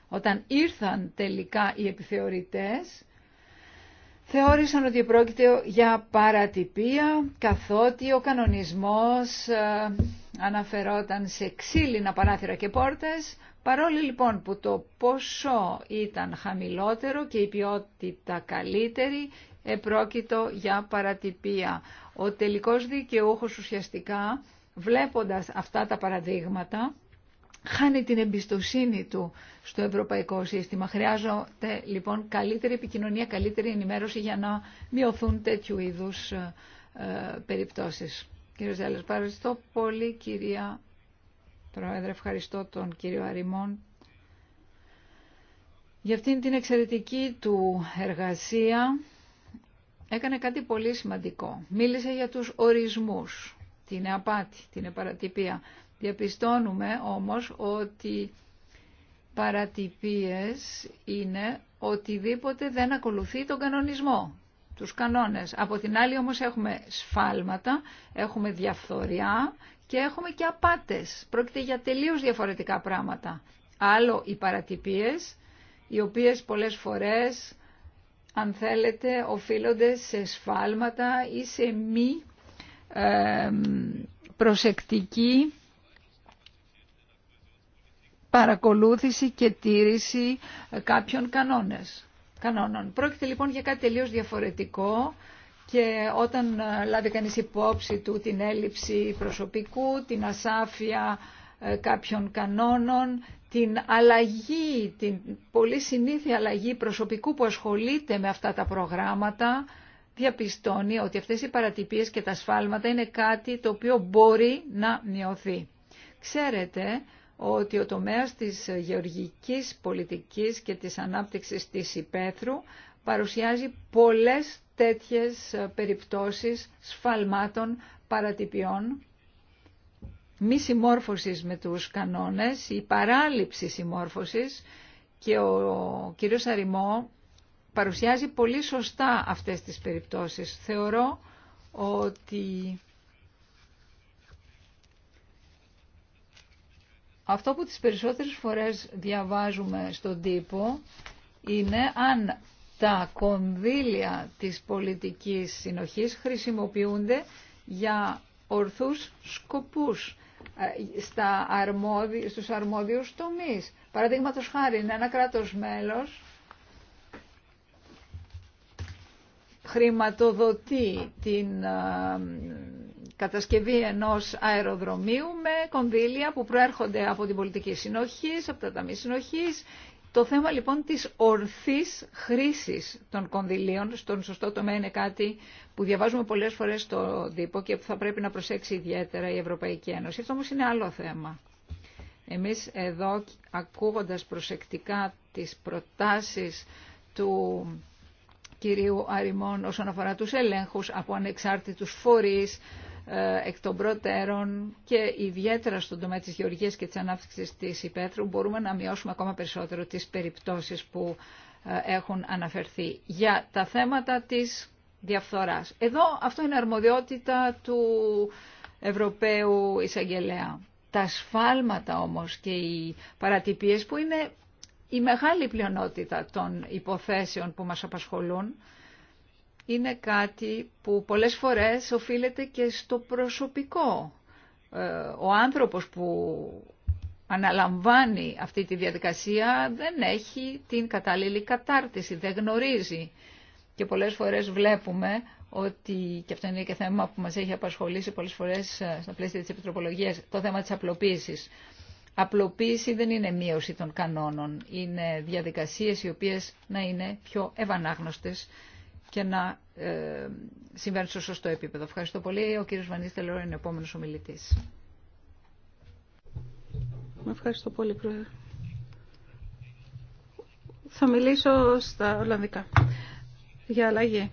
όταν ήρθαν τελικά οι επιθεωρητές, θεώρησαν ότι πρόκειται για παρατυπία, καθότι ο κανονισμός ε, αναφερόταν σε ξύλινα παράθυρα και πόρτες, Παρόλο λοιπόν που το ποσό ήταν χαμηλότερο και η ποιότητα καλύτερη, επρόκειτο για παρατυπία. Ο τελικός δικαιούχος ουσιαστικά, βλέποντας αυτά τα παραδείγματα, χάνει την εμπιστοσύνη του στο ευρωπαϊκό σύστημα. Χρειάζονται λοιπόν καλύτερη επικοινωνία, καλύτερη ενημέρωση για να μειωθούν τέτοιου είδους ε, περιπτώσεις. Κύριε Ζέλλας, ευχαριστώ πολύ κυρία Πρόεδρε, ευχαριστώ τον κύριο Αριμών για αυτήν την εξαιρετική του εργασία. Έκανε κάτι πολύ σημαντικό. Μίλησε για τους ορισμούς, την απάτη, την επαρατυπία. Διαπιστώνουμε όμως ότι παρατυπίες είναι οτιδήποτε δεν ακολουθεί τον κανονισμό, τους κανόνες. Από την άλλη όμως έχουμε σφάλματα, έχουμε διαφθοριά και έχουμε και απάτες. Πρόκειται για τελείως διαφορετικά πράγματα. Άλλο οι παρατυπίες, οι οποίες πολλές φορές, αν θέλετε, οφείλονται σε σφάλματα ή σε μη προσεκτική παρακολούθηση και τήρηση κάποιων κανόνες, κανόνων. Πρόκειται λοιπόν για κάτι τελείως διαφορετικό και όταν ε, λάβει κανείς υπόψη του την έλλειψη προσωπικού, την ασάφεια ε, κάποιων κανόνων, την αλλαγή, την πολύ συνήθεια αλλαγή προσωπικού που ασχολείται με αυτά τα προγράμματα, διαπιστώνει ότι αυτές οι παρατυπίες και τα σφάλματα είναι κάτι το οποίο μπορεί να μειωθεί. Ξέρετε ότι ο τομέας της γεωργικής πολιτικής και της ανάπτυξης της υπαίθρου παρουσιάζει πολλές τέτοιες ε, περιπτώσεις σφαλμάτων παρατυπιών μη συμμόρφωσης με τους κανόνες, η παράληψη συμμόρφωσης και ο κύριος Αριμό παρουσιάζει πολύ σωστά αυτές τις περιπτώσεις. Θεωρώ ότι Αυτό που τις περισσότερες φορές διαβάζουμε στον τύπο είναι αν τα κονδύλια της πολιτικής συνοχής χρησιμοποιούνται για ορθούς σκοπούς ε, στα αρμόδι, στους αρμόδιους τομείς. Παραδείγματος χάρη, είναι ένα κράτος μέλος χρηματοδοτεί την ε, κατασκευή ενός αεροδρομίου με κονδύλια που προέρχονται από την πολιτική συνοχή, από τα ταμεία συνοχή. Το θέμα λοιπόν της ορθής χρήσης των κονδυλίων στον σωστό τομέα είναι κάτι που διαβάζουμε πολλές φορές στο τύπο και που θα πρέπει να προσέξει ιδιαίτερα η Ευρωπαϊκή Ένωση. Αυτό όμως είναι άλλο θέμα. Εμείς εδώ ακούγοντας προσεκτικά τις προτάσεις του κυρίου Αριμών όσον αφορά τους ελέγχους από ανεξάρτητους φορείς, ε, εκ των προτέρων και ιδιαίτερα στον τομέα της γεωργίας και της ανάπτυξης της υπαίθρου μπορούμε να μειώσουμε ακόμα περισσότερο τις περιπτώσεις που ε, έχουν αναφερθεί. Για τα θέματα της διαφθοράς. Εδώ αυτό είναι αρμοδιότητα του Ευρωπαίου Εισαγγελέα. Τα σφάλματα όμως και οι παρατυπίες που είναι η μεγάλη πλειονότητα των υποθέσεων που μας απασχολούν είναι κάτι που πολλές φορές οφείλεται και στο προσωπικό. Ε, ο άνθρωπος που αναλαμβάνει αυτή τη διαδικασία δεν έχει την κατάλληλη κατάρτιση, δεν γνωρίζει. Και πολλές φορές βλέπουμε ότι, και αυτό είναι και θέμα που μας έχει απασχολήσει πολλές φορές ε, στα πλαίσια της επιτροπολογίας, το θέμα της απλοποίησης. Απλοποίηση δεν είναι μείωση των κανόνων, είναι διαδικασίες οι οποίες να είναι πιο ευανάγνωστες και να ε, στο σωστό επίπεδο. Ευχαριστώ πολύ. Ο κύριος βανίστελ είναι ο επόμενος ομιλητής. Ευχαριστώ πολύ, Πρόεδρε. Θα μιλήσω στα Ολλανδικά για αλλαγή.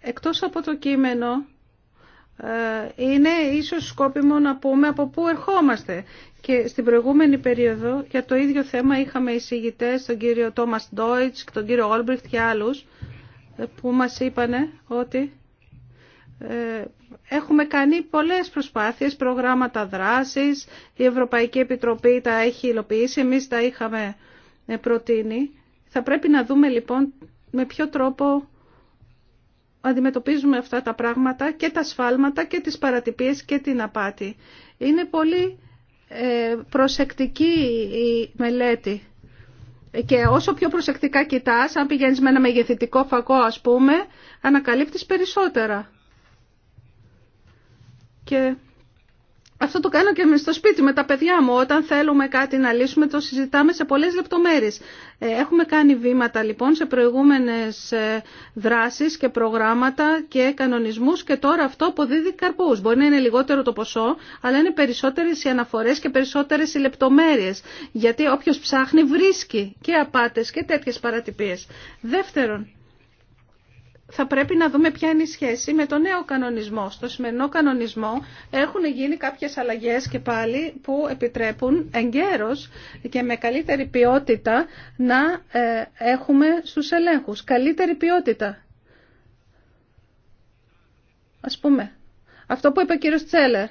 Εκτός από το κείμενο ε, είναι ίσως σκόπιμο να πούμε από πού ερχόμαστε. Και στην προηγούμενη περίοδο για το ίδιο θέμα είχαμε εισηγητέ τον κύριο Τόμας Ντόιτς, τον κύριο Όλμπριχτ και άλλους, ε, που μας είπανε ότι ε, έχουμε κάνει πολλές προσπάθειες, προγράμματα δράσης, η Ευρωπαϊκή Επιτροπή τα έχει υλοποιήσει, εμείς τα είχαμε προτείνει. Θα πρέπει να δούμε λοιπόν με ποιο τρόπο αντιμετωπίζουμε αυτά τα πράγματα και τα σφάλματα και τις παρατυπίες και την απάτη. Είναι πολύ ε, προσεκτική η μελέτη. Και όσο πιο προσεκτικά κοιτάς, αν πηγαίνεις με ένα μεγεθυντικό φακό ας πούμε, ανακαλύπτεις περισσότερα. Και αυτό το κάνω και εμείς στο σπίτι με τα παιδιά μου. Όταν θέλουμε κάτι να λύσουμε το συζητάμε σε πολλές λεπτομέρειες. Ε, έχουμε κάνει βήματα λοιπόν σε προηγούμενες ε, δράσεις και προγράμματα και κανονισμούς και τώρα αυτό αποδίδει καρπούς. Μπορεί να είναι λιγότερο το ποσό, αλλά είναι περισσότερες οι αναφορές και περισσότερες οι λεπτομέρειες. Γιατί όποιος ψάχνει βρίσκει και απάτες και τέτοιες παρατυπίες. Δεύτερον, θα πρέπει να δούμε ποια είναι η σχέση με το νέο κανονισμό. Στο σημερινό κανονισμό έχουν γίνει κάποιες αλλαγές και πάλι που επιτρέπουν εγκαίρως και με καλύτερη ποιότητα να ε, έχουμε στους ελέγχους. Καλύτερη ποιότητα. Ας πούμε. Αυτό που είπε ο κύριος Τσέλερ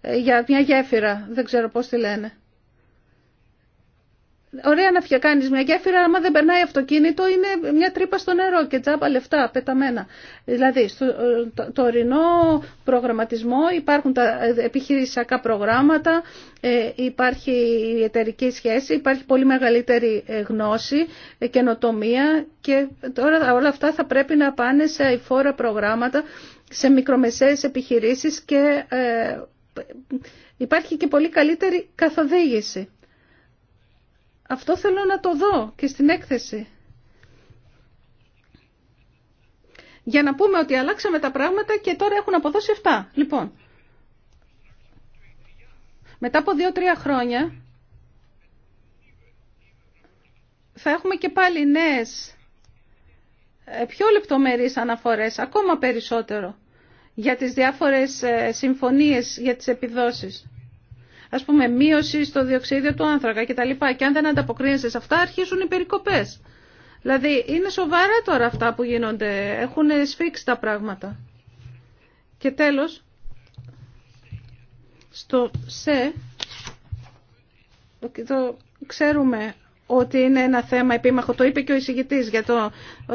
ε, για μια γέφυρα, δεν ξέρω πώς τη λένε. Ωραία να φτιακάνει μια γέφυρα, άμα δεν περνάει αυτοκίνητο, είναι μια τρύπα στο νερό και τζάμπα λεφτά πεταμένα. Δηλαδή, στο ε, τωρινό προγραμματισμό υπάρχουν τα ε, επιχειρησιακά προγράμματα, ε, υπάρχει η εταιρική σχέση, υπάρχει πολύ μεγαλύτερη γνώση, καινοτομία και τώρα όλα αυτά θα πρέπει να πάνε σε αηφόρα προγράμματα, σε μικρομεσαίες επιχειρήσεις και υπάρχει και πολύ καλύτερη καθοδήγηση. Αυτό θέλω να το δω και στην έκθεση. Για να πούμε ότι αλλάξαμε τα πράγματα και τώρα έχουν αποδώσει 7. Λοιπόν, μετά από 2-3 χρόνια θα έχουμε και πάλι νέες ε, πιο λεπτομερείς αναφορές, ακόμα περισσότερο, για τις διάφορες ε, συμφωνίες για τις επιδόσεις ας πούμε μείωση στο διοξίδιο του άνθρακα κτλ. Και αν δεν ανταποκρίνεσαι σε αυτά αρχίζουν οι περικοπέ. Δηλαδή είναι σοβαρά τώρα αυτά που γίνονται, έχουν σφίξει τα πράγματα. Και τέλος, στο ΣΕ, το ξέρουμε ότι είναι ένα θέμα επίμαχο. Το είπε και ο εισηγητή για το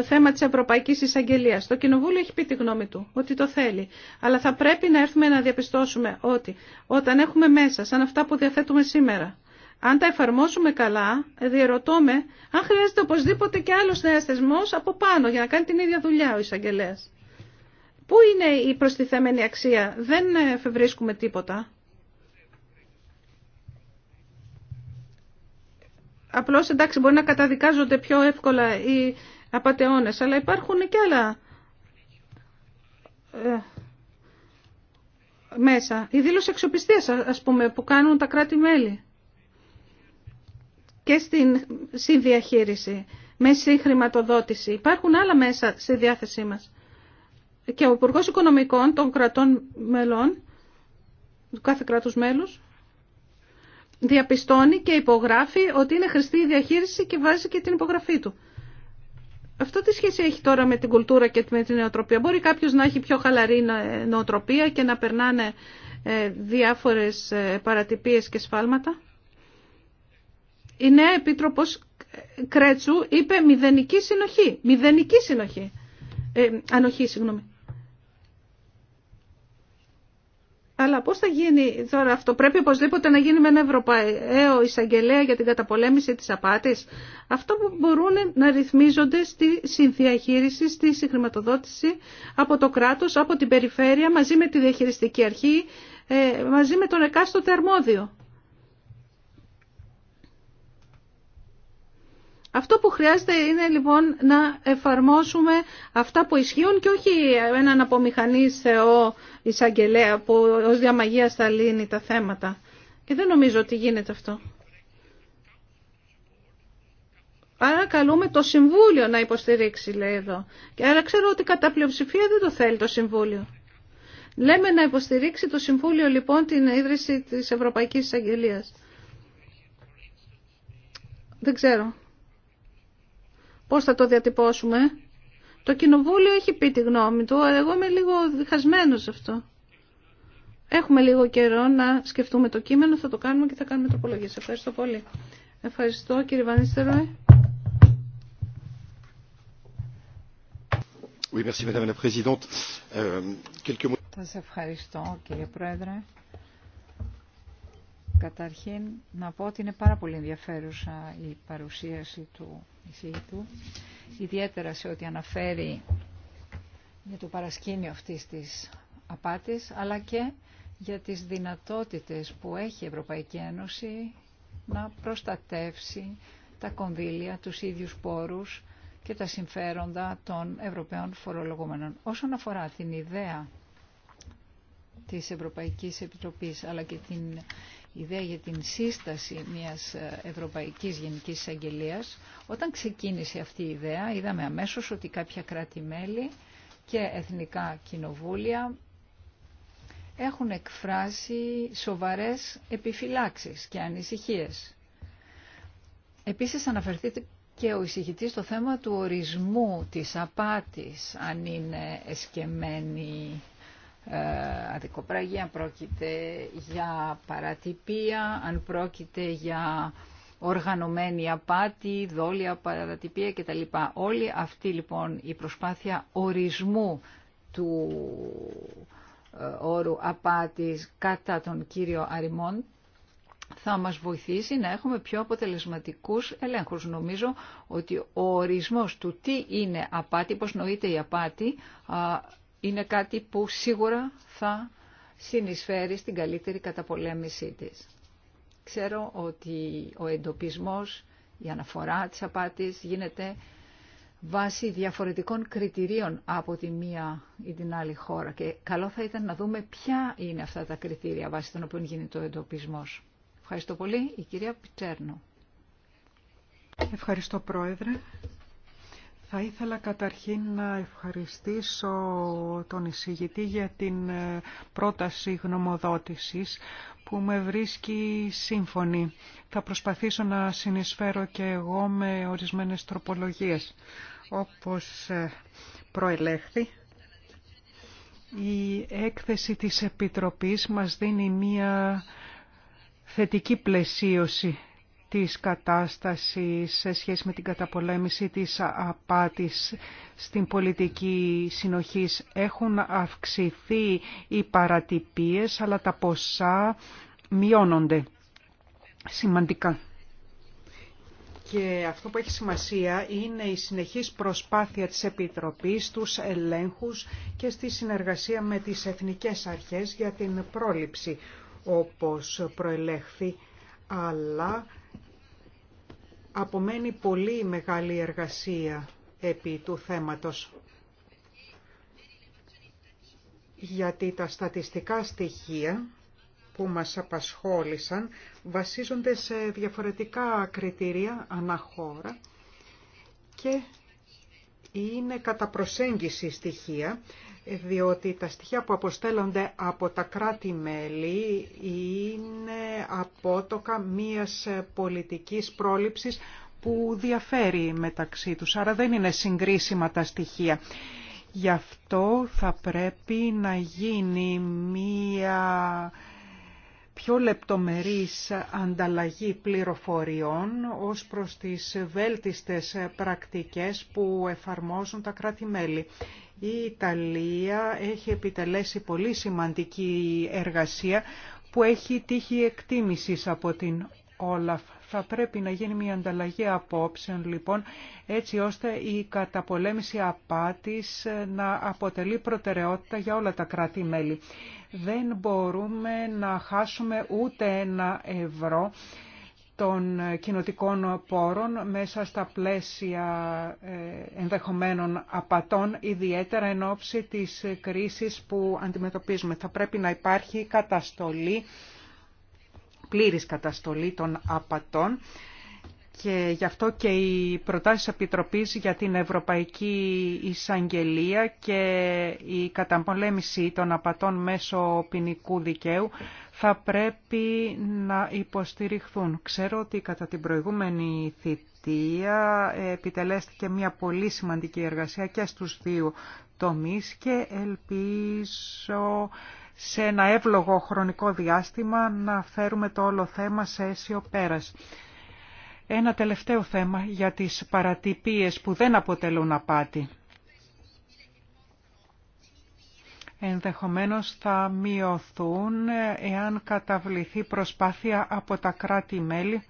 θέμα τη Ευρωπαϊκή Εισαγγελία. Το Κοινοβούλιο έχει πει τη γνώμη του ότι το θέλει. Αλλά θα πρέπει να έρθουμε να διαπιστώσουμε ότι όταν έχουμε μέσα, σαν αυτά που διαθέτουμε σήμερα, αν τα εφαρμόσουμε καλά, διερωτώμε αν χρειάζεται οπωσδήποτε και άλλο νέο θεσμό από πάνω για να κάνει την ίδια δουλειά ο εισαγγελέα. Πού είναι η προστιθέμενη αξία, δεν εφευρίσκουμε τίποτα. Απλώ εντάξει μπορεί να καταδικάζονται πιο εύκολα οι απαταιώνε, αλλά υπάρχουν και άλλα ε, μέσα. Η δήλωση αξιοπιστία, ας πούμε, που κάνουν τα κράτη-μέλη και στην συνδιαχείριση, με συγχρηματοδότηση. Υπάρχουν άλλα μέσα στη διάθεσή μας. Και ο Υπουργό Οικονομικών των κρατών μελών, του κάθε κράτους μέλους, διαπιστώνει και υπογράφει ότι είναι χρηστή η διαχείριση και βάζει και την υπογραφή του. Αυτό τι σχέση έχει τώρα με την κουλτούρα και με την νεοτροπία. Μπορεί κάποιος να έχει πιο χαλαρή νοοτροπία και να περνάνε ε, διάφορες ε, παρατυπίες και σφάλματα. Η νέα Επίτροπος Κρέτσου είπε μηδενική συνοχή. Μηδενική συνοχή. Ε, ανοχή, συγγνώμη. Αλλά πώς θα γίνει τώρα αυτό. Πρέπει οπωσδήποτε να γίνει με ένα Ευρωπαίο εισαγγελέα για την καταπολέμηση της απάτης. Αυτό που μπορούν να ρυθμίζονται στη συνδιαχείριση, στη συγχρηματοδότηση από το κράτος, από την περιφέρεια, μαζί με τη διαχειριστική αρχή, ε, μαζί με τον εκάστοτε αρμόδιο. Αυτό που χρειάζεται είναι λοιπόν να εφαρμόσουμε αυτά που ισχύουν και όχι έναν απομηχανή θεό εισαγγελέα που ως διαμαγεία θα λύνει τα θέματα. Και δεν νομίζω ότι γίνεται αυτό. Άρα καλούμε το Συμβούλιο να υποστηρίξει, λέει εδώ. Και άρα ξέρω ότι κατά πλειοψηφία δεν το θέλει το Συμβούλιο. Λέμε να υποστηρίξει το Συμβούλιο λοιπόν την ίδρυση της Ευρωπαϊκής Εισαγγελίας. Δεν ξέρω. Πώς θα το διατυπώσουμε. Το κοινοβούλιο έχει πει τη γνώμη του, εγώ είμαι λίγο διχασμένος σε αυτό. Έχουμε λίγο καιρό να σκεφτούμε το κείμενο, θα το κάνουμε και θα κάνουμε Σε Ευχαριστώ πολύ. Ευχαριστώ κύριε Βανίστερο. Oui, merci, Madame la Présidente. Euh, quelques... Σας ευχαριστώ κύριε Πρόεδρε. Καταρχήν να πω ότι είναι πάρα πολύ ενδιαφέρουσα η παρουσίαση του εισηγητού, ιδιαίτερα σε ό,τι αναφέρει για το παρασκήνιο αυτής της απάτης, αλλά και για τις δυνατότητες που έχει η Ευρωπαϊκή Ένωση να προστατεύσει τα κονδύλια, τους ίδιους πόρους και τα συμφέροντα των Ευρωπαίων φορολογούμενων. Όσον αφορά την ιδέα της Ευρωπαϊκής Επιτροπής αλλά και την ιδέα για την σύσταση μιας Ευρωπαϊκής Γενικής Εισαγγελίας. Όταν ξεκίνησε αυτή η ιδέα είδαμε αμέσως ότι κάποια κράτη-μέλη και εθνικά κοινοβούλια έχουν εκφράσει σοβαρές επιφυλάξεις και ανησυχίες. Επίσης αναφερθείτε και ο εισηγητής στο θέμα του ορισμού της απάτης, αν είναι εσκεμμένη ε, αδικοπραγία, αν πρόκειται για παρατυπία, αν πρόκειται για οργανωμένη απάτη, δόλια παρατυπία κτλ. Όλη αυτή λοιπόν η προσπάθεια ορισμού του ε, όρου απάτης κατά τον κύριο αριμόν θα μας βοηθήσει να έχουμε πιο αποτελεσματικούς ελέγχους. Νομίζω ότι ο ορισμός του τι είναι απάτη, πώς νοείται η απάτη, είναι κάτι που σίγουρα θα συνεισφέρει στην καλύτερη καταπολέμησή της. Ξέρω ότι ο εντοπισμός, η αναφορά της απάτης γίνεται βάσει διαφορετικών κριτηρίων από τη μία ή την άλλη χώρα και καλό θα ήταν να δούμε ποια είναι αυτά τα κριτήρια βάσει των οποίων γίνεται ο εντοπισμός. Ευχαριστώ πολύ. Η κυρία Πιτσέρνο. Ευχαριστώ Πρόεδρε. Θα ήθελα καταρχήν να ευχαριστήσω τον εισηγητή για την ε, πρόταση γνωμοδότησης που με βρίσκει σύμφωνη. Θα προσπαθήσω να συνεισφέρω και εγώ με ορισμένες τροπολογίες. Όπως ε, προελέχθη, η έκθεση της Επιτροπής μας δίνει μία θετική πλαισίωση της κατάστασης σε σχέση με την καταπολέμηση της απάτης στην πολιτική συνοχής. Έχουν αυξηθεί οι παρατυπίες, αλλά τα ποσά μειώνονται σημαντικά. Και αυτό που έχει σημασία είναι η συνεχής προσπάθεια της Επιτροπής, τους ελέγχους και στη συνεργασία με τις εθνικές αρχές για την πρόληψη, όπως προελέχθη, αλλά απομένει πολύ μεγάλη εργασία επί του θέματος. Γιατί τα στατιστικά στοιχεία που μας απασχόλησαν βασίζονται σε διαφορετικά κριτήρια αναχώρα και είναι κατά προσέγγιση στοιχεία διότι τα στοιχεία που αποστέλλονται από τα κράτη-μέλη είναι απότοκα μίας πολιτικής πρόληψης που διαφέρει μεταξύ τους, άρα δεν είναι συγκρίσιμα τα στοιχεία. Γι' αυτό θα πρέπει να γίνει μία πιο λεπτομερής ανταλλαγή πληροφοριών ως προς τις βέλτιστες πρακτικές που εφαρμόζουν τα κράτη-μέλη. Η Ιταλία έχει επιτελέσει πολύ σημαντική εργασία που έχει τύχει εκτίμησης από την Όλαφ θα πρέπει να γίνει μια ανταλλαγή απόψεων λοιπόν έτσι ώστε η καταπολέμηση απάτης να αποτελεί προτεραιότητα για όλα τα κράτη-μέλη. Δεν μπορούμε να χάσουμε ούτε ένα ευρώ των κοινοτικών πόρων μέσα στα πλαίσια ε, ενδεχομένων απατών, ιδιαίτερα εν ώψη της κρίσης που αντιμετωπίζουμε. Θα πρέπει να υπάρχει καταστολή πλήρης καταστολή των απατών και γι' αυτό και οι προτάσεις Επιτροπής για την Ευρωπαϊκή Εισαγγελία και η καταπολέμηση των απατών μέσω ποινικού δικαίου θα πρέπει να υποστηριχθούν. Ξέρω ότι κατά την προηγούμενη θητεία επιτελέστηκε μια πολύ σημαντική εργασία και στους δύο τομείς και ελπίζω σε ένα εύλογο χρονικό διάστημα να φέρουμε το όλο θέμα σε αίσιο πέρας. Ένα τελευταίο θέμα για τις παρατυπίες που δεν αποτελούν απάτη. Ενδεχομένως θα μειωθούν εάν καταβληθεί προσπάθεια από τα κράτη-μέλη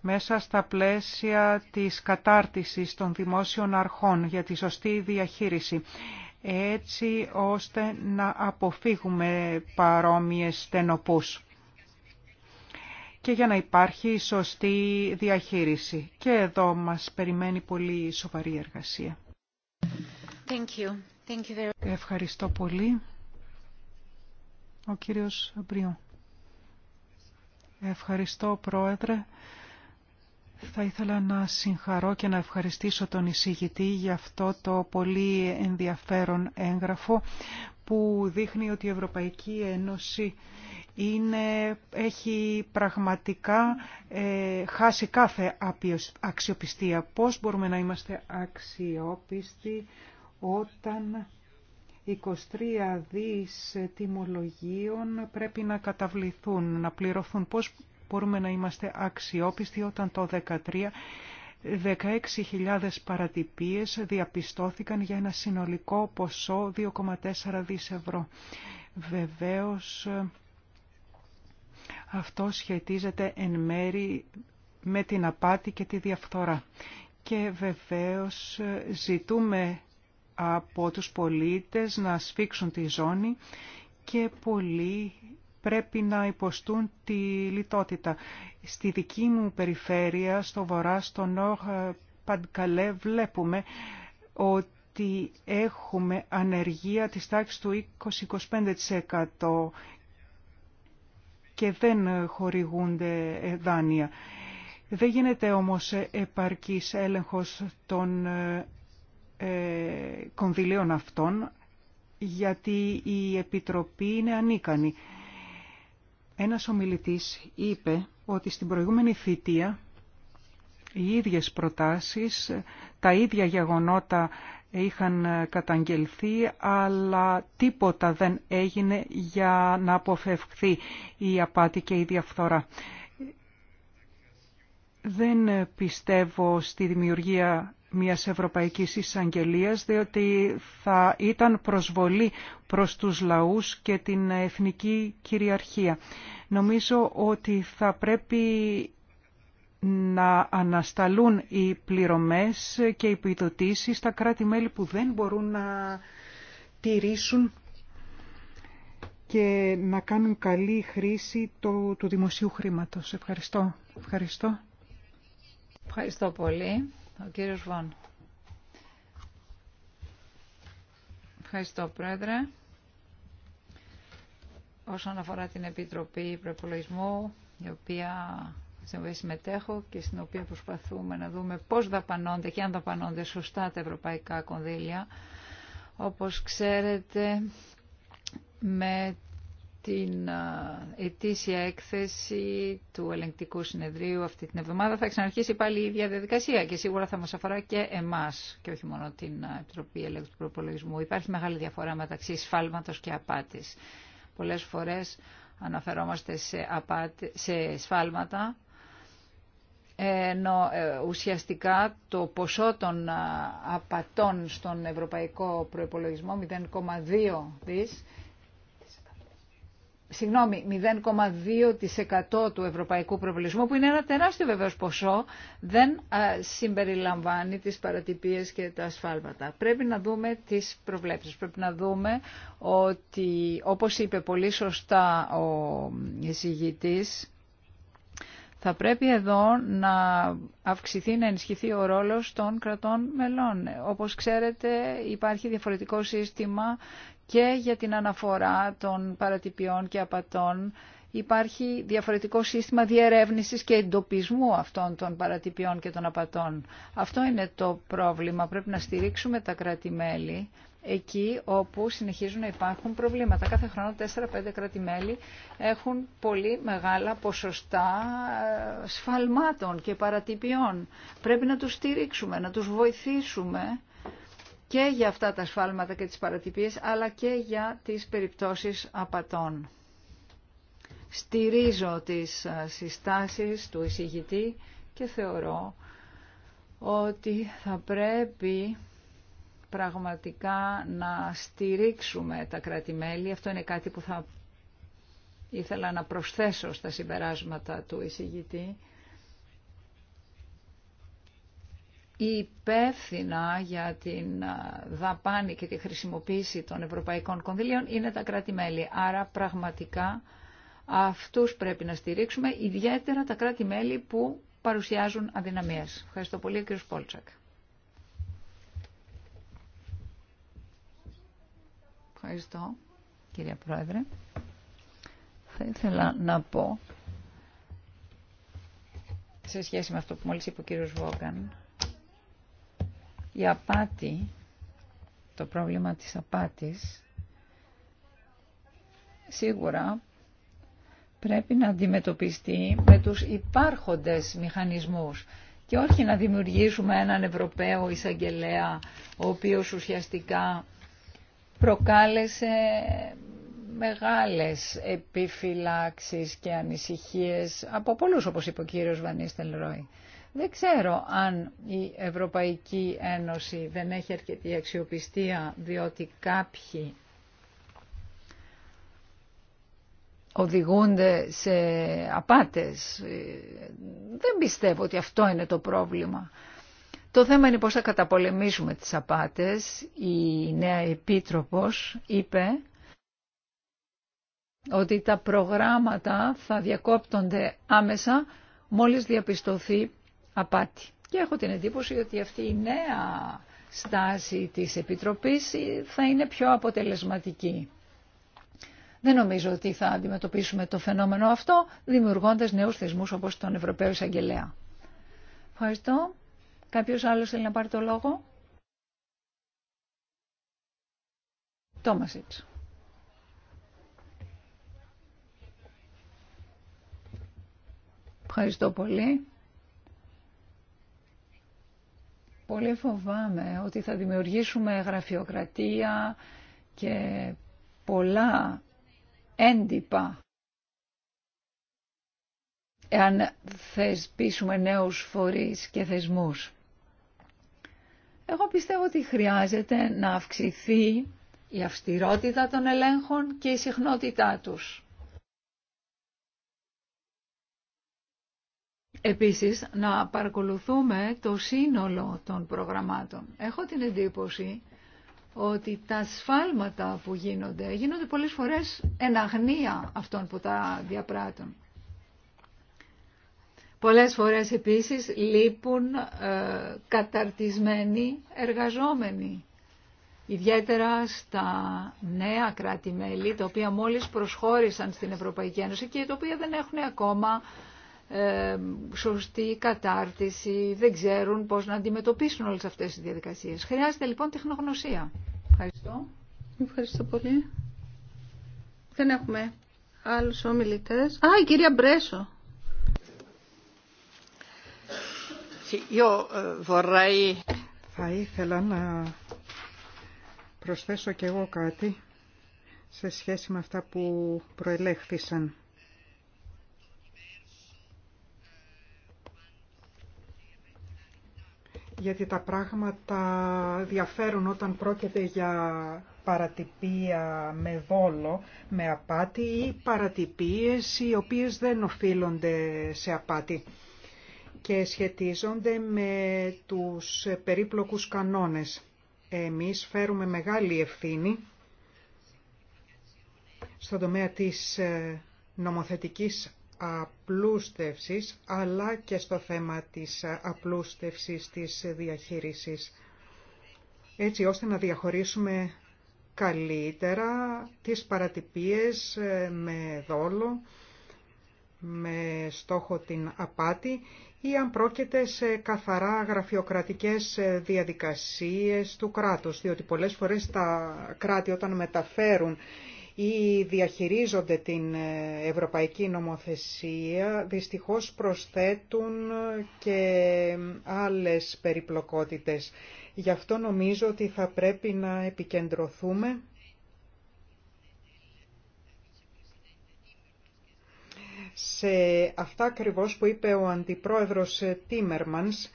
μέσα στα πλαίσια της κατάρτισης των δημόσιων αρχών για τη σωστή διαχείριση έτσι ώστε να αποφύγουμε παρόμοιες στενοπούς και για να υπάρχει σωστή διαχείριση. Και εδώ μας περιμένει πολύ σοβαρή εργασία. Thank you. Thank you very... Ευχαριστώ πολύ. Ο κύριος Μπριό. Ευχαριστώ, Πρόεδρε. Θα ήθελα να συγχαρώ και να ευχαριστήσω τον εισηγητή για αυτό το πολύ ενδιαφέρον έγγραφο που δείχνει ότι η Ευρωπαϊκή Ένωση είναι, έχει πραγματικά ε, χάσει κάθε αξιοπιστία. Πώς μπορούμε να είμαστε αξιόπιστοι όταν 23 δις τιμολογίων πρέπει να καταβληθούν, να πληρωθούν. Πώς μπορούμε να είμαστε αξιόπιστοι όταν το 2013 16.000 παρατυπίες διαπιστώθηκαν για ένα συνολικό ποσό 2,4 δις ευρώ. Βεβαίως αυτό σχετίζεται εν μέρη με την απάτη και τη διαφθορά. Και βεβαίως ζητούμε από τους πολίτες να σφίξουν τη ζώνη και πολλοί πρέπει να υποστούν τη λιτότητα. Στη δική μου περιφέρεια, στο βορρά, στο Νόρ Παντκαλέ, βλέπουμε ότι έχουμε ανεργία της τάξης του 20-25% και δεν χορηγούνται ε, δάνεια. Δεν γίνεται όμως επαρκής έλεγχος των ε, κονδυλίων αυτών, γιατί η Επιτροπή είναι ανίκανη. Ένας ομιλητής είπε ότι στην προηγούμενη θητεία οι ίδιες προτάσεις, τα ίδια γεγονότα είχαν καταγγελθεί, αλλά τίποτα δεν έγινε για να αποφευχθεί η απάτη και η διαφθορά. Δεν πιστεύω στη δημιουργία μιας Ευρωπαϊκής Εισαγγελίας, διότι θα ήταν προσβολή προς τους λαούς και την εθνική κυριαρχία. Νομίζω ότι θα πρέπει να ανασταλούν οι πληρωμές και οι επιδοτήσεις στα κράτη-μέλη που δεν μπορούν να τηρήσουν και να κάνουν καλή χρήση του, του δημοσίου χρήματος. Ευχαριστώ. Ευχαριστώ. Ευχαριστώ πολύ. Ο κύριος Βον. Ευχαριστώ, Πρόεδρε. Όσον αφορά την Επιτροπή Προπολογισμού, η οποία στην οποία συμμετέχω και στην οποία προσπαθούμε να δούμε πώς δαπανώνται και αν δαπανώνται σωστά τα ευρωπαϊκά κονδύλια. Όπως ξέρετε, με την ετήσια έκθεση του ελεγκτικού συνεδρίου αυτή την εβδομάδα θα ξαναρχίσει πάλι η ίδια διαδικασία και σίγουρα θα μας αφορά και εμάς και όχι μόνο την Επιτροπή Ελέγχου του Προπολογισμού. Υπάρχει μεγάλη διαφορά μεταξύ σφάλματος και απάτης. Πολλές φορές αναφερόμαστε σε, απάτη, σε σφάλματα ενώ ε, ουσιαστικά το ποσό των απατών στον ευρωπαϊκό προϋπολογισμό 0,2 δις συγγνώμη, 0,2% του ευρωπαϊκού προβλησμού, που είναι ένα τεράστιο βεβαίως ποσό, δεν συμπεριλαμβάνει τις παρατυπίες και τα ασφάλματα. Πρέπει να δούμε τις προβλέψεις. Πρέπει να δούμε ότι, όπως είπε πολύ σωστά ο εισηγητής, θα πρέπει εδώ να αυξηθεί, να ενισχυθεί ο ρόλος των κρατών μελών. Όπως ξέρετε υπάρχει διαφορετικό σύστημα και για την αναφορά των παρατυπιών και απατών υπάρχει διαφορετικό σύστημα διερεύνησης και εντοπισμού αυτών των παρατυπιών και των απατών. Αυτό είναι το πρόβλημα. Πρέπει να στηρίξουμε τα κρατη εκεί όπου συνεχίζουν να υπάρχουν προβλήματα. Κάθε χρόνο 4-5 κράτη-μέλη έχουν πολύ μεγάλα ποσοστά ε, σφαλμάτων και παρατυπιών. Πρέπει να τους στηρίξουμε, να τους βοηθήσουμε και για αυτά τα σφάλματα και τις παρατυπίες, αλλά και για τις περιπτώσεις απατών. Στηρίζω τις ε, συστάσεις του εισηγητή και θεωρώ ότι θα πρέπει πραγματικά να στηρίξουμε τα κράτη-μέλη. Αυτό είναι κάτι που θα ήθελα να προσθέσω στα συμπεράσματα του εισηγητή. Η υπεύθυνα για την δαπάνη και τη χρησιμοποίηση των ευρωπαϊκών κονδυλίων είναι τα κράτη-μέλη. Άρα πραγματικά αυτούς πρέπει να στηρίξουμε, ιδιαίτερα τα κράτη-μέλη που παρουσιάζουν αδυναμίες. Ευχαριστώ πολύ, κύριο Πόλτσακ. Ευχαριστώ, κυρία Πρόεδρε. Θα ήθελα να πω, σε σχέση με αυτό που μόλις είπε ο κύριος Βόγκαν, η απάτη, το πρόβλημα της απάτης, σίγουρα πρέπει να αντιμετωπιστεί με τους υπάρχοντες μηχανισμούς και όχι να δημιουργήσουμε έναν Ευρωπαίο εισαγγελέα ο οποίος ουσιαστικά προκάλεσε μεγάλες επιφυλάξεις και ανησυχίες από πολλούς όπως είπε ο κύριος Βανίστελ Ρόι. Δεν ξέρω αν η Ευρωπαϊκή Ένωση δεν έχει αρκετή αξιοπιστία διότι κάποιοι οδηγούνται σε απάτες. Δεν πιστεύω ότι αυτό είναι το πρόβλημα. Το θέμα είναι πώς θα καταπολεμήσουμε τις απάτες. Η νέα Επίτροπος είπε ότι τα προγράμματα θα διακόπτονται άμεσα μόλις διαπιστωθεί απάτη. Και έχω την εντύπωση ότι αυτή η νέα στάση της Επιτροπής θα είναι πιο αποτελεσματική. Δεν νομίζω ότι θα αντιμετωπίσουμε το φαινόμενο αυτό δημιουργώντας νέους θεσμούς όπως τον Ευρωπαίο Εισαγγελέα. Ευχαριστώ. Κάποιος άλλος θέλει να πάρει το λόγο. Τόμασιτς. Ευχαριστώ πολύ. Πολύ φοβάμαι ότι θα δημιουργήσουμε γραφειοκρατία και πολλά έντυπα. Εάν θεσπίσουμε νέους φορείς και θεσμούς. Εγώ πιστεύω ότι χρειάζεται να αυξηθεί η αυστηρότητα των ελέγχων και η συχνότητά τους. Επίσης, να παρακολουθούμε το σύνολο των προγραμμάτων. Έχω την εντύπωση ότι τα σφάλματα που γίνονται, γίνονται πολλές φορές εν αγνία αυτών που τα διαπράττουν. Πολλές φορές επίσης λείπουν ε, καταρτισμένοι εργαζόμενοι, ιδιαίτερα στα νέα κράτη-μέλη, τα οποία μόλις προσχώρησαν στην Ευρωπαϊκή Ένωση και τα οποία δεν έχουν ακόμα ε, σωστή κατάρτιση, δεν ξέρουν πώς να αντιμετωπίσουν όλες αυτές τις διαδικασίες. Χρειάζεται λοιπόν τεχνογνωσία. Ευχαριστώ. Ευχαριστώ πολύ. Δεν έχουμε άλλους ομιλητές. Α, η κυρία Μπρέσο. Ε, Θα ήθελα να προσθέσω κι εγώ κάτι σε σχέση με αυτά που προελέχθησαν. γιατί τα πράγματα διαφέρουν όταν πρόκειται για παρατυπία με βόλο, με απάτη ή παρατυπίες οι οποίες δεν οφείλονται σε απάτη και σχετίζονται με τους περίπλοκους κανόνες. Εμείς φέρουμε μεγάλη ευθύνη στον τομέα της ε, νομοθετικής απλούστευσης αλλά και στο θέμα της απλούστευσης της διαχείρισης έτσι ώστε να διαχωρίσουμε καλύτερα τις παρατυπίες ε, με δόλο, με στόχο την απάτη ή αν πρόκειται σε καθαρά γραφειοκρατικές ε, διαδικασίες του κράτους, διότι πολλές φορές τα κράτη όταν μεταφέρουν ή διαχειρίζονται την ε, ευρωπαϊκή νομοθεσία, δυστυχώς προσθέτουν ε, και ε, άλλες περιπλοκότητες. Γι' αυτό νομίζω ότι θα πρέπει να επικεντρωθούμε σε αυτά ακριβώς που είπε ο Αντιπρόεδρος Τίμερμανς,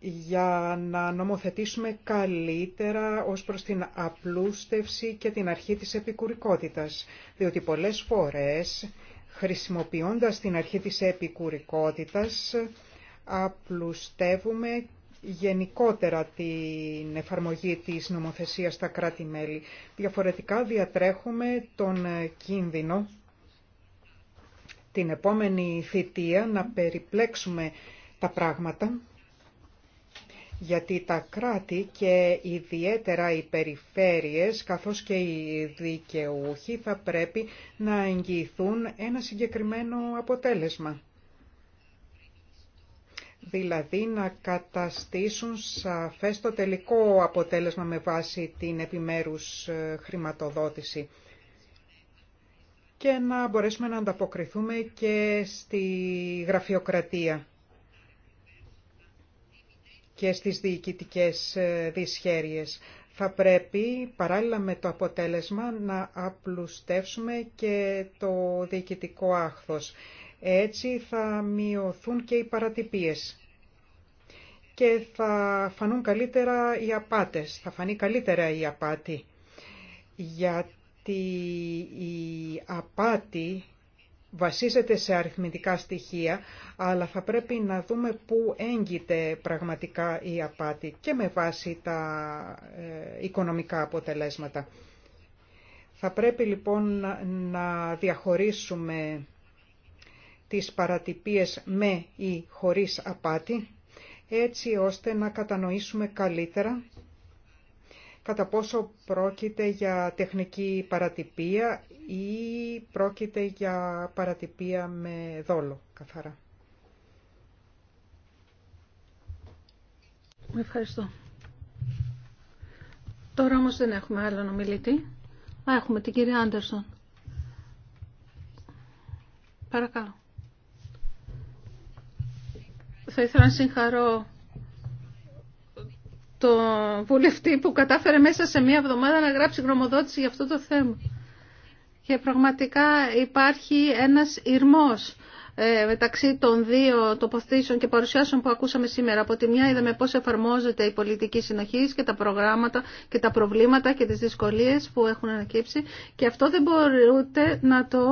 για να νομοθετήσουμε καλύτερα ως προς την απλούστευση και την αρχή της επικουρικότητας, διότι πολλές φορές χρησιμοποιώντας την αρχή της επικουρικότητας απλουστεύουμε γενικότερα την εφαρμογή της νομοθεσίας στα κράτη-μέλη. Διαφορετικά διατρέχουμε τον κίνδυνο την επόμενη θητεία να περιπλέξουμε τα πράγματα γιατί τα κράτη και ιδιαίτερα οι περιφέρειες καθώς και οι δικαιούχοι θα πρέπει να εγγυηθούν ένα συγκεκριμένο αποτέλεσμα. Δηλαδή να καταστήσουν σαφές το τελικό αποτέλεσμα με βάση την επιμέρους ε, χρηματοδότηση και να μπορέσουμε να ανταποκριθούμε και στη γραφειοκρατία και στις διοικητικές ε, δυσχέρειες. Θα πρέπει παράλληλα με το αποτέλεσμα να απλουστεύσουμε και το διοικητικό άχθος. Έτσι θα μειωθούν και οι παρατυπίες και θα φανούν καλύτερα οι απάτες, θα φανεί καλύτερα η απάτη. Γιατί η απάτη βασίζεται σε αριθμητικά στοιχεία, αλλά θα πρέπει να δούμε πού έγκυται πραγματικά η απάτη και με βάση τα ε, οικονομικά αποτελέσματα. Θα πρέπει λοιπόν να διαχωρίσουμε τις παρατυπίες με ή χωρίς απάτη, έτσι ώστε να κατανοήσουμε καλύτερα κατά πόσο πρόκειται για τεχνική παρατυπία ή πρόκειται για παρατυπία με δόλο καθαρά. Ευχαριστώ. Τώρα όμως δεν έχουμε άλλον ομιλητή. Α, έχουμε την κυρία Άντερσον. Παρακαλώ. Θα ήθελα να συγχαρώ τον βουλευτή που κατάφερε μέσα σε μία εβδομάδα να γράψει γνωμοδότηση για αυτό το θέμα και πραγματικά υπάρχει ένας ηρμός ε, μεταξύ των δύο τοποθήσεων και παρουσιάσεων που ακούσαμε σήμερα. Από τη μια είδαμε πώς εφαρμόζεται η πολιτική συνοχή και τα προγράμματα και τα προβλήματα και τις δυσκολίες που έχουν ανακύψει και αυτό δεν μπορείτε να το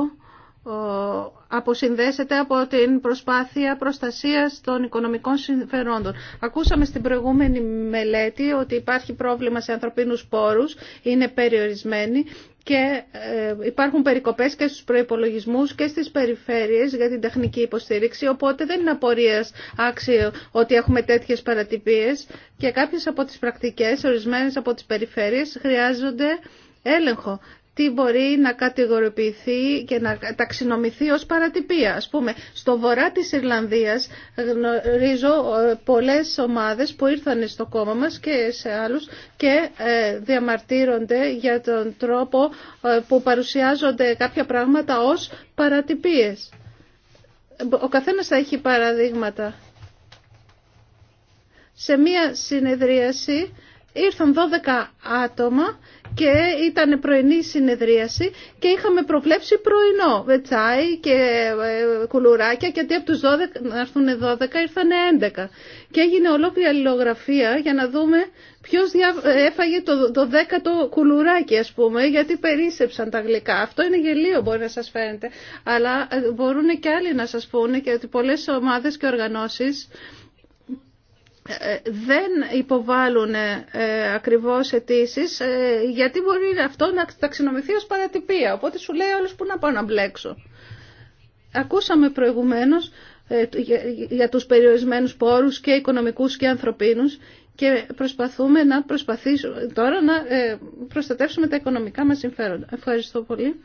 αποσυνδέσεται από την προσπάθεια προστασίας των οικονομικών συμφερόντων. Ακούσαμε στην προηγούμενη μελέτη ότι υπάρχει πρόβλημα σε ανθρωπίνους πόρους, είναι περιορισμένοι και ε, υπάρχουν περικοπές και στους προϋπολογισμούς και στις περιφέρειες για την τεχνική υποστήριξη, οπότε δεν είναι απορίας άξιο ότι έχουμε τέτοιες παρατυπίες και κάποιες από τις πρακτικές, ορισμένες από τις περιφέρειες, χρειάζονται έλεγχο τι μπορεί να κατηγορηποιηθεί και να ταξινομηθεί ως παρατυπία. Ας πούμε, στο βορρά της Ιρλανδίας γνωρίζω ε, πολλές ομάδες που ήρθαν στο κόμμα μας και σε άλλους και ε, διαμαρτύρονται για τον τρόπο ε, που παρουσιάζονται κάποια πράγματα ως παρατυπίες. Ο καθένας θα έχει παραδείγματα. Σε μία συνεδρίαση ήρθαν 12 άτομα και ήταν πρωινή συνεδρίαση και είχαμε προβλέψει πρωινό με τσάι και ε, κουλουράκια γιατί από τους 12 να έρθουν 12 ήρθαν 11 και έγινε ολόκληρη αλληλογραφία για να δούμε ποιος έφαγε το, το δέκατο κουλουράκι ας πούμε γιατί περίσεψαν τα γλυκά αυτό είναι γελίο μπορεί να σας φαίνεται αλλά ε, μπορούν και άλλοι να σας πούνε και ότι πολλές ομάδες και οργανώσεις ε, δεν υποβάλλουν ε, ε, ακριβώς αιτήσει, γιατί μπορεί αυτό να ταξινομηθεί ως παρατυπία. Οπότε σου λέει όλες που να πάω να μπλέξω. Ακούσαμε προηγουμένως για τους περιορισμένους πόρους και οικονομικούς και ανθρωπίνους και προσπαθούμε να προσπαθήσουμε τώρα να προστατεύσουμε τα οικονομικά μας συμφέροντα. Ευχαριστώ πολύ.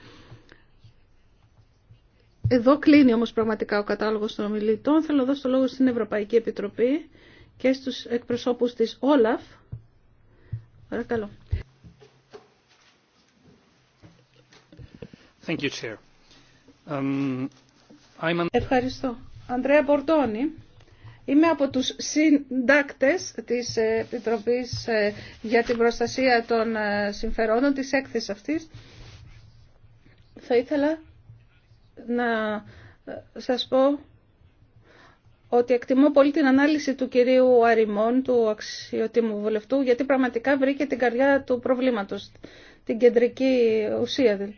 Εδώ κλείνει όμως πραγματικά ο κατάλογος των ομιλητών. Θέλω να δώσω το λόγο στην Ευρωπαϊκή Επιτροπή και στους εκπροσώπους της Όλαφ. Παρακαλώ. Thank you, Chair. Um, Ευχαριστώ. Ανδρέα Μπορτόνη. Είμαι από τους συντάκτες της Επιτροπής ε, για την Προστασία των ε, Συμφερόντων της έκθεσης αυτής. Θα ήθελα να ε, σας πω ότι εκτιμώ πολύ την ανάλυση του κυρίου Αριμών, του αξιωτήμου βουλευτού, γιατί πραγματικά βρήκε την καρδιά του προβλήματος, την κεντρική ουσία. Δηλαδή.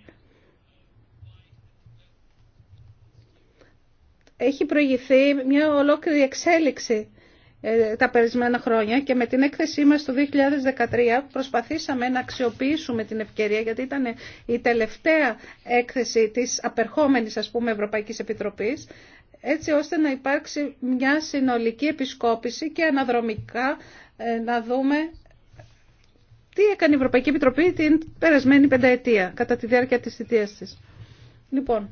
Έχει προηγηθεί μια ολόκληρη εξέλιξη ε, τα περισμένα χρόνια και με την έκθεσή μας το 2013 προσπαθήσαμε να αξιοποιήσουμε την ευκαιρία γιατί ήταν η τελευταία έκθεση της απερχόμενης ας πούμε Ευρωπαϊκής Επιτροπής έτσι ώστε να υπάρξει μια συνολική επισκόπηση και αναδρομικά ε, να δούμε τι έκανε η Ευρωπαϊκή Επιτροπή την περασμένη πενταετία, κατά τη διάρκεια της θητείας της. Λοιπόν,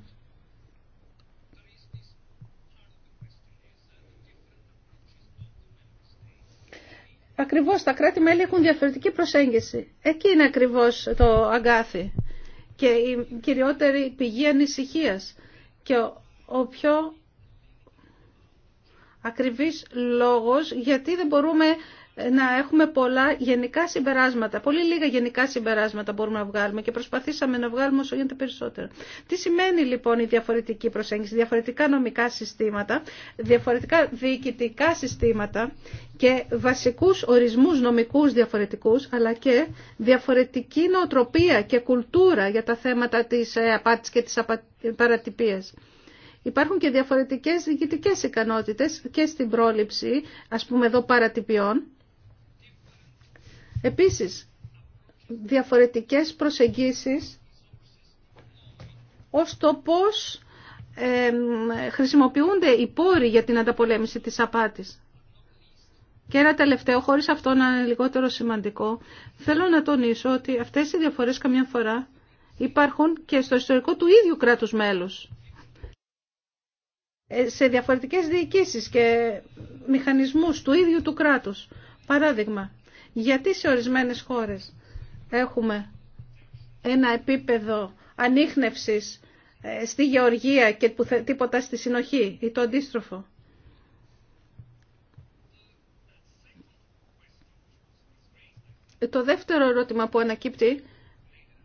Ακριβώς, τα κράτη-μέλη έχουν διαφορετική προσέγγιση. Εκεί είναι ακριβώς το αγκάθι και η κυριότερη πηγή ανησυχίας. Και ο, ο ακριβής λόγος γιατί δεν μπορούμε να έχουμε πολλά γενικά συμπεράσματα, πολύ λίγα γενικά συμπεράσματα μπορούμε να βγάλουμε και προσπαθήσαμε να βγάλουμε όσο γίνεται περισσότερο. Τι σημαίνει λοιπόν η διαφορετική προσέγγιση, διαφορετικά νομικά συστήματα, διαφορετικά διοικητικά συστήματα και βασικούς ορισμούς νομικούς διαφορετικούς, αλλά και διαφορετική νοοτροπία και κουλτούρα για τα θέματα της ε, απάτης και της παρατυπίας. Υπάρχουν και διαφορετικές διοικητικές ικανότητες και στην πρόληψη, ας πούμε εδώ παρατυπιών. Επίσης, διαφορετικές προσεγγίσεις ως το πώς χρησιμοποιούνται οι πόροι για την ανταπολέμηση της απάτης. Και ένα τελευταίο, χωρίς αυτό να είναι λιγότερο σημαντικό, θέλω να τονίσω ότι αυτές οι διαφορές καμιά φορά υπάρχουν και στο ιστορικό του ίδιου κράτους μέλους. Ε, σε διαφορετικές διοικήσεις και μηχανισμούς του ίδιου του κράτους. Παράδειγμα, γιατί σε ορισμένες χώρες έχουμε ένα επίπεδο ανείχνευσης ε, στη γεωργία και τίποτα στη συνοχή ή το αντίστροφο. Το δεύτερο ερώτημα που ανακύπτει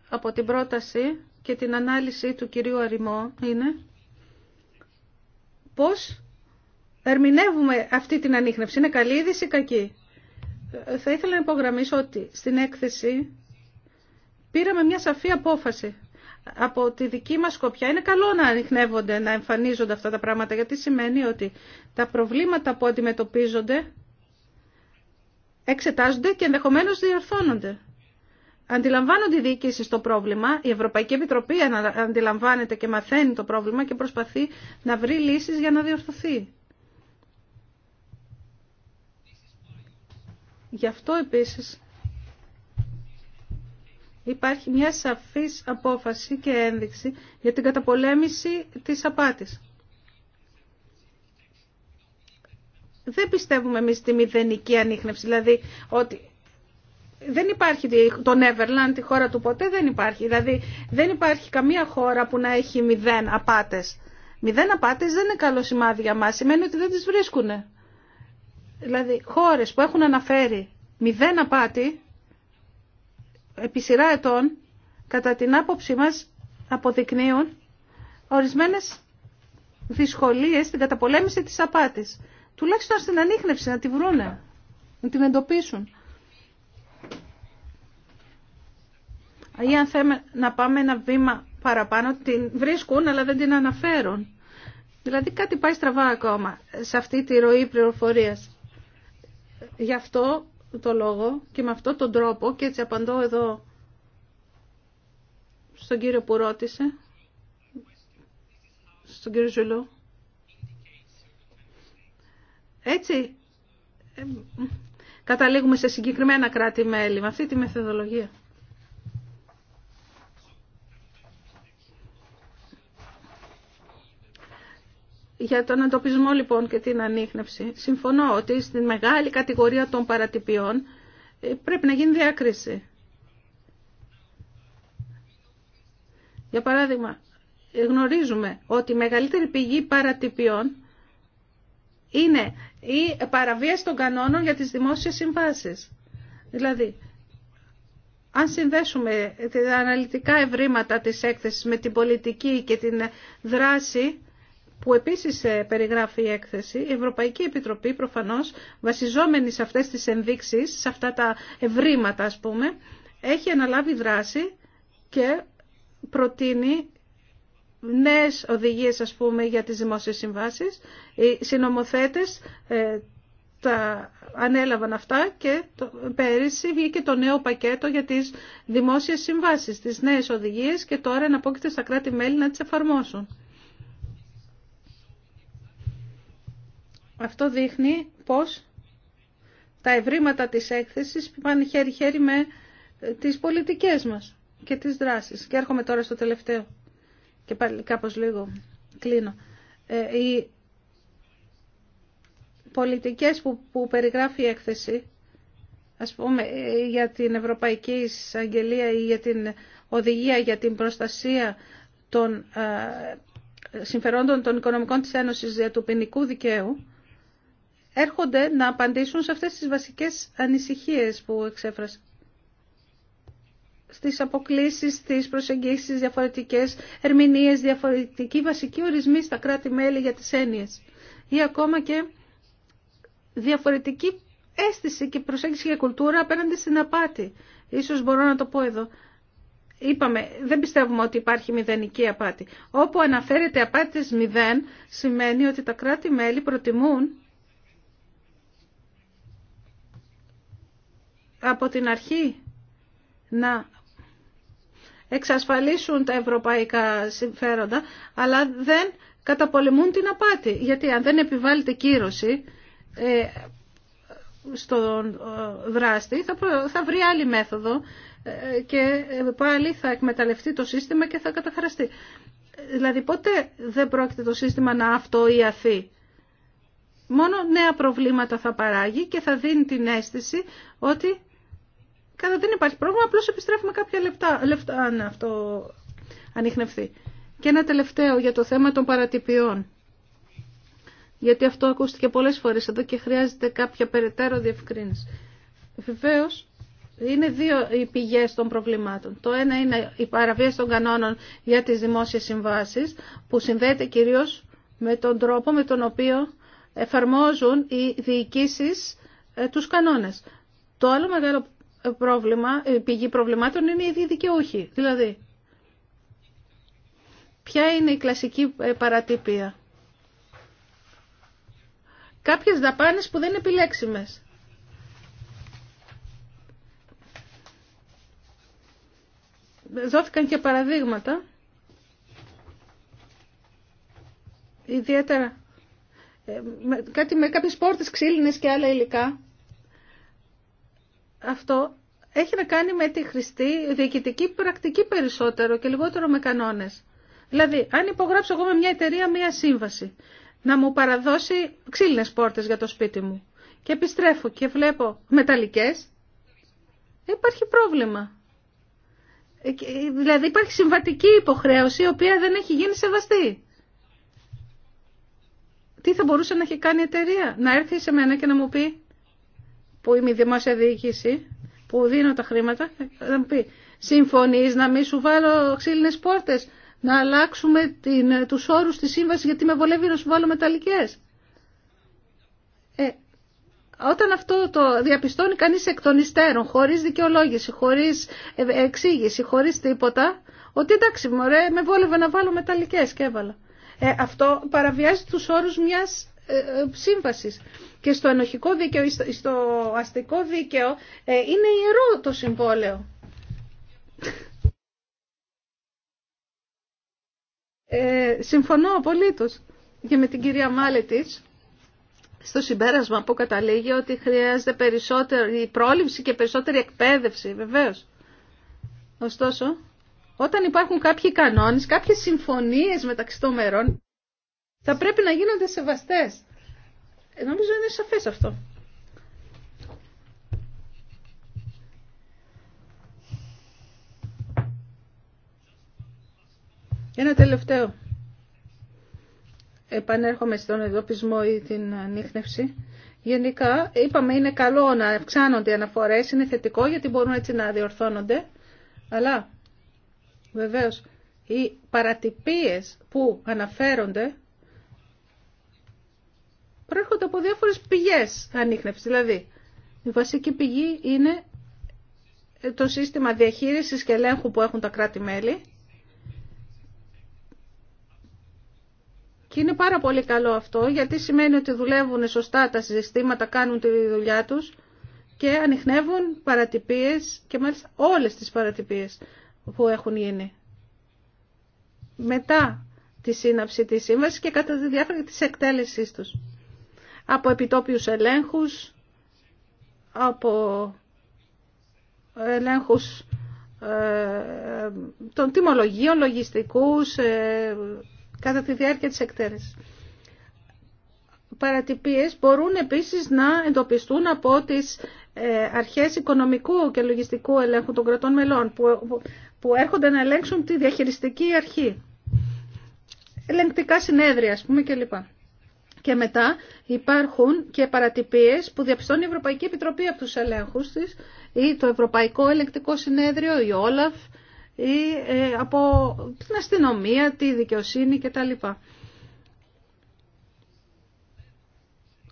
από την πρόταση και την ανάλυση του κυρίου Αριμό είναι Πώς ερμηνεύουμε αυτή την ανείχνευση. Είναι καλή είδηση ή κακή. Θα ήθελα να υπογραμμίσω ότι στην έκθεση πήραμε μια σαφή απόφαση. Από τη δική μας σκοπιά είναι καλό να ανοιχνεύονται, να εμφανίζονται αυτά τα πράγματα, γιατί σημαίνει ότι τα προβλήματα που αντιμετωπίζονται εξετάζονται και ενδεχομένως διορθώνονται αντιλαμβάνονται οι διοικήσει το πρόβλημα, η Ευρωπαϊκή Επιτροπή αντιλαμβάνεται και μαθαίνει το πρόβλημα και προσπαθεί να βρει λύσει για να διορθωθεί. Γι' αυτό επίσης υπάρχει μια σαφής απόφαση και ένδειξη για την καταπολέμηση της απάτης. Δεν πιστεύουμε εμείς τη μηδενική ανείχνευση, δηλαδή ότι δεν υπάρχει το Neverland, η χώρα του ποτέ δεν υπάρχει. Δηλαδή δεν υπάρχει καμία χώρα που να έχει μηδέν απάτες. Μηδέν απάτες δεν είναι καλό σημάδι για μας, σημαίνει ότι δεν τις βρίσκουν. Δηλαδή χώρες που έχουν αναφέρει μηδέν απάτη επί σειρά ετών, κατά την άποψή μας αποδεικνύουν ορισμένες δυσκολίες στην καταπολέμηση της απάτης. Τουλάχιστον στην ανείχνευση να τη βρούνε, να την εντοπίσουν. ή αν θέλουμε να πάμε ένα βήμα παραπάνω, την βρίσκουν αλλά δεν την αναφέρουν. Δηλαδή κάτι πάει στραβά ακόμα σε αυτή τη ροή πληροφορία. Γι' αυτό το λόγο και με αυτόν τον τρόπο, και έτσι απαντώ εδώ στον κύριο που ρώτησε, στον κύριο Ζουλού. Έτσι, καταλήγουμε σε συγκεκριμένα κράτη-μέλη με αυτή τη μεθοδολογία. Για τον εντοπισμό λοιπόν και την ανείχνευση, συμφωνώ ότι στην μεγάλη κατηγορία των παρατυπιών ε, πρέπει να γίνει διάκριση. Για παράδειγμα, ε, γνωρίζουμε ότι η μεγαλύτερη πηγή παρατυπιών είναι η παραβίαση των κανόνων για τις δημόσιες συμβάσεις. Δηλαδή, αν συνδέσουμε τα αναλυτικά ευρήματα της έκθεσης με την πολιτική και την δράση, που επίσης ε, περιγράφει η έκθεση, η Ευρωπαϊκή Επιτροπή προφανώς βασιζόμενη σε αυτές τις ενδείξεις, σε αυτά τα ευρήματα ας πούμε, έχει αναλάβει δράση και προτείνει νέες οδηγίες ας πούμε για τις δημόσιες συμβάσεις. Οι συνομοθέτες ε, τα ανέλαβαν αυτά και το, πέρυσι βγήκε το νέο πακέτο για τις δημόσιες συμβάσεις, τις νέες οδηγίες και τώρα εναπόκειται στα κράτη-μέλη να τις εφαρμόσουν. Αυτό δείχνει πως τα ευρήματα της έκθεσης πάνε χέρι-χέρι με ε, τις πολιτικές μας και τις δράσεις. Και έρχομαι τώρα στο τελευταίο και πάλι κάπως λίγο κλείνω. Ε, οι πολιτικές που, που περιγράφει η έκθεση, ας πούμε ε, για την Ευρωπαϊκή Εισαγγελία ή για την Οδηγία για την Προστασία των συμφερόντων των Οικονομικών της Ένωσης για του ποινικού δικαίου, έρχονται να απαντήσουν σε αυτές τις βασικές ανησυχίες που εξέφρασα στις αποκλήσεις, στις προσεγγίσεις διαφορετικές, ερμηνείες διαφορετική βασική ορισμή στα κράτη-μέλη για τις έννοιες ή ακόμα και διαφορετική αίσθηση και προσέγγιση για κουλτούρα απέναντι στην απάτη. Ίσως μπορώ να το πω εδώ. Είπαμε, δεν πιστεύουμε ότι υπάρχει μηδενική απάτη. Όπου αναφέρεται απάτη μηδέν, σημαίνει ότι τα κράτη-μέλη προτιμούν από την αρχή να εξασφαλίσουν τα ευρωπαϊκά συμφέροντα, αλλά δεν καταπολεμούν την απάτη. Γιατί αν δεν επιβάλλεται κύρωση ε, στον ε, δράστη, θα βρει άλλη μέθοδο ε, και πάλι θα εκμεταλλευτεί το σύστημα και θα καταχραστεί. Δηλαδή πότε δεν πρόκειται το σύστημα να αυτοϊαθεί. Μόνο νέα προβλήματα θα παράγει και θα δίνει την αίσθηση ότι Κατά δεν υπάρχει πρόβλημα, απλώ επιστρέφουμε κάποια λεπτά, λεπτά αν αυτό ανοιχνευθεί. Και ένα τελευταίο για το θέμα των παρατυπιών. Γιατί αυτό ακούστηκε πολλέ φορέ εδώ και χρειάζεται κάποια περαιτέρω διευκρίνηση. Βεβαίω, είναι δύο οι πηγές των προβλημάτων. Το ένα είναι η παραβίαση των κανόνων για τι δημόσιε συμβάσει, που συνδέεται κυρίω με τον τρόπο με τον οποίο εφαρμόζουν οι διοικήσεις ε, του κανόνε. Το άλλο μεγάλο πρόβλημα, ε, πηγή προβλημάτων είναι οι ίδιοι δικαιούχοι. Δηλαδή, ποια είναι η κλασική ε, παρατύπια. Κάποιες δαπάνες που δεν είναι επιλέξιμες. Δόθηκαν και παραδείγματα. Ιδιαίτερα. Ε, κάτι με κάποιες πόρτες ξύλινες και άλλα υλικά αυτό έχει να κάνει με τη χρηστή διοικητική πρακτική περισσότερο και λιγότερο με κανόνες. Δηλαδή, αν υπογράψω εγώ με μια εταιρεία μια σύμβαση, να μου παραδώσει ξύλινες πόρτες για το σπίτι μου και επιστρέφω και βλέπω μεταλλικές, υπάρχει πρόβλημα. Ε, δηλαδή υπάρχει συμβατική υποχρέωση η οποία δεν έχει γίνει σεβαστή. Τι θα μπορούσε να έχει κάνει η εταιρεία, να έρθει σε μένα και να μου πει που είμαι η δημόσια διοίκηση, που δίνω τα χρήματα, θα μου πει, συμφωνείς να μην σου βάλω ξύλινες πόρτες, να αλλάξουμε την, τους όρους της σύμβασης γιατί με βολεύει να σου βάλω μεταλλικές. Ε, όταν αυτό το διαπιστώνει κανείς εκ των υστέρων, χωρίς δικαιολόγηση, χωρίς ε, ε, εξήγηση, χωρίς τίποτα, ότι εντάξει μωρέ, με βόλευε να βάλω μεταλλικές και έβαλα. Ε, αυτό παραβιάζει τους όρους μιας ε, ε, σύμβασης. Και στο ενοχικό δίκαιο στο αστικό δίκαιο ε, είναι ιερό το συμβόλαιο. Ε, συμφωνώ απολύτως και με την κυρία Μάλετης στο συμπέρασμα που καταλήγει ότι χρειάζεται περισσότερη πρόληψη και περισσότερη εκπαίδευση, βεβαίως. Ωστόσο, όταν υπάρχουν κάποιοι κανόνες, κάποιες συμφωνίες μεταξύ των μερών, θα πρέπει να γίνονται σεβαστές. Ε, νομίζω είναι σαφές αυτό. Ένα τελευταίο. Επανέρχομαι στον εντοπισμό ή την ανείχνευση. Γενικά, είπαμε είναι καλό να αυξάνονται οι αναφορές, είναι θετικό γιατί μπορούν έτσι να διορθώνονται. Αλλά, βεβαίως, οι παρατυπίες που αναφέρονται προέρχονται από διάφορε πηγές ανείχνευση. Δηλαδή, η βασική πηγή είναι το σύστημα διαχείρισης και ελέγχου που έχουν τα κράτη-μέλη και είναι πάρα πολύ καλό αυτό γιατί σημαίνει ότι δουλεύουν σωστά τα συστήματα, κάνουν τη δουλειά τους και ανοιχνεύουν παρατυπίες και μάλιστα όλες τις παρατυπίες που έχουν γίνει. Μετά τη σύναψη της σύμβασης και κατά τη διάφορα της εκτέλεσής τους από επιτόπιους ελέγχους, από ελέγχους ε, των τιμολογίων, λογιστικούς, ε, κατά τη διάρκεια της εκτέλεσης. Παρατυπίες μπορούν επίσης να εντοπιστούν από τις ε, αρχές οικονομικού και λογιστικού ελέγχου των κρατών μελών που έρχονται να ελέγξουν τη διαχειριστική αρχή. Ελεγκτικά συνέδρια, ας πούμε, κλπ. Και μετά υπάρχουν και παρατυπίες που διαπιστώνει η Ευρωπαϊκή Επιτροπή από τους ελέγχους της ή το Ευρωπαϊκό Ελεκτικό Συνέδριο, η Όλαφ ή ε, από την αστυνομία, τη δικαιοσύνη κτλ.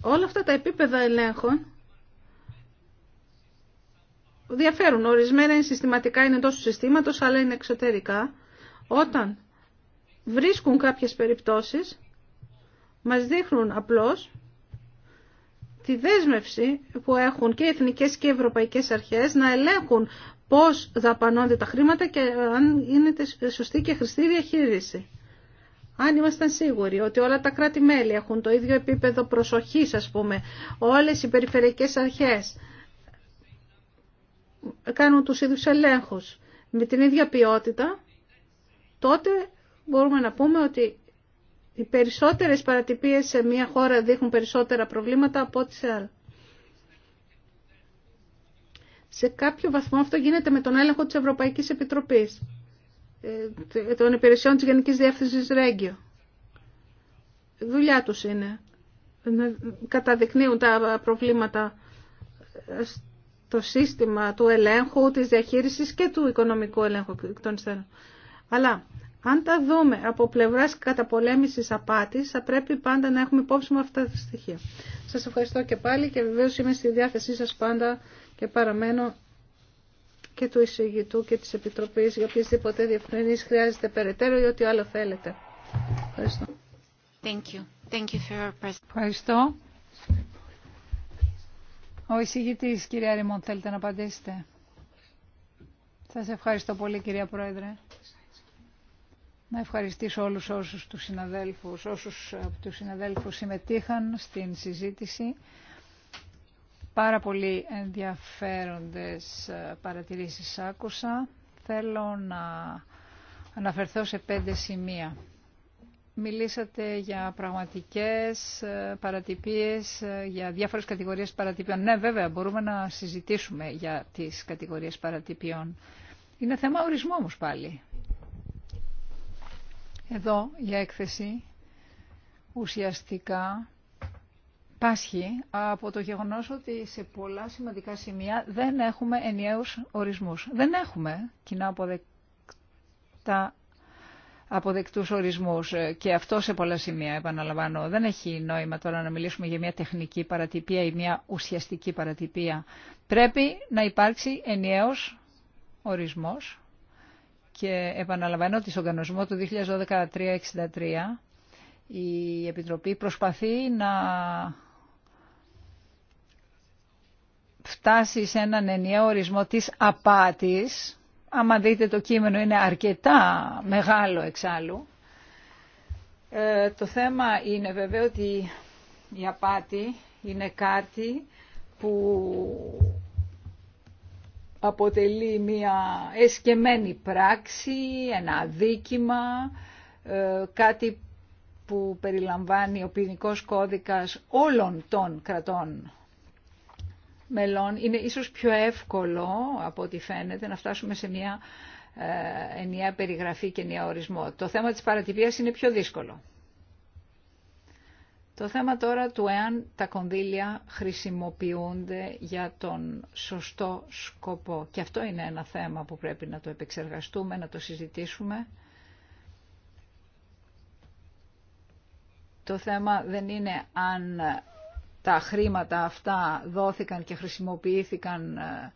Όλα αυτά τα επίπεδα ελέγχων διαφέρουν. Ορισμένα είναι συστηματικά, είναι εντός του συστήματος, αλλά είναι εξωτερικά. Όταν βρίσκουν κάποιες περιπτώσεις, μας δείχνουν απλώς τη δέσμευση που έχουν και οι εθνικές και οι ευρωπαϊκές αρχές να ελέγχουν πώς δαπανώνται τα χρήματα και αν είναι σωστή και χρηστή διαχείριση. Αν ήμασταν σίγουροι ότι όλα τα κράτη-μέλη έχουν το ίδιο επίπεδο προσοχής, ας πούμε, όλες οι περιφερειακές αρχές κάνουν τους ίδιους ελέγχους με την ίδια ποιότητα, τότε μπορούμε να πούμε ότι οι περισσότερες παρατυπίες σε μια χώρα δείχνουν περισσότερα προβλήματα από ό,τι σε άλλα. Σε κάποιο βαθμό αυτό γίνεται με τον έλεγχο της Ευρωπαϊκής Επιτροπής ε, των υπηρεσιών της Γενικής Διεύθυνσης Ρέγγιο. Δουλειά τους είναι να καταδεικνύουν τα προβλήματα στο σύστημα του ελέγχου, της διαχείρισης και του οικονομικού ελέγχου των Αλλά αν τα δούμε από πλευρά καταπολέμησης απάτης, θα πρέπει πάντα να έχουμε υπόψη με αυτά τα στοιχεία. Σας ευχαριστώ και πάλι και βεβαίω είμαι στη διάθεσή σας πάντα και παραμένω και του εισηγητού και της Επιτροπής για οποιασδήποτε διευκρινής χρειάζεται περαιτέρω ή ό,τι άλλο θέλετε. Ευχαριστώ. Thank you. Thank you for your Ευχαριστώ. Ο εισηγητής, κυρία Ρημόν, θέλετε να απαντήσετε. Σας ευχαριστώ πολύ, κυρία Πρόεδρε. Να ευχαριστήσω όλους όσους τους συναδέλφους, όσους από τους συναδέλφους συμμετείχαν στην συζήτηση. Πάρα πολύ ενδιαφέροντες παρατηρήσεις άκουσα. Θέλω να αναφερθώ σε πέντε σημεία. Μιλήσατε για πραγματικές παρατυπίες, για διάφορες κατηγορίες παρατυπιών. Ναι, βέβαια, μπορούμε να συζητήσουμε για τις κατηγορίες παρατυπιών. Είναι θέμα ορισμού όμως πάλι. Εδώ η έκθεση ουσιαστικά πάσχει από το γεγονός ότι σε πολλά σημαντικά σημεία δεν έχουμε ενιαίους ορισμούς. Δεν έχουμε κοινά αποδεκτά αποδεκτούς ορισμούς και αυτό σε πολλά σημεία επαναλαμβάνω. Δεν έχει νόημα τώρα να μιλήσουμε για μια τεχνική παρατυπία ή μια ουσιαστική παρατυπία. Πρέπει να υπάρξει ενιαίος ορισμός και επαναλαμβάνω ότι στον κανονισμό του 2012-363 η Επιτροπή προσπαθεί να φτάσει σε έναν ενιαίο ορισμό της απάτης. Άμα δείτε το κείμενο είναι αρκετά μεγάλο εξάλλου. Ε, το θέμα είναι βέβαια ότι η απάτη είναι κάτι που αποτελεί μια εσκεμμένη πράξη, ένα αδίκημα, ε, κάτι που περιλαμβάνει ο ποινικό κώδικας όλων των κρατών μελών. Είναι ίσως πιο εύκολο από ό,τι φαίνεται να φτάσουμε σε μια ε, ενιαία περιγραφή και ενιαίο ορισμό. Το θέμα της παρατυπίας είναι πιο δύσκολο. Το θέμα τώρα του εάν τα κονδύλια χρησιμοποιούνται για τον σωστό σκοπό. Και αυτό είναι ένα θέμα που πρέπει να το επεξεργαστούμε, να το συζητήσουμε. Το θέμα δεν είναι αν τα χρήματα αυτά δόθηκαν και χρησιμοποιήθηκαν ε,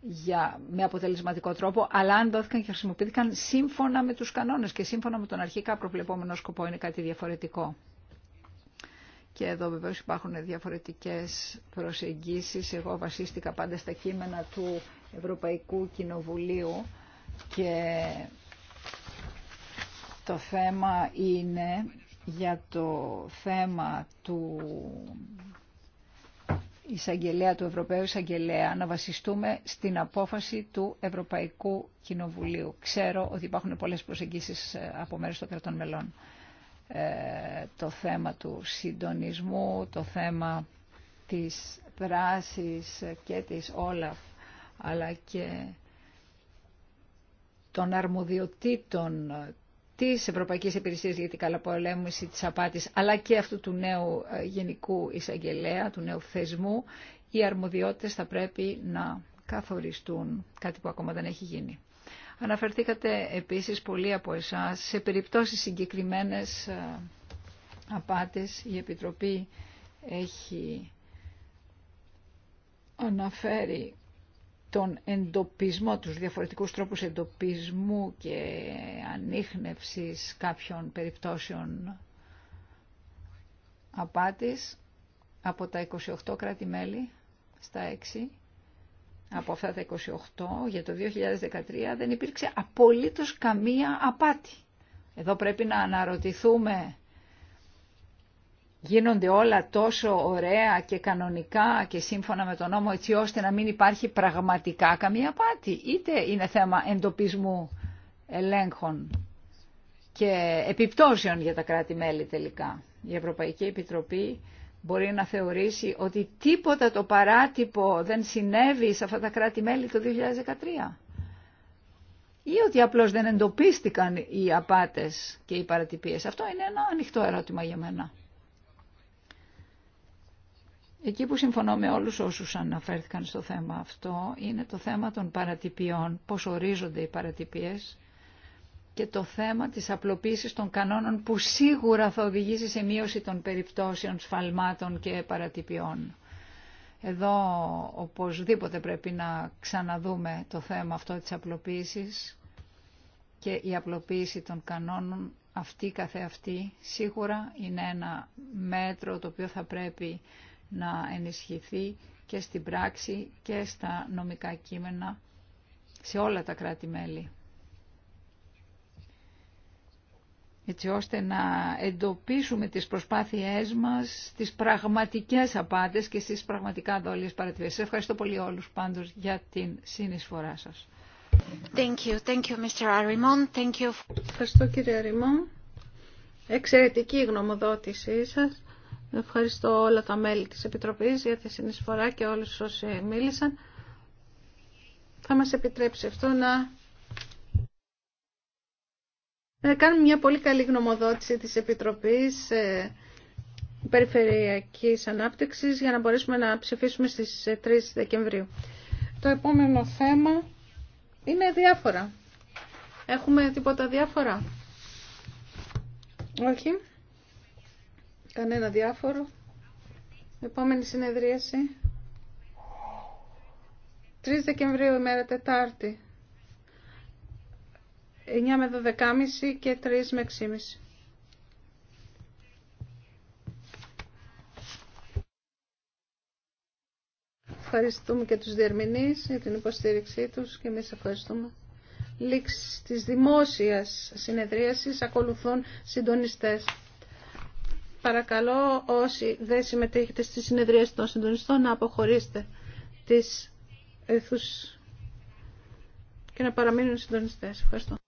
για, με αποτελεσματικό τρόπο, αλλά αν δόθηκαν και χρησιμοποιήθηκαν σύμφωνα με τους κανόνες και σύμφωνα με τον αρχικά προβλεπόμενο σκοπό είναι κάτι διαφορετικό και εδώ βεβαίως υπάρχουν διαφορετικές προσεγγίσεις. Εγώ βασίστηκα πάντα στα κείμενα του Ευρωπαϊκού Κοινοβουλίου και το θέμα είναι για το θέμα του εισαγγελέα, του Ευρωπαίου Εισαγγελέα, να βασιστούμε στην απόφαση του Ευρωπαϊκού Κοινοβουλίου. Ξέρω ότι υπάρχουν πολλές προσεγγίσεις από μέρους των κρατών μελών. Ε, το θέμα του συντονισμού, το θέμα της δράσης και της Όλαφ, αλλά και των αρμοδιοτήτων της Ευρωπαϊκής Υπηρεσίας για την Καλαπολέμηση της Απάτης, αλλά και αυτού του νέου ε, γενικού εισαγγελέα, του νέου θεσμού, οι αρμοδιότητες θα πρέπει να καθοριστούν, κάτι που ακόμα δεν έχει γίνει. Αναφερθήκατε επίσης πολλοί από εσάς σε περιπτώσεις συγκεκριμένες ε, απάτες. Η Επιτροπή έχει αναφέρει τον εντοπισμό, τους διαφορετικούς τρόπους εντοπισμού και ανείχνευσης κάποιων περιπτώσεων απάτης από τα 28 κράτη-μέλη στα 6 από αυτά τα 28 για το 2013 δεν υπήρξε απολύτως καμία απάτη. Εδώ πρέπει να αναρωτηθούμε γίνονται όλα τόσο ωραία και κανονικά και σύμφωνα με τον νόμο έτσι ώστε να μην υπάρχει πραγματικά καμία απάτη. Είτε είναι θέμα εντοπισμού ελέγχων και επιπτώσεων για τα κράτη-μέλη τελικά. Η Ευρωπαϊκή Επιτροπή μπορεί να θεωρήσει ότι τίποτα το παράτυπο δεν συνέβη σε αυτά τα κράτη-μέλη το 2013 ή ότι απλώς δεν εντοπίστηκαν οι απάτες και οι παρατυπίες. Αυτό είναι ένα ανοιχτό ερώτημα για μένα. Εκεί που συμφωνώ με όλους όσους αναφέρθηκαν στο θέμα αυτό είναι το θέμα των παρατυπιών, πώς ορίζονται οι παρατυπίες και το θέμα της απλοποίησης των κανόνων που σίγουρα θα οδηγήσει σε μείωση των περιπτώσεων σφαλμάτων και παρατυπιών. Εδώ οπωσδήποτε πρέπει να ξαναδούμε το θέμα αυτό της απλοποίησης και η απλοποίηση των κανόνων αυτή καθεαυτή σίγουρα είναι ένα μέτρο το οποίο θα πρέπει να ενισχυθεί και στην πράξη και στα νομικά κείμενα σε όλα τα κράτη-μέλη. έτσι ώστε να εντοπίσουμε τις προσπάθειές μας στις πραγματικές απάντες και στις πραγματικά δόλιες παρατηρήσεις. Σας ευχαριστώ πολύ όλους πάντως για την συνεισφορά σας. Thank you. Thank you, Mr. Thank you. Ευχαριστώ κύριε Αριμόν. Εξαιρετική γνωμοδότησή σας. Ευχαριστώ όλα τα μέλη της Επιτροπής για τη συνεισφορά και όλους όσοι μίλησαν. Θα μας επιτρέψει αυτό να κάνουμε μια πολύ καλή γνωμοδότηση της Επιτροπής ε, Περιφερειακής Ανάπτυξης για να μπορέσουμε να ψηφίσουμε στις 3 ε, Δεκεμβρίου. Το επόμενο θέμα είναι διάφορα. Έχουμε τίποτα διάφορα. Όχι. Κανένα διάφορο. Επόμενη συνεδρίαση. 3 Δεκεμβρίου ημέρα Τετάρτη. 9 με 12,5 και 3 με 6,5. Ευχαριστούμε και τους διερμηνείς για την υποστήριξή τους και εμείς ευχαριστούμε. Λήξη της δημόσιας συνεδρίασης ακολουθούν συντονιστές. Παρακαλώ όσοι δεν συμμετέχετε στη συνεδρίαση των συντονιστών να αποχωρήσετε τις αιθούς και να παραμείνουν συντονιστές. Ευχαριστώ.